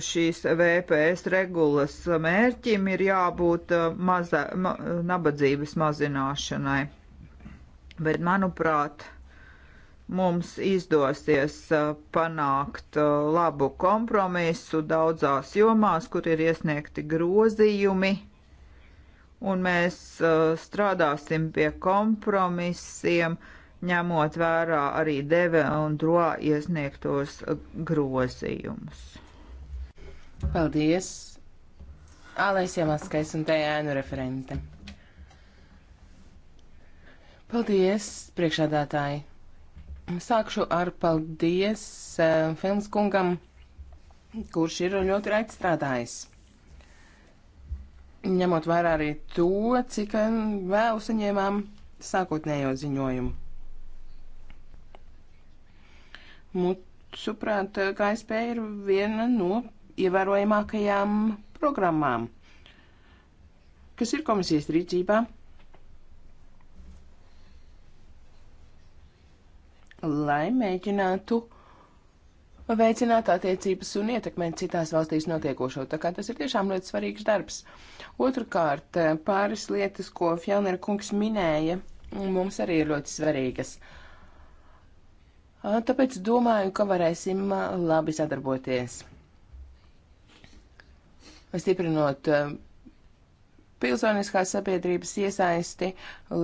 šīs VPS regulas mērķim ir jābūt e, maza, ma, nabadzības mazināšanai. Bet, manuprāt, mums izdosies e, panākt labu kompromisu daudzās jomās, kur ir iesniegti grozījumi, un mēs strādāsim pie kompromisiem, uh, ņemot vērā arī deve un droā iesniegtos grozījumus. Paldies! Ālais Jamaskais un Tējānu referente. Paldies, priekšādātāji! Sākšu ar paldies uh, eh, filmas kungam, kurš ir ļoti raiti strādājis. Ņemot vērā arī to, cik eh, vēl saņēmām sākotnējo ziņojumu. Mūsuprāt, KSP ir viena no ievērojamākajām programmām, kas ir komisijas rīcībā. Lai mēģinātu veicināt attiecības un ietekmēt citās valstīs notiekošo. Tā kā tas ir tiešām ļoti svarīgs darbs. Otrakārt, pāris lietas, ko Fjellner kungs minēja, mums arī ir ļoti svarīgas. Uh, Tāpēc domāju, ka varēsim labi sadarboties. Stiprinot pilsoniskās sabiedrības iesaisti,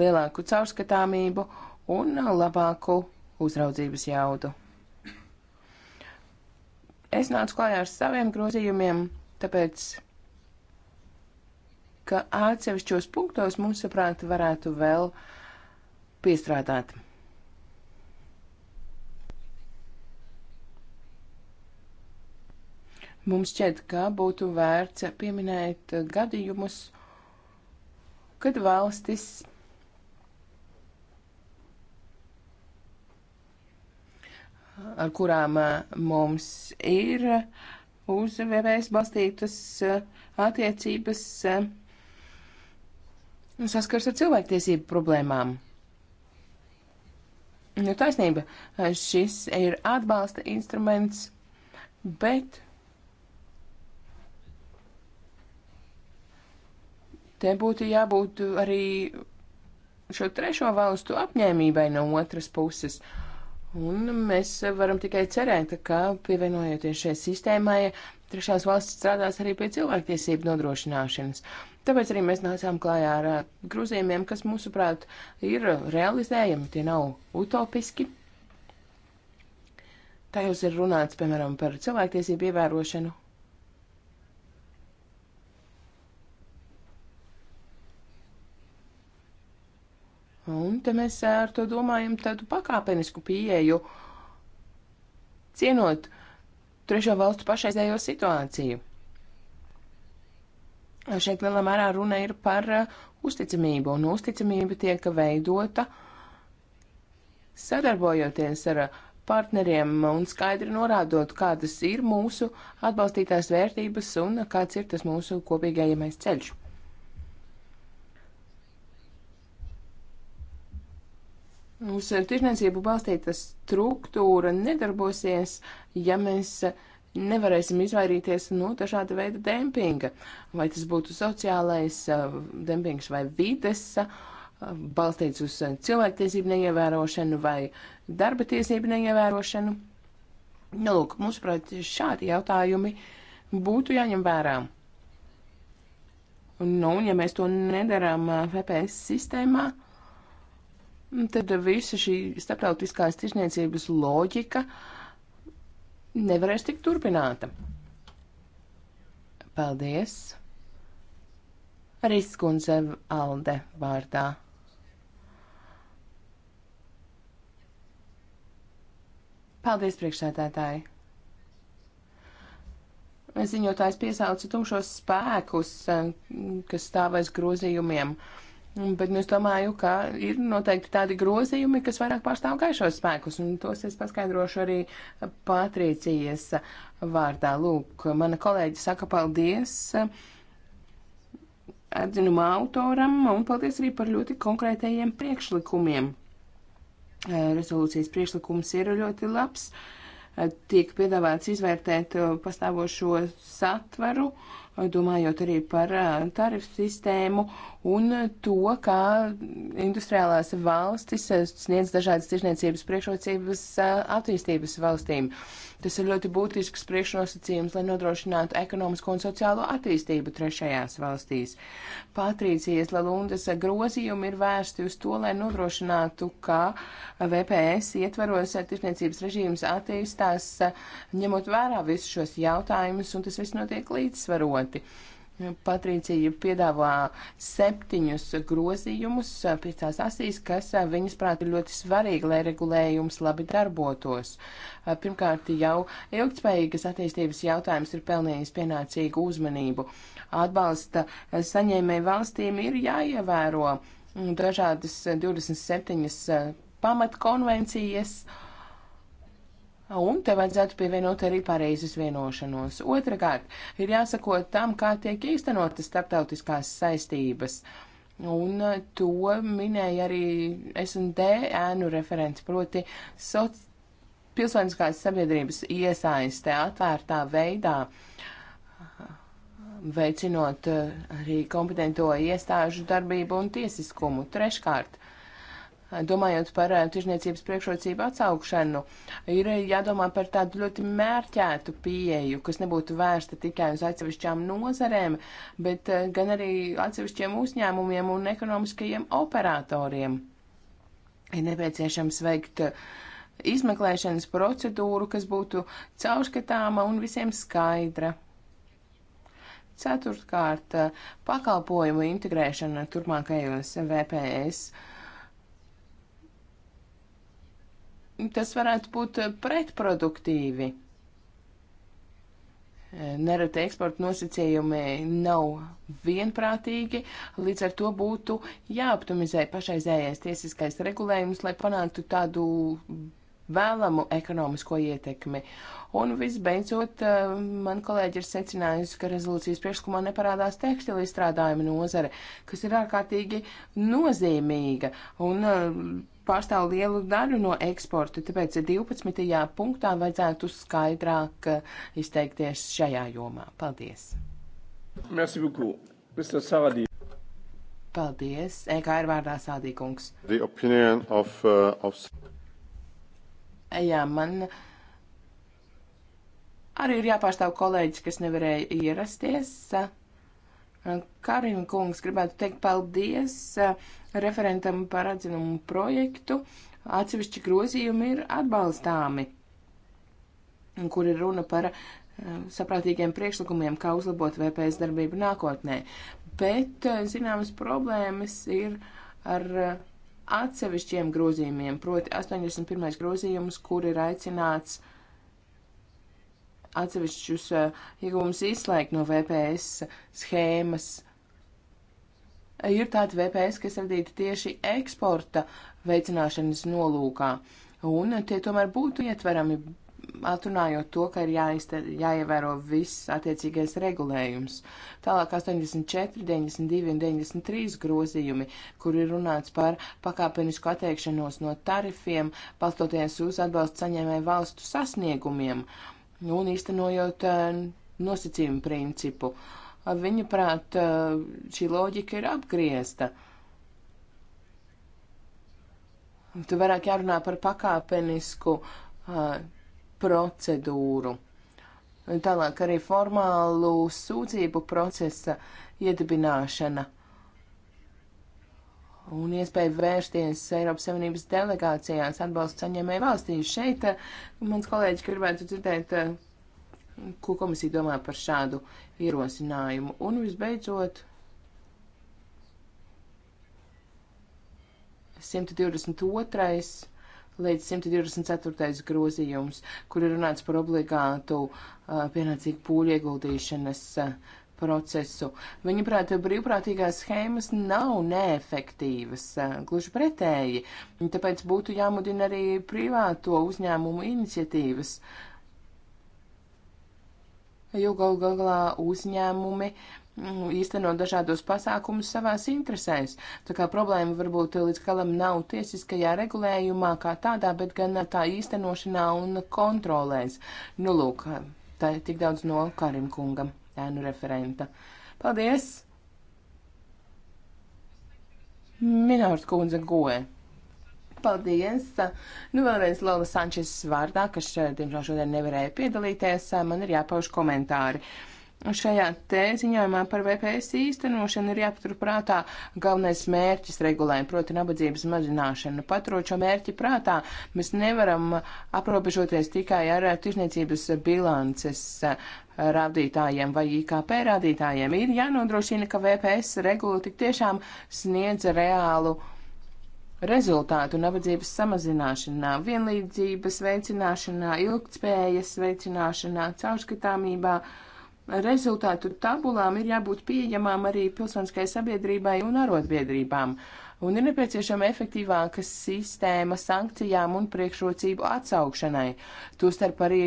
lielāku caurskatāmību un labāku uzraudzības jaudu. Es nācu klājā ar saviem grozījumiem, tāpēc, ka atsevišķos punktos, mums, saprāt, varētu vēl piestrādāt. Mums šķiet, ka būtu vērts pieminēt gadījumus, kad valstis ar kurām eh, mums ir uz VVS balstītas eh, attiecības eh, saskars ar cilvēktiesību problēmām. Nu, taisnība, šis ir atbalsta instruments, bet Te būtu jābūt arī šo trešo valstu apņēmībai no otras puses. Un mēs varam tikai cerēt, ka pievienojoties šai sistēmai, trešās valsts strādās arī pie cilvēktiesību nodrošināšanas. Tāpēc arī mēs nācām klājā ar grozījumiem, kas, mūsuprāt, ir realizējami, tie nav utopiski. Tajos ir runāts, piemēram, par cilvēktiesību ievērošanu Un te mēs ar to domājam tādu pakāpenisku pieeju, cienot trešo valstu pašreizējo situāciju. Šeit lielā mērā runa ir par uh, uzticamību, un uzticamība tiek veidota sadarbojoties ar uh, partneriem un skaidri norādot, kādas ir mūsu atbalstītās vērtības un uh, kāds ir tas mūsu kopīgajamais ceļš. Uz tirdzniecību balstīta struktūra nedarbosies, ja mēs nevarēsim izvairīties no dažāda veida dempinga. Vai tas būtu sociālais eh, dempings vai vides, eh, balstīts uz cilvēktiesību neievērošanu vai darba tiesību neievērošanu. Nu, lūk, mūsuprāt, šādi jautājumi būtu jāņem vērā. Nu, un, ja mēs to nedarām VPS eh, sistēmā, uh, tad visa šī starptautiskās tirzniecības loģika nevarēs tikt turpināta. Paldies! Riskundze Alde vārdā. Paldies, priekšsētētāji! Ziņotājs piesauca tumšos spēkus, eh, kas stāvēs grozījumiem. Uh, Mm, bet nu, es domāju, ka ir noteikti tādi grozījumi, kas vairāk pārstāv gaišos spēkus, un tos es paskaidrošu arī Patrīcijas vārdā. Lūk, mana kolēģi saka paldies atzinuma autoram, un paldies arī par ļoti konkrētajiem priekšlikumiem. Rezolūcijas priekšlikums ir ļoti labs. Uh, tiek piedāvāts izvērtēt uh, pastāvošo satvaru, uh, domājot arī par uh, tarifu sistēmu un to, kā industriālās valstis sniedz dažādas tirzniecības priekšrocības attīstības valstīm. Uh, Tas ir ļoti būtisks priekšnosacījums, lai nodrošinātu ekonomisko un sociālo attīstību trešajās valstīs. Patrīcijas Lalundas grozījumi ir vērsti uz to, lai nodrošinātu, ka VPS ietvaros tirsniecības režīms attīstās, ņemot vērā visus šos jautājumus, un tas viss notiek līdzsvaroti. Patricija piedāvā septiņus grozījumus piecās asīs, kas viņas prāt ir ļoti svarīgi, lai regulējums labi darbotos. Pirmkārt, jau ilgtspējīgas attīstības jautājums ir pelnījis pienācīgu uzmanību. Atbalsta saņēmēju valstīm ir jāievēro dažādas 27 pamatkonvencijas. konvencijas Un te vajadzētu pievienot arī pareizes vienošanos. Otrakārt, ir jāsako tam, kā tiek īstenotas starptautiskās saistības. Un uh, to minēja arī S&D ēnu referents, proti soc pilsoniskās sabiedrības iesaiste atvērtā veidā, veicinot uh, arī kompetento iestāžu darbību un tiesiskumu. Treškārt, domājot par eh, tirzniecības priekšrocību atsaukšanu, ir eh, jādomā par tādu ļoti mērķētu pieeju, kas nebūtu vērsta tikai uz atsevišķām nozarēm, bet eh, gan arī atsevišķiem uzņēmumiem un ekonomiskajiem operatoriem. Ir nepieciešams veikt izmeklēšanas procedūru, kas būtu caurskatāma un visiem skaidra. Ceturtkārt, pakalpojumu integrēšana turpmākajos VPS tas varētu būt pretproduktīvi. Nereti eksporta nosacījumi nav vienprātīgi, līdz ar to būtu jāoptimizē pašaizējais tiesiskais regulējums, lai panāktu tādu vēlamu ekonomisko ietekmi. Un visbeidzot, eh, man kolēģi ir secinājusi, ka rezolūcijas priekšlikumā neparādās tekstilu izstrādājuma nozare, kas ir ārkārtīgi nozīmīga un eh, pārstāv lielu daļu no eksporta, tāpēc 12. punktā vajadzētu skaidrāk eh, izteikties šajā jomā. Paldies! Merci beaucoup, Mr. Savadī. Paldies, EKR vārdā sādīkungs. The opinion of, uh, of... Jā, man arī ir jāpārstāv kolēģis, kas nevarēja ierasties. Karim kungs gribētu teikt paldies referentam par atzinumu projektu. Atsevišķi grozījumi ir atbalstāmi, kur ir runa par saprātīgiem priekšlikumiem, kā uzlabot VPS darbību nākotnē. Bet zināmas problēmas ir ar atsevišķiem grozījumiem, proti 81. grozījums, kur ir aicināts atsevišķus eh, ieguvumus izslēgt no VPS schēmas. Ir tādi VPS, kas radīti tieši eksporta veicināšanas nolūkā, un tie tomēr būtu ietverami atrunājot to, ka ir jāizte, jāievēro viss attiecīgais regulējums. Tālāk 84, 92 un 93 grozījumi, kur ir runāts par pakāpenisku atteikšanos no tarifiem, balstoties uz atbalstu saņēmēju valstu sasniegumiem un īstenojot eh, nosacījumu principu. Viņuprāt, eh, šī loģika ir apgriezta. Tu vairāk jārunā par pakāpenisku uh, procedūru. Tālāk arī formālu sūdzību procesa iedibināšana un iespēja vērsties Eiropas Savienības delegācijās atbalstu saņēmēju valstīs. Šeit eh, mans kolēģis gribētu dzirdēt, eh, ko komisija domā par šādu ierosinājumu. Un visbeidzot, 122 līdz 124. grozījums, kur ir runāts par obligātu pienācīgu pūļu ieguldīšanas procesu. Viņaprāt, brīvprātīgās schēmas nav neefektīvas, gluži pretēji, tāpēc būtu jāmudina arī privāto uzņēmumu iniciatīvas. Jo gal galā uzņēmumi uh, īstenot dažādos pasākumus savās interesēs. Tā kā problēma varbūt līdz galam nav tiesiskajā regulējumā kā tādā, bet gan tā īstenošanā un kontrolēs. Nu, lūk, tā ir tik daudz no Karim kungam, ēnu referenta. Paldies! Minors kundze goe. Paldies! Nu, vēlreiz Lola Sančes vārdā, kas, diemžēl, šodien nevarēja piedalīties, man ir jāpauž komentāri. Uh, Šajā te ziņojumā par VPS īstenošanu ir jāpaturprātā galvenais mērķis regulējuma, proti nabadzības mazināšanu. Paturot šo mērķi prātā, mēs nevaram aprobežoties tikai ar eh, tirzniecības bilances eh, rādītājiem vai IKP rādītājiem. Ir jānodrošina, ka VPS regula tik tiešām sniedz reālu rezultātu nabadzības samazināšanā, vienlīdzības veicināšanā, ilgtspējas veicināšanā, caurskatāmībā. Uh, rezultātu tabulām ir jābūt pieejamām arī pilsoniskai sabiedrībai un arotbiedrībām. Un ir nepieciešama efektīvāka sistēma sankcijām un priekšrocību atsaukšanai. Tostarp arī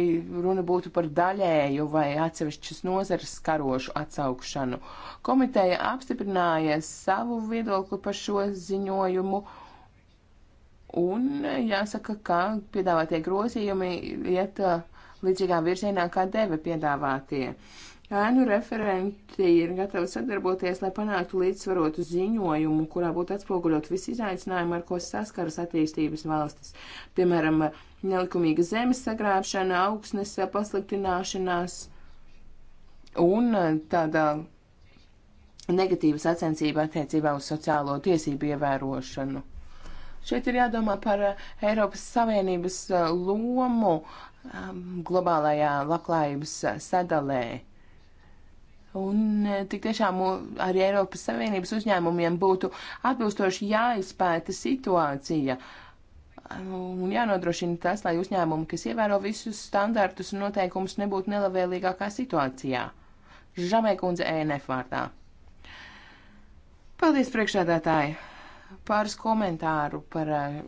runa būtu par daļēju vai atsevišķas nozares karošu atsaukšanu. Komiteja apstiprināja savu viedokli par šo ziņojumu. Un jāsaka, ka piedāvātie grozījumi iet uh, līdzīgā virzienā kā deve piedāvātie. Uh, Ēnu referenti ir gatavi sadarboties, lai panāktu līdzsvarotu ziņojumu, kurā būtu atspoguļot visi izaicinājumi, ar ko saskaras attīstības valstis. Piemēram, nelikumīga zemes sagrābšana, augsnes pasliktināšanās un e, tādā negatīva sacensība attiecībā uz sociālo tiesību ievērošanu. Šeit ir jādomā par e, Eiropas Savienības e, lomu globālajā labklājības sadalē Un e, tik tiešām arī Eiropas Savienības uzņēmumiem būtu atbilstoši jāizpēta situācija. Un jānodrošina tas, lai uzņēmumi, kas ievēro visus standartus un noteikumus, nebūtu nelabvēlīgākā situācijā. Žamēkundze ENF vārdā. Paldies, priekšādātāji! Pāris komentāru par uh,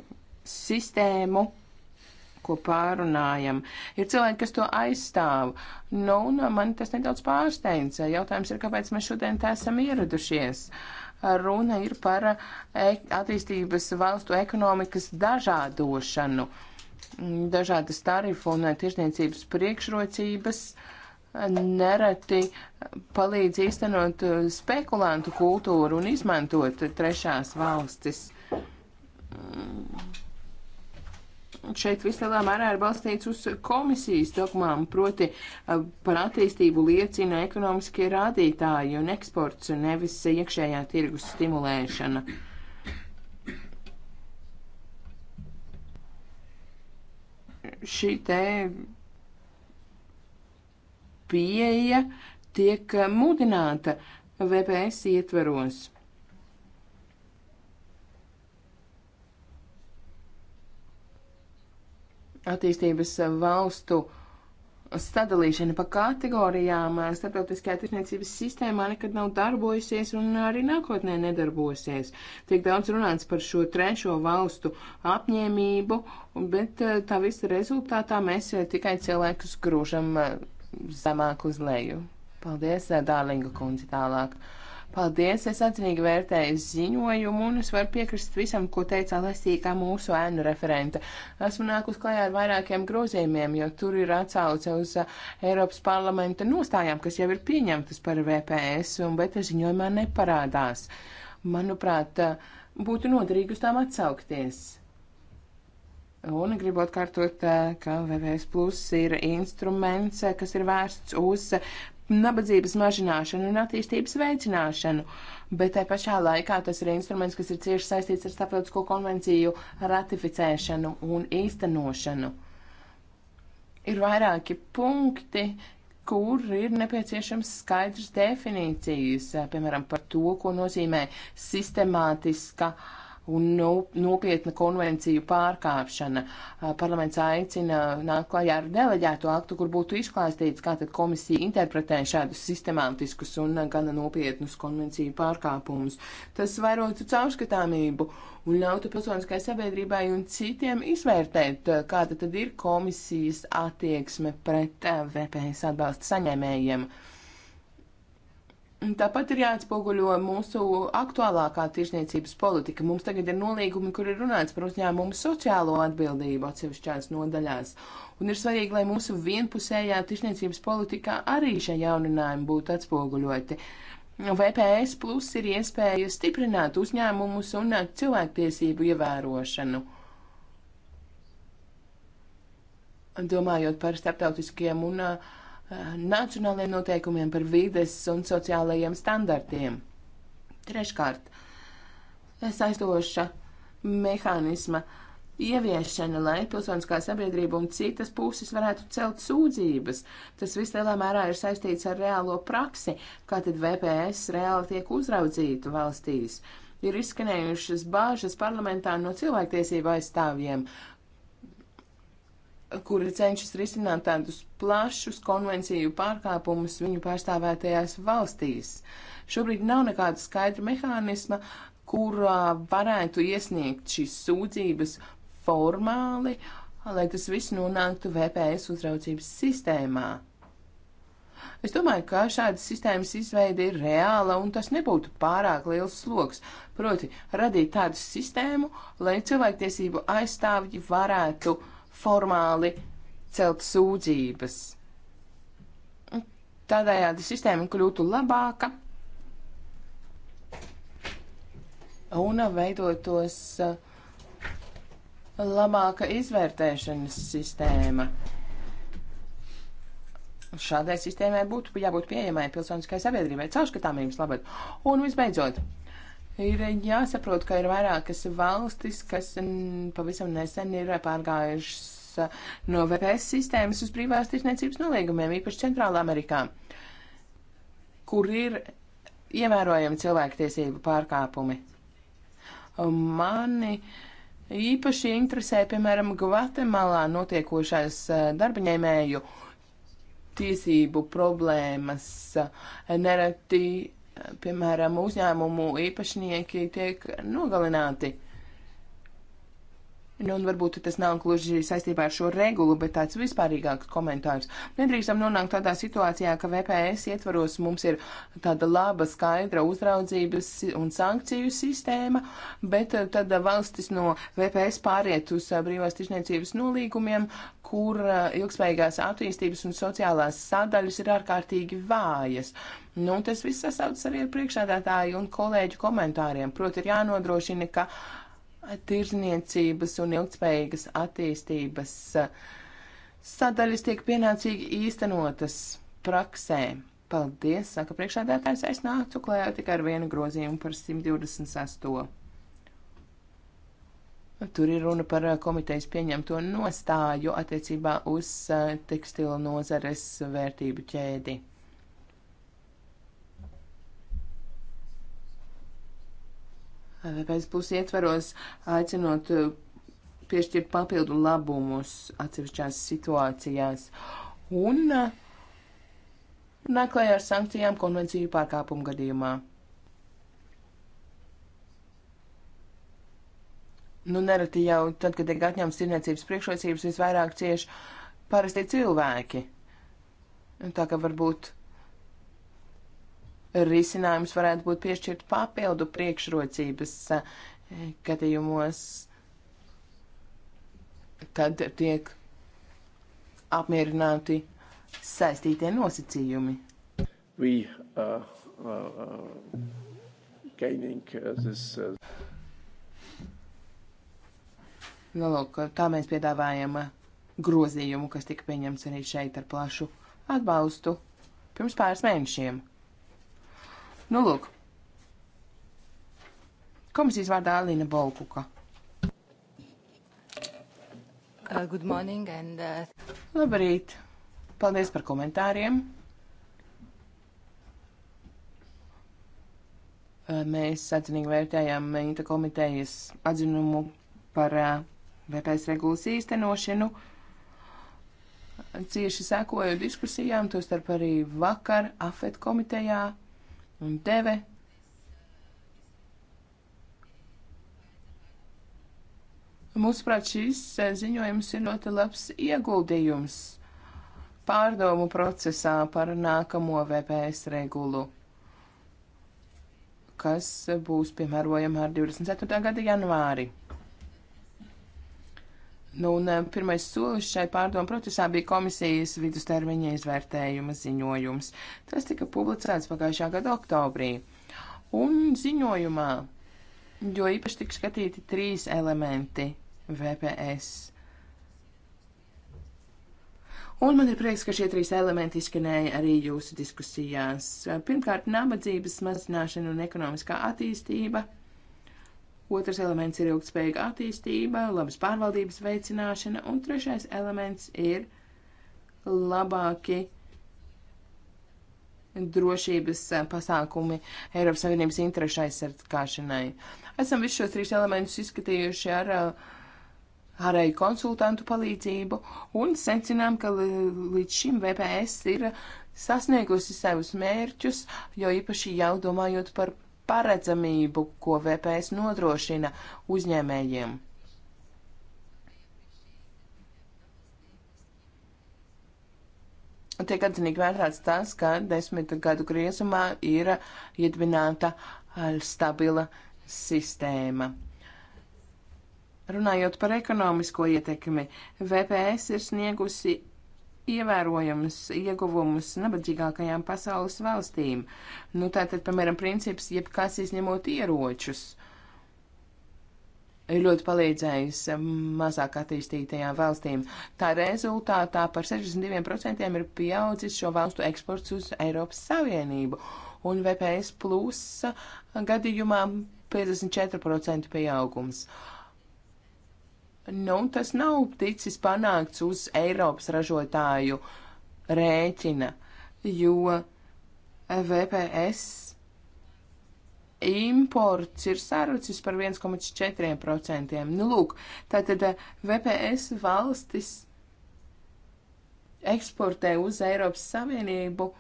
sistēmu ko pārunājam. Ir cilvēki, kas to aizstāv. Nu, un man tas nedaudz pārsteidza. Jautājums ir, kāpēc mēs šodien te esam ieradušies. Runa ir par e, attīstības valstu ekonomikas dažādošanu, dažādas tarifu un tirsniecības priekšrocības nereti palīdz īstenot spekulantu kultūru un izmantot trešās valstis šeit vislielā mērā ir balstīts uz komisijas dogmām, proti par attīstību liecina ekonomiskie rādītāji un eksports, nevis iekšējā tirgus stimulēšana. Šī te pieeja tiek mudināta VPS ietveros. attīstības valstu sadalīšana pa kategorijām starptautiskajā tirsniecības sistēmā nekad nav darbojusies un arī nākotnē nedarbosies. Tiek daudz runāts par šo trešo valstu apņēmību, bet eh, tā visa rezultātā mēs eh, tikai cilvēkus grūžam eh, zemāk uz leju. Paldies, Dārlinga kundze, tālāk. Paldies, es atzinīgi vērtēju ziņojumu un es varu piekrist visam, ko teica Lesīgā mūsu ēnu referente. Esmu nākus klajā ar vairākiem grozījumiem, jo tur ir atsauce uz uh, Eiropas parlamenta nostājām, kas jau ir pieņemtas par VPS, un bet ziņojumā neparādās. Manuprāt, uh, būtu noderīgi uz tām atsaukties. Un gribu atkārtot, uh, ka VVS Plus ir instruments, kas ir vērsts uz nabadzības mažināšanu un attīstības veicināšanu, bet te pašā laikā tas ir instruments, kas ir cieši saistīts ar starptautisko konvenciju ratificēšanu un īstenošanu. Ir vairāki punkti, kur ir nepieciešams skaidrs definīcijas, piemēram, par to, ko nozīmē sistemātiska uh, un nopietna konvenciju pārkāpšana. Parlaments aicina nākt klajā ar deleģēto aktu, kur būtu izklāstīts, kā tad komisija interpretē šādus sistemātiskus un gana nopietnus konvenciju pārkāpumus. Tas vairotu caurskatāmību un ļautu pilsoniskai sabiedrībai un citiem izvērtēt, kāda tad ir komisijas attieksme pret VPS atbalsta saņēmējiem. Uh, Tāpat ir jāatspoguļo mūsu aktuālākā tirsniecības politika. Mums tagad ir nolīgumi, kur ir runāts par uzņēmumu sociālo atbildību atsevišķās nodaļās. Un ir svarīgi, lai mūsu vienpusējā tirsniecības politikā arī šie jauninājumi būtu atspoguļoti. VPS plus ir iespēja stiprināt uzņēmumus un cilvēktiesību ievērošanu. Domājot par starptautiskiem un uh, nacionāliem noteikumiem, par vides un sociālajiem standartiem. Treškārt, saistoša mehānisma ieviešana, lai pilsoniskā sabiedrība un citas puses varētu celt sūdzības. Tas viss lielā mērā ir saistīts ar reālo praksi, kā tad VPS reāli tiek uzraudzīta valstīs. Ir izskanējušas bāžas parlamentā no cilvēktiesību aizstāvjiem kura cenšas risināt tādus plašus konvenciju pārkāpumus viņu pārstāvētajās valstīs. Šobrīd nav nekāda skaidra mehānisma, kurā varētu iesniegt šīs sūdzības formāli, lai tas viss nonāktu VPS uzraudzības sistēmā. Es domāju, ka šādas sistēmas izveide ir reāla un tas nebūtu pārāk liels sloks. Proti, radīt tādu sistēmu, lai cilvēktiesību aizstāvji varētu uh, formāli celt sūdzības. Tādējādi sistēma kļūtu labāka un veidotos uh, labāka izvērtēšanas sistēma. Šādai sistēmai būtu jābūt pieejamai pilsoniskai sabiedrībai, caurskatāmības labad. Un visbeidzot, Ir jāsaprot, ka ir vairākas valstis, kas pavisam nesen ir pārgājušas uh, no VPS sistēmas uz privās tirsniecības noliegumiem, īpaši Centrāla Amerikā, kur ir ievērojami cilvēktiesību pārkāpumi. Mani īpaši interesē, piemēram, Gvatemalā notiekošais uh, darbaņēmēju tiesību problēmas. Uh, nereti piemēram, uzņēmumu īpašnieki tiek nogalināti. Nu, un varbūt tas nav gluži saistībā ar šo regulu, bet tāds vispārīgāks komentārs. Nedrīkstam nonākt tādā situācijā, ka VPS ietvaros mums ir tāda laba, skaidra uzraudzības un sankciju sistēma, bet eh, tad valstis no VPS pāriet uz eh, brīvās tiešniecības nolīgumiem, kur eh, ilgspējīgās attīstības un sociālās sadaļas ir ārkārtīgi vājas. Nu, tas viss sasaucas arī ar priekšādātāju un kolēģu komentāriem. Proti, ir jānodrošina, ka uh, tirzniecības un ilgspējīgas attīstības eh, sadaļas tiek pienācīgi īstenotas praksē. Paldies, saka priekšādātājs, es nācu klajā tikai ar vienu grozījumu par 128. Tur ir runa par eh, komitejas pieņemto nostāju attiecībā uz eh, tekstilu nozares vērtību ķēdi. pēc pusietvaros, aicinot eh, piešķirt papildu labumus atsevišķās situācijās un eh, nāklēja ar sankcijām konvenciju pārkāpumu gadījumā. Nu, nereti jau tad, kad tiek atņemts tirniecības priekšrocības, visvairāk cieši parasti cilvēki. Tā kā varbūt risinājums varētu būt piešķirt papildu priekšrocības eh, gadījumos, kad tiek apmierināti saistītie nosacījumi. We, uh, uh, uh, gaining, uh, this, uh... Nu, lūk, tā mēs piedāvājam uh, grozījumu, kas tika pieņemts arī šeit ar plašu atbalstu pirms pāris mēnešiem. Nu, lūk. Komisijas vārdā Alina Bolkuka. Uh, good morning and... Uh... Labrīt. Paldies par komentāriem. Uh, mēs atzinīgi vērtējām Meita komitejas atzinumu par uh, VPS regulas īstenošanu. Cieši sekoju diskusijām, tostarp arī vakar AFET komitejā un deve. Mūsuprāt, šīs eh, ziņojums ir ļoti labs ieguldījums pārdomu procesā par nākamo VPS regulu, kas eh, būs piemērojama ar 24. gada janvāri. Nu, un eh, pirmais solis šai pārdomu procesā bija komisijas vidustermiņa izvērtējuma ziņojums. Tas tika publicēts pagājušā gada oktobrī. Un ziņojumā, jo īpaši tika skatīti trīs elementi VPS. Un man ir prieks, ka šie trīs elementi izskanēja arī jūsu diskusijās. Pirmkārt, nabadzības mazināšana un ekonomiskā attīstība Otrs elements ir ilgspējīga attīstība, labas pārvaldības veicināšana, un trešais elements ir labāki drošības eh, pasākumi Eiropas Savienības interešu aizsardzkāšanai. Esam visus šos trīs elementus izskatījuši ar eh, ārēju konsultantu palīdzību un secinām, ka līdz šim VPS ir sasniegusi savus mērķus, jo īpaši jau domājot par paredzamību, ko VPS nodrošina uzņēmējiem. Tiek atzinīgi vērtēts tas, ka desmit gadu griezumā ir iedvināta stabila sistēma. Runājot par ekonomisko ietekmi, VPS ir sniegusi ievērojams ieguvumus nabadzīgākajām pasaules valstīm. Nu, tātad, piemēram, princips, jebkas izņemot ieročus, ir ļoti palīdzējis mazāk attīstītajām valstīm. Tā rezultātā par 62% ir pieaudzis šo valstu eksports uz Eiropas Savienību, un VPS plus gadījumā 54% pieaugums. Uh, nu, tas nav ticis panākts uz Eiropas ražotāju rēķina, jo VPS imports ir sarucis par 1,4%. Nu, lūk, tātad VPS valstis eksportē uz Eiropas Savienību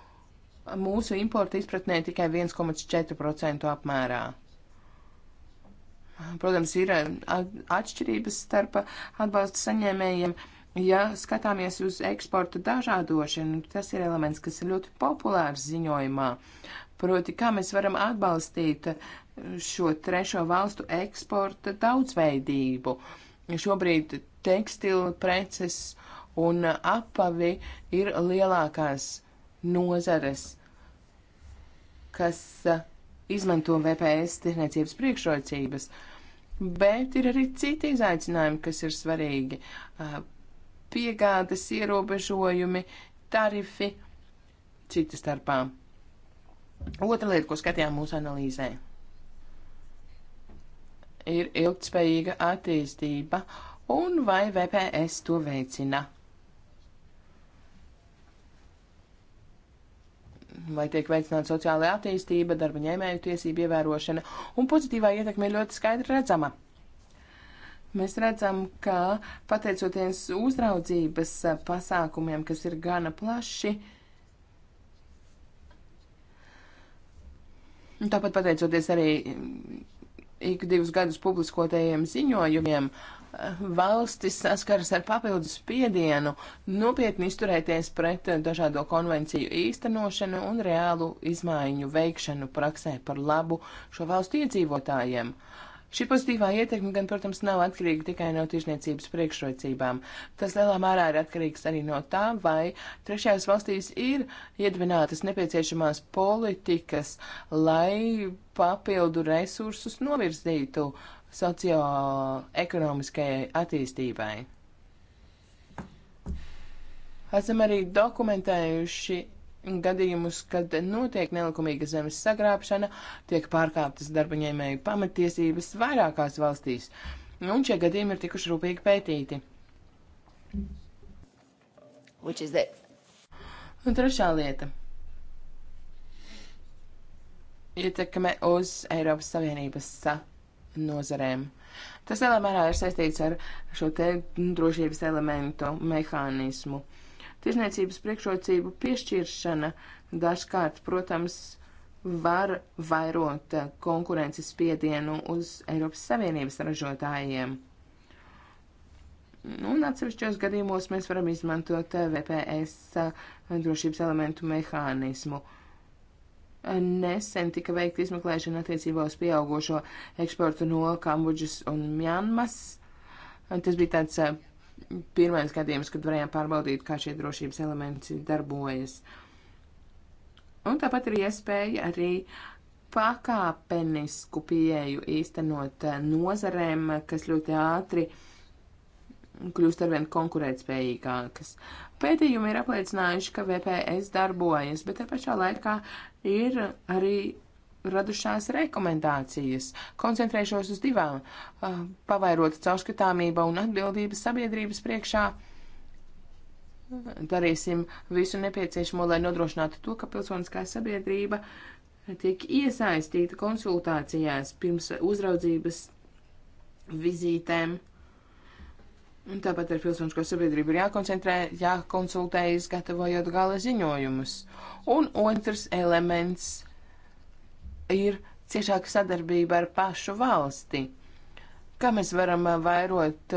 mūsu importa izpratnē tikai 1,4% apmērā. Protams, ir eh, atšķirības starp atbalsta saņēmējiem. Ja skatāmies uz eksporta dažādošanu, tas ir elements, kas ir ļoti populārs ziņojumā. Proti, kā mēs varam atbalstīt šo trešo valstu eksporta daudzveidību. Šobrīd tekstila preces un apavi ir lielākās nozares, kas eh, izmanto VPS tirniecības priekšrocības. Uh, Bet ir arī citi izaicinājumi, kas ir svarīgi. Piegādes ierobežojumi, tarifi, cita starpā. Otra lieta, ko skatījām mūsu analīzē, ir ilgtspējīga attīstība un vai VPS to veicina. lai tiek veicināta sociālā attīstība, darba ņēmēju tiesību ievērošana, un pozitīvā ietekme ir ļoti skaidri redzama. Mēs redzam, ka pateicoties uzraudzības pasākumiem, kas ir gana plaši, tāpat pateicoties arī ik divus gadus publiskotajiem ziņojumiem, uh, valstis saskaras ar papildus spiedienu nopietni izturēties pret dažādo konvenciju īstenošanu un reālu izmaiņu veikšanu praksē par labu šo valstu iedzīvotājiem. Šī pozitīvā ietekme gan, protams, nav atkarīga tikai no tirzniecības priekšrocībām. Tas lielā mērā ir atkarīgs arī no tā, vai trešajās valstīs ir iedvinātas nepieciešamās politikas, lai papildu resursus novirzītu uh, socioekonomiskajai attīstībai. Esam arī dokumentējuši gadījumus, kad notiek nelikumīga zemes sagrābšana, tiek pārkāptas darba ņēmēju pamatiesības vairākās valstīs, un šie gadījumi ir tikuši rūpīgi pētīti. Un trešā lieta ietekme uz Eiropas Savienības nozarēm. Tas lielā mērā ir saistīts ar šo te drošības elementu mehānismu. Tirzniecības priekšrocību piešķiršana dažkārt, protams, var vairot konkurences spiedienu uz Eiropas Savienības ražotājiem. Nu, un atsevišķos gadījumos mēs varam izmantot VPS drošības elementu mehānismu. Uh, Nesen tika veikta izmeklēšana attiecībā uz pieaugušo eksportu no Kambodžas un Mjanmas. Tas bija tāds eh, pirmais gadījums, kad varējām pārbaudīt, kā šie drošības elementi darbojas. Un tāpat ir iespēja arī pakāpenisku pieeju īstenot eh, nozarēm, kas ļoti ātri kļūst arvien konkurētspējīgākas. Pētījumi ir apliecinājuši, ka VPS darbojas, bet te pašā laikā ir arī radušās rekomendācijas. Koncentrēšos uz divām - pavairot caurskatāmība un atbildības sabiedrības priekšā. Darīsim visu nepieciešamo, lai nodrošinātu to, ka pilsoniskā sabiedrība tiek iesaistīta konsultācijās pirms uzraudzības vizītēm. Un tāpat ar pilsonisko sabiedrību ir jākoncentrē, jākonsultējas, gatavojot gala ziņojumus. Un otrs elements ir ciešāka sadarbība ar pašu valsti. Kā mēs varam vairot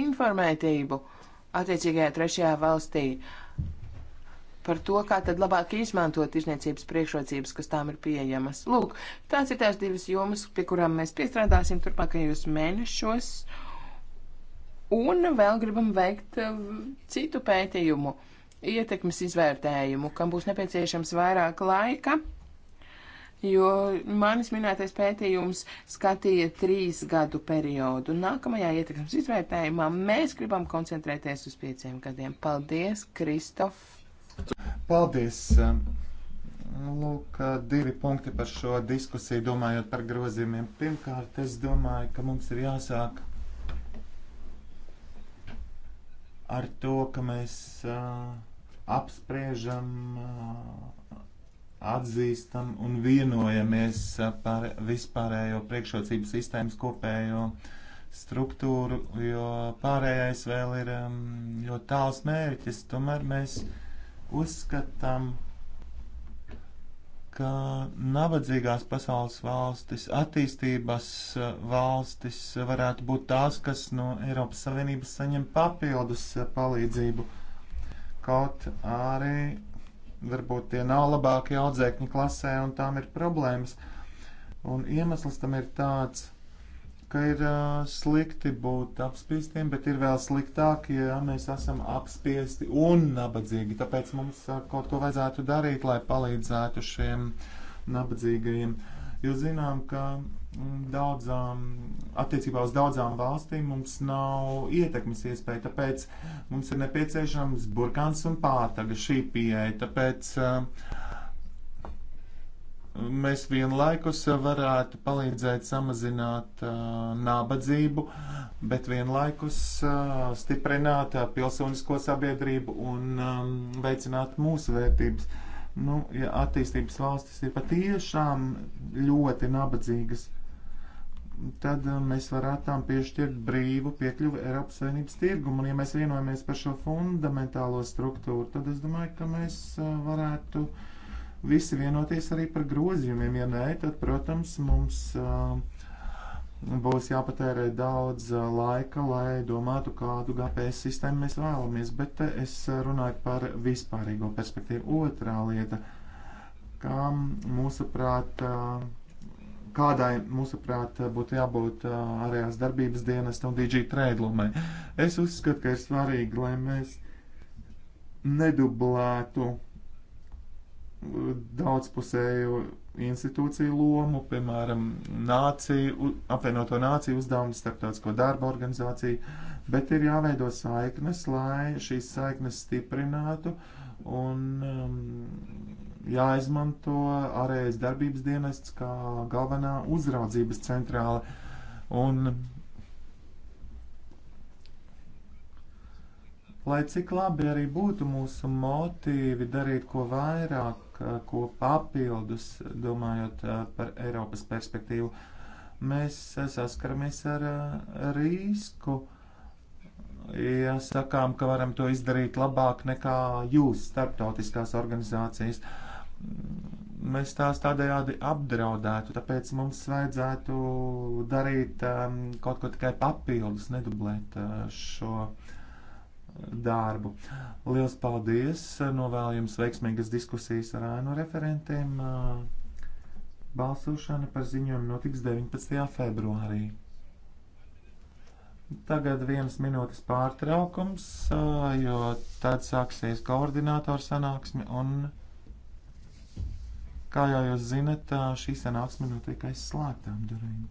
informētību attiecīgajā trešajā valstī par to, kā tad labāk izmantot izniecības priekšrocības, kas tām ir pieejamas. Lūk, tās ir tās divas jomas, pie kurām mēs piestrādāsim turpmākajos mēnešos. Uh, Un vēl gribam veikt eh, citu pētījumu, ietekmes izvērtējumu, kam būs nepieciešams vairāk laika, jo manis minētais pētījums skatīja trīs gadu periodu. Nākamajā ietekmes izvērtējumā mēs gribam koncentrēties uz pieciem gadiem. Paldies, Kristof! Paldies! Nu, lūk, divi punkti par šo diskusiju, domājot par grozījumiem. Pirmkārt, es domāju, ka mums ir jāsāk ar to, ka mēs uh, apspriežam, uh, atzīstam un vienojamies uh, par vispārējo priekšrocību sistēmas kopējo struktūru, jo pārējais vēl ir um, ļoti tāls mērķis. Tomēr mēs uzskatām, ka nabadzīgās pasaules valstis, attīstības eh, valstis varētu būt tās, kas no Eiropas Savienības saņem papildus eh, palīdzību. Kaut arī varbūt tie nav labākie audzēkņi klasē un tām ir problēmas. Un iemesls tam ir tāds, ka ir uh, slikti būt apspiestiem, bet ir vēl sliktāk, ja mēs esam apspiesti un nabadzīgi. Tāpēc mums uh, kaut ko vajadzētu darīt, lai palīdzētu šiem nabadzīgajiem. Jo zinām, ka daudzām, attiecībā uz daudzām valstīm mums nav ietekmes iespēja, tāpēc mums ir nepieciešams burkāns un pātaga šī pieeja. Tāpēc uh, mēs vienlaikus varētu palīdzēt samazināt uh, nabadzību, bet vienlaikus uh, stiprināt uh, pilsonisko sabiedrību un um, veicināt mūsu vērtības. Nu, ja attīstības valstis ir patiešām ļoti nabadzīgas, tad uh, mēs varētu tām piešķirt brīvu piekļuvi Eiropas Savienības tirgumu. Un, ja mēs vienojamies par šo fundamentālo struktūru, tad es domāju, ka mēs uh, varētu uh, visi vienoties arī par grozījumiem. Ja nē, tad, protams, mums uh, būs jāpatērē daudz uh, laika, lai domātu, kādu GPS sistēmu mēs vēlamies. Bet uh, es runāju par vispārīgo perspektīvu. Otrā lieta, kā mūsuprāt, kādai, mūsuprāt, būtu jābūt ārējās darbības dienestam DG trēdlumai. Es uzskatu, ka ir svarīgi, lai mēs nedublētu daudzpusēju institūciju lomu, piemēram, nāciju, apvienoto nāciju uzdevumu, starptautisko darba organizāciju, bet ir jāveido saiknes, lai šīs saiknes stiprinātu un um, jāizmanto ārējais darbības dienests kā galvenā uzraudzības centrāla. Un, lai cik labi arī būtu mūsu motīvi darīt ko vairāk, ko papildus, domājot eh, par Eiropas perspektīvu. Mēs eh, saskaramies ar eh, risku, ja sakām, ka varam to izdarīt labāk nekā jūs, starptautiskās organizācijas. Mm, mēs tās tādējādi apdraudētu, tāpēc mums vajadzētu darīt um, kaut ko tikai papildus, nedublēt uh, šo uh, darbu. Liels paldies! Novēlu jums veiksmīgas diskusijas ar ēnu referentiem. Balsošana par ziņojumu notiks 19. februārī. Tagad viens minūtes pārtraukums, jo tad sāksies koordinātora sanāksme un, kā jau jūs zinat, šī sanāksme notiek aiz slēgtām durvīm.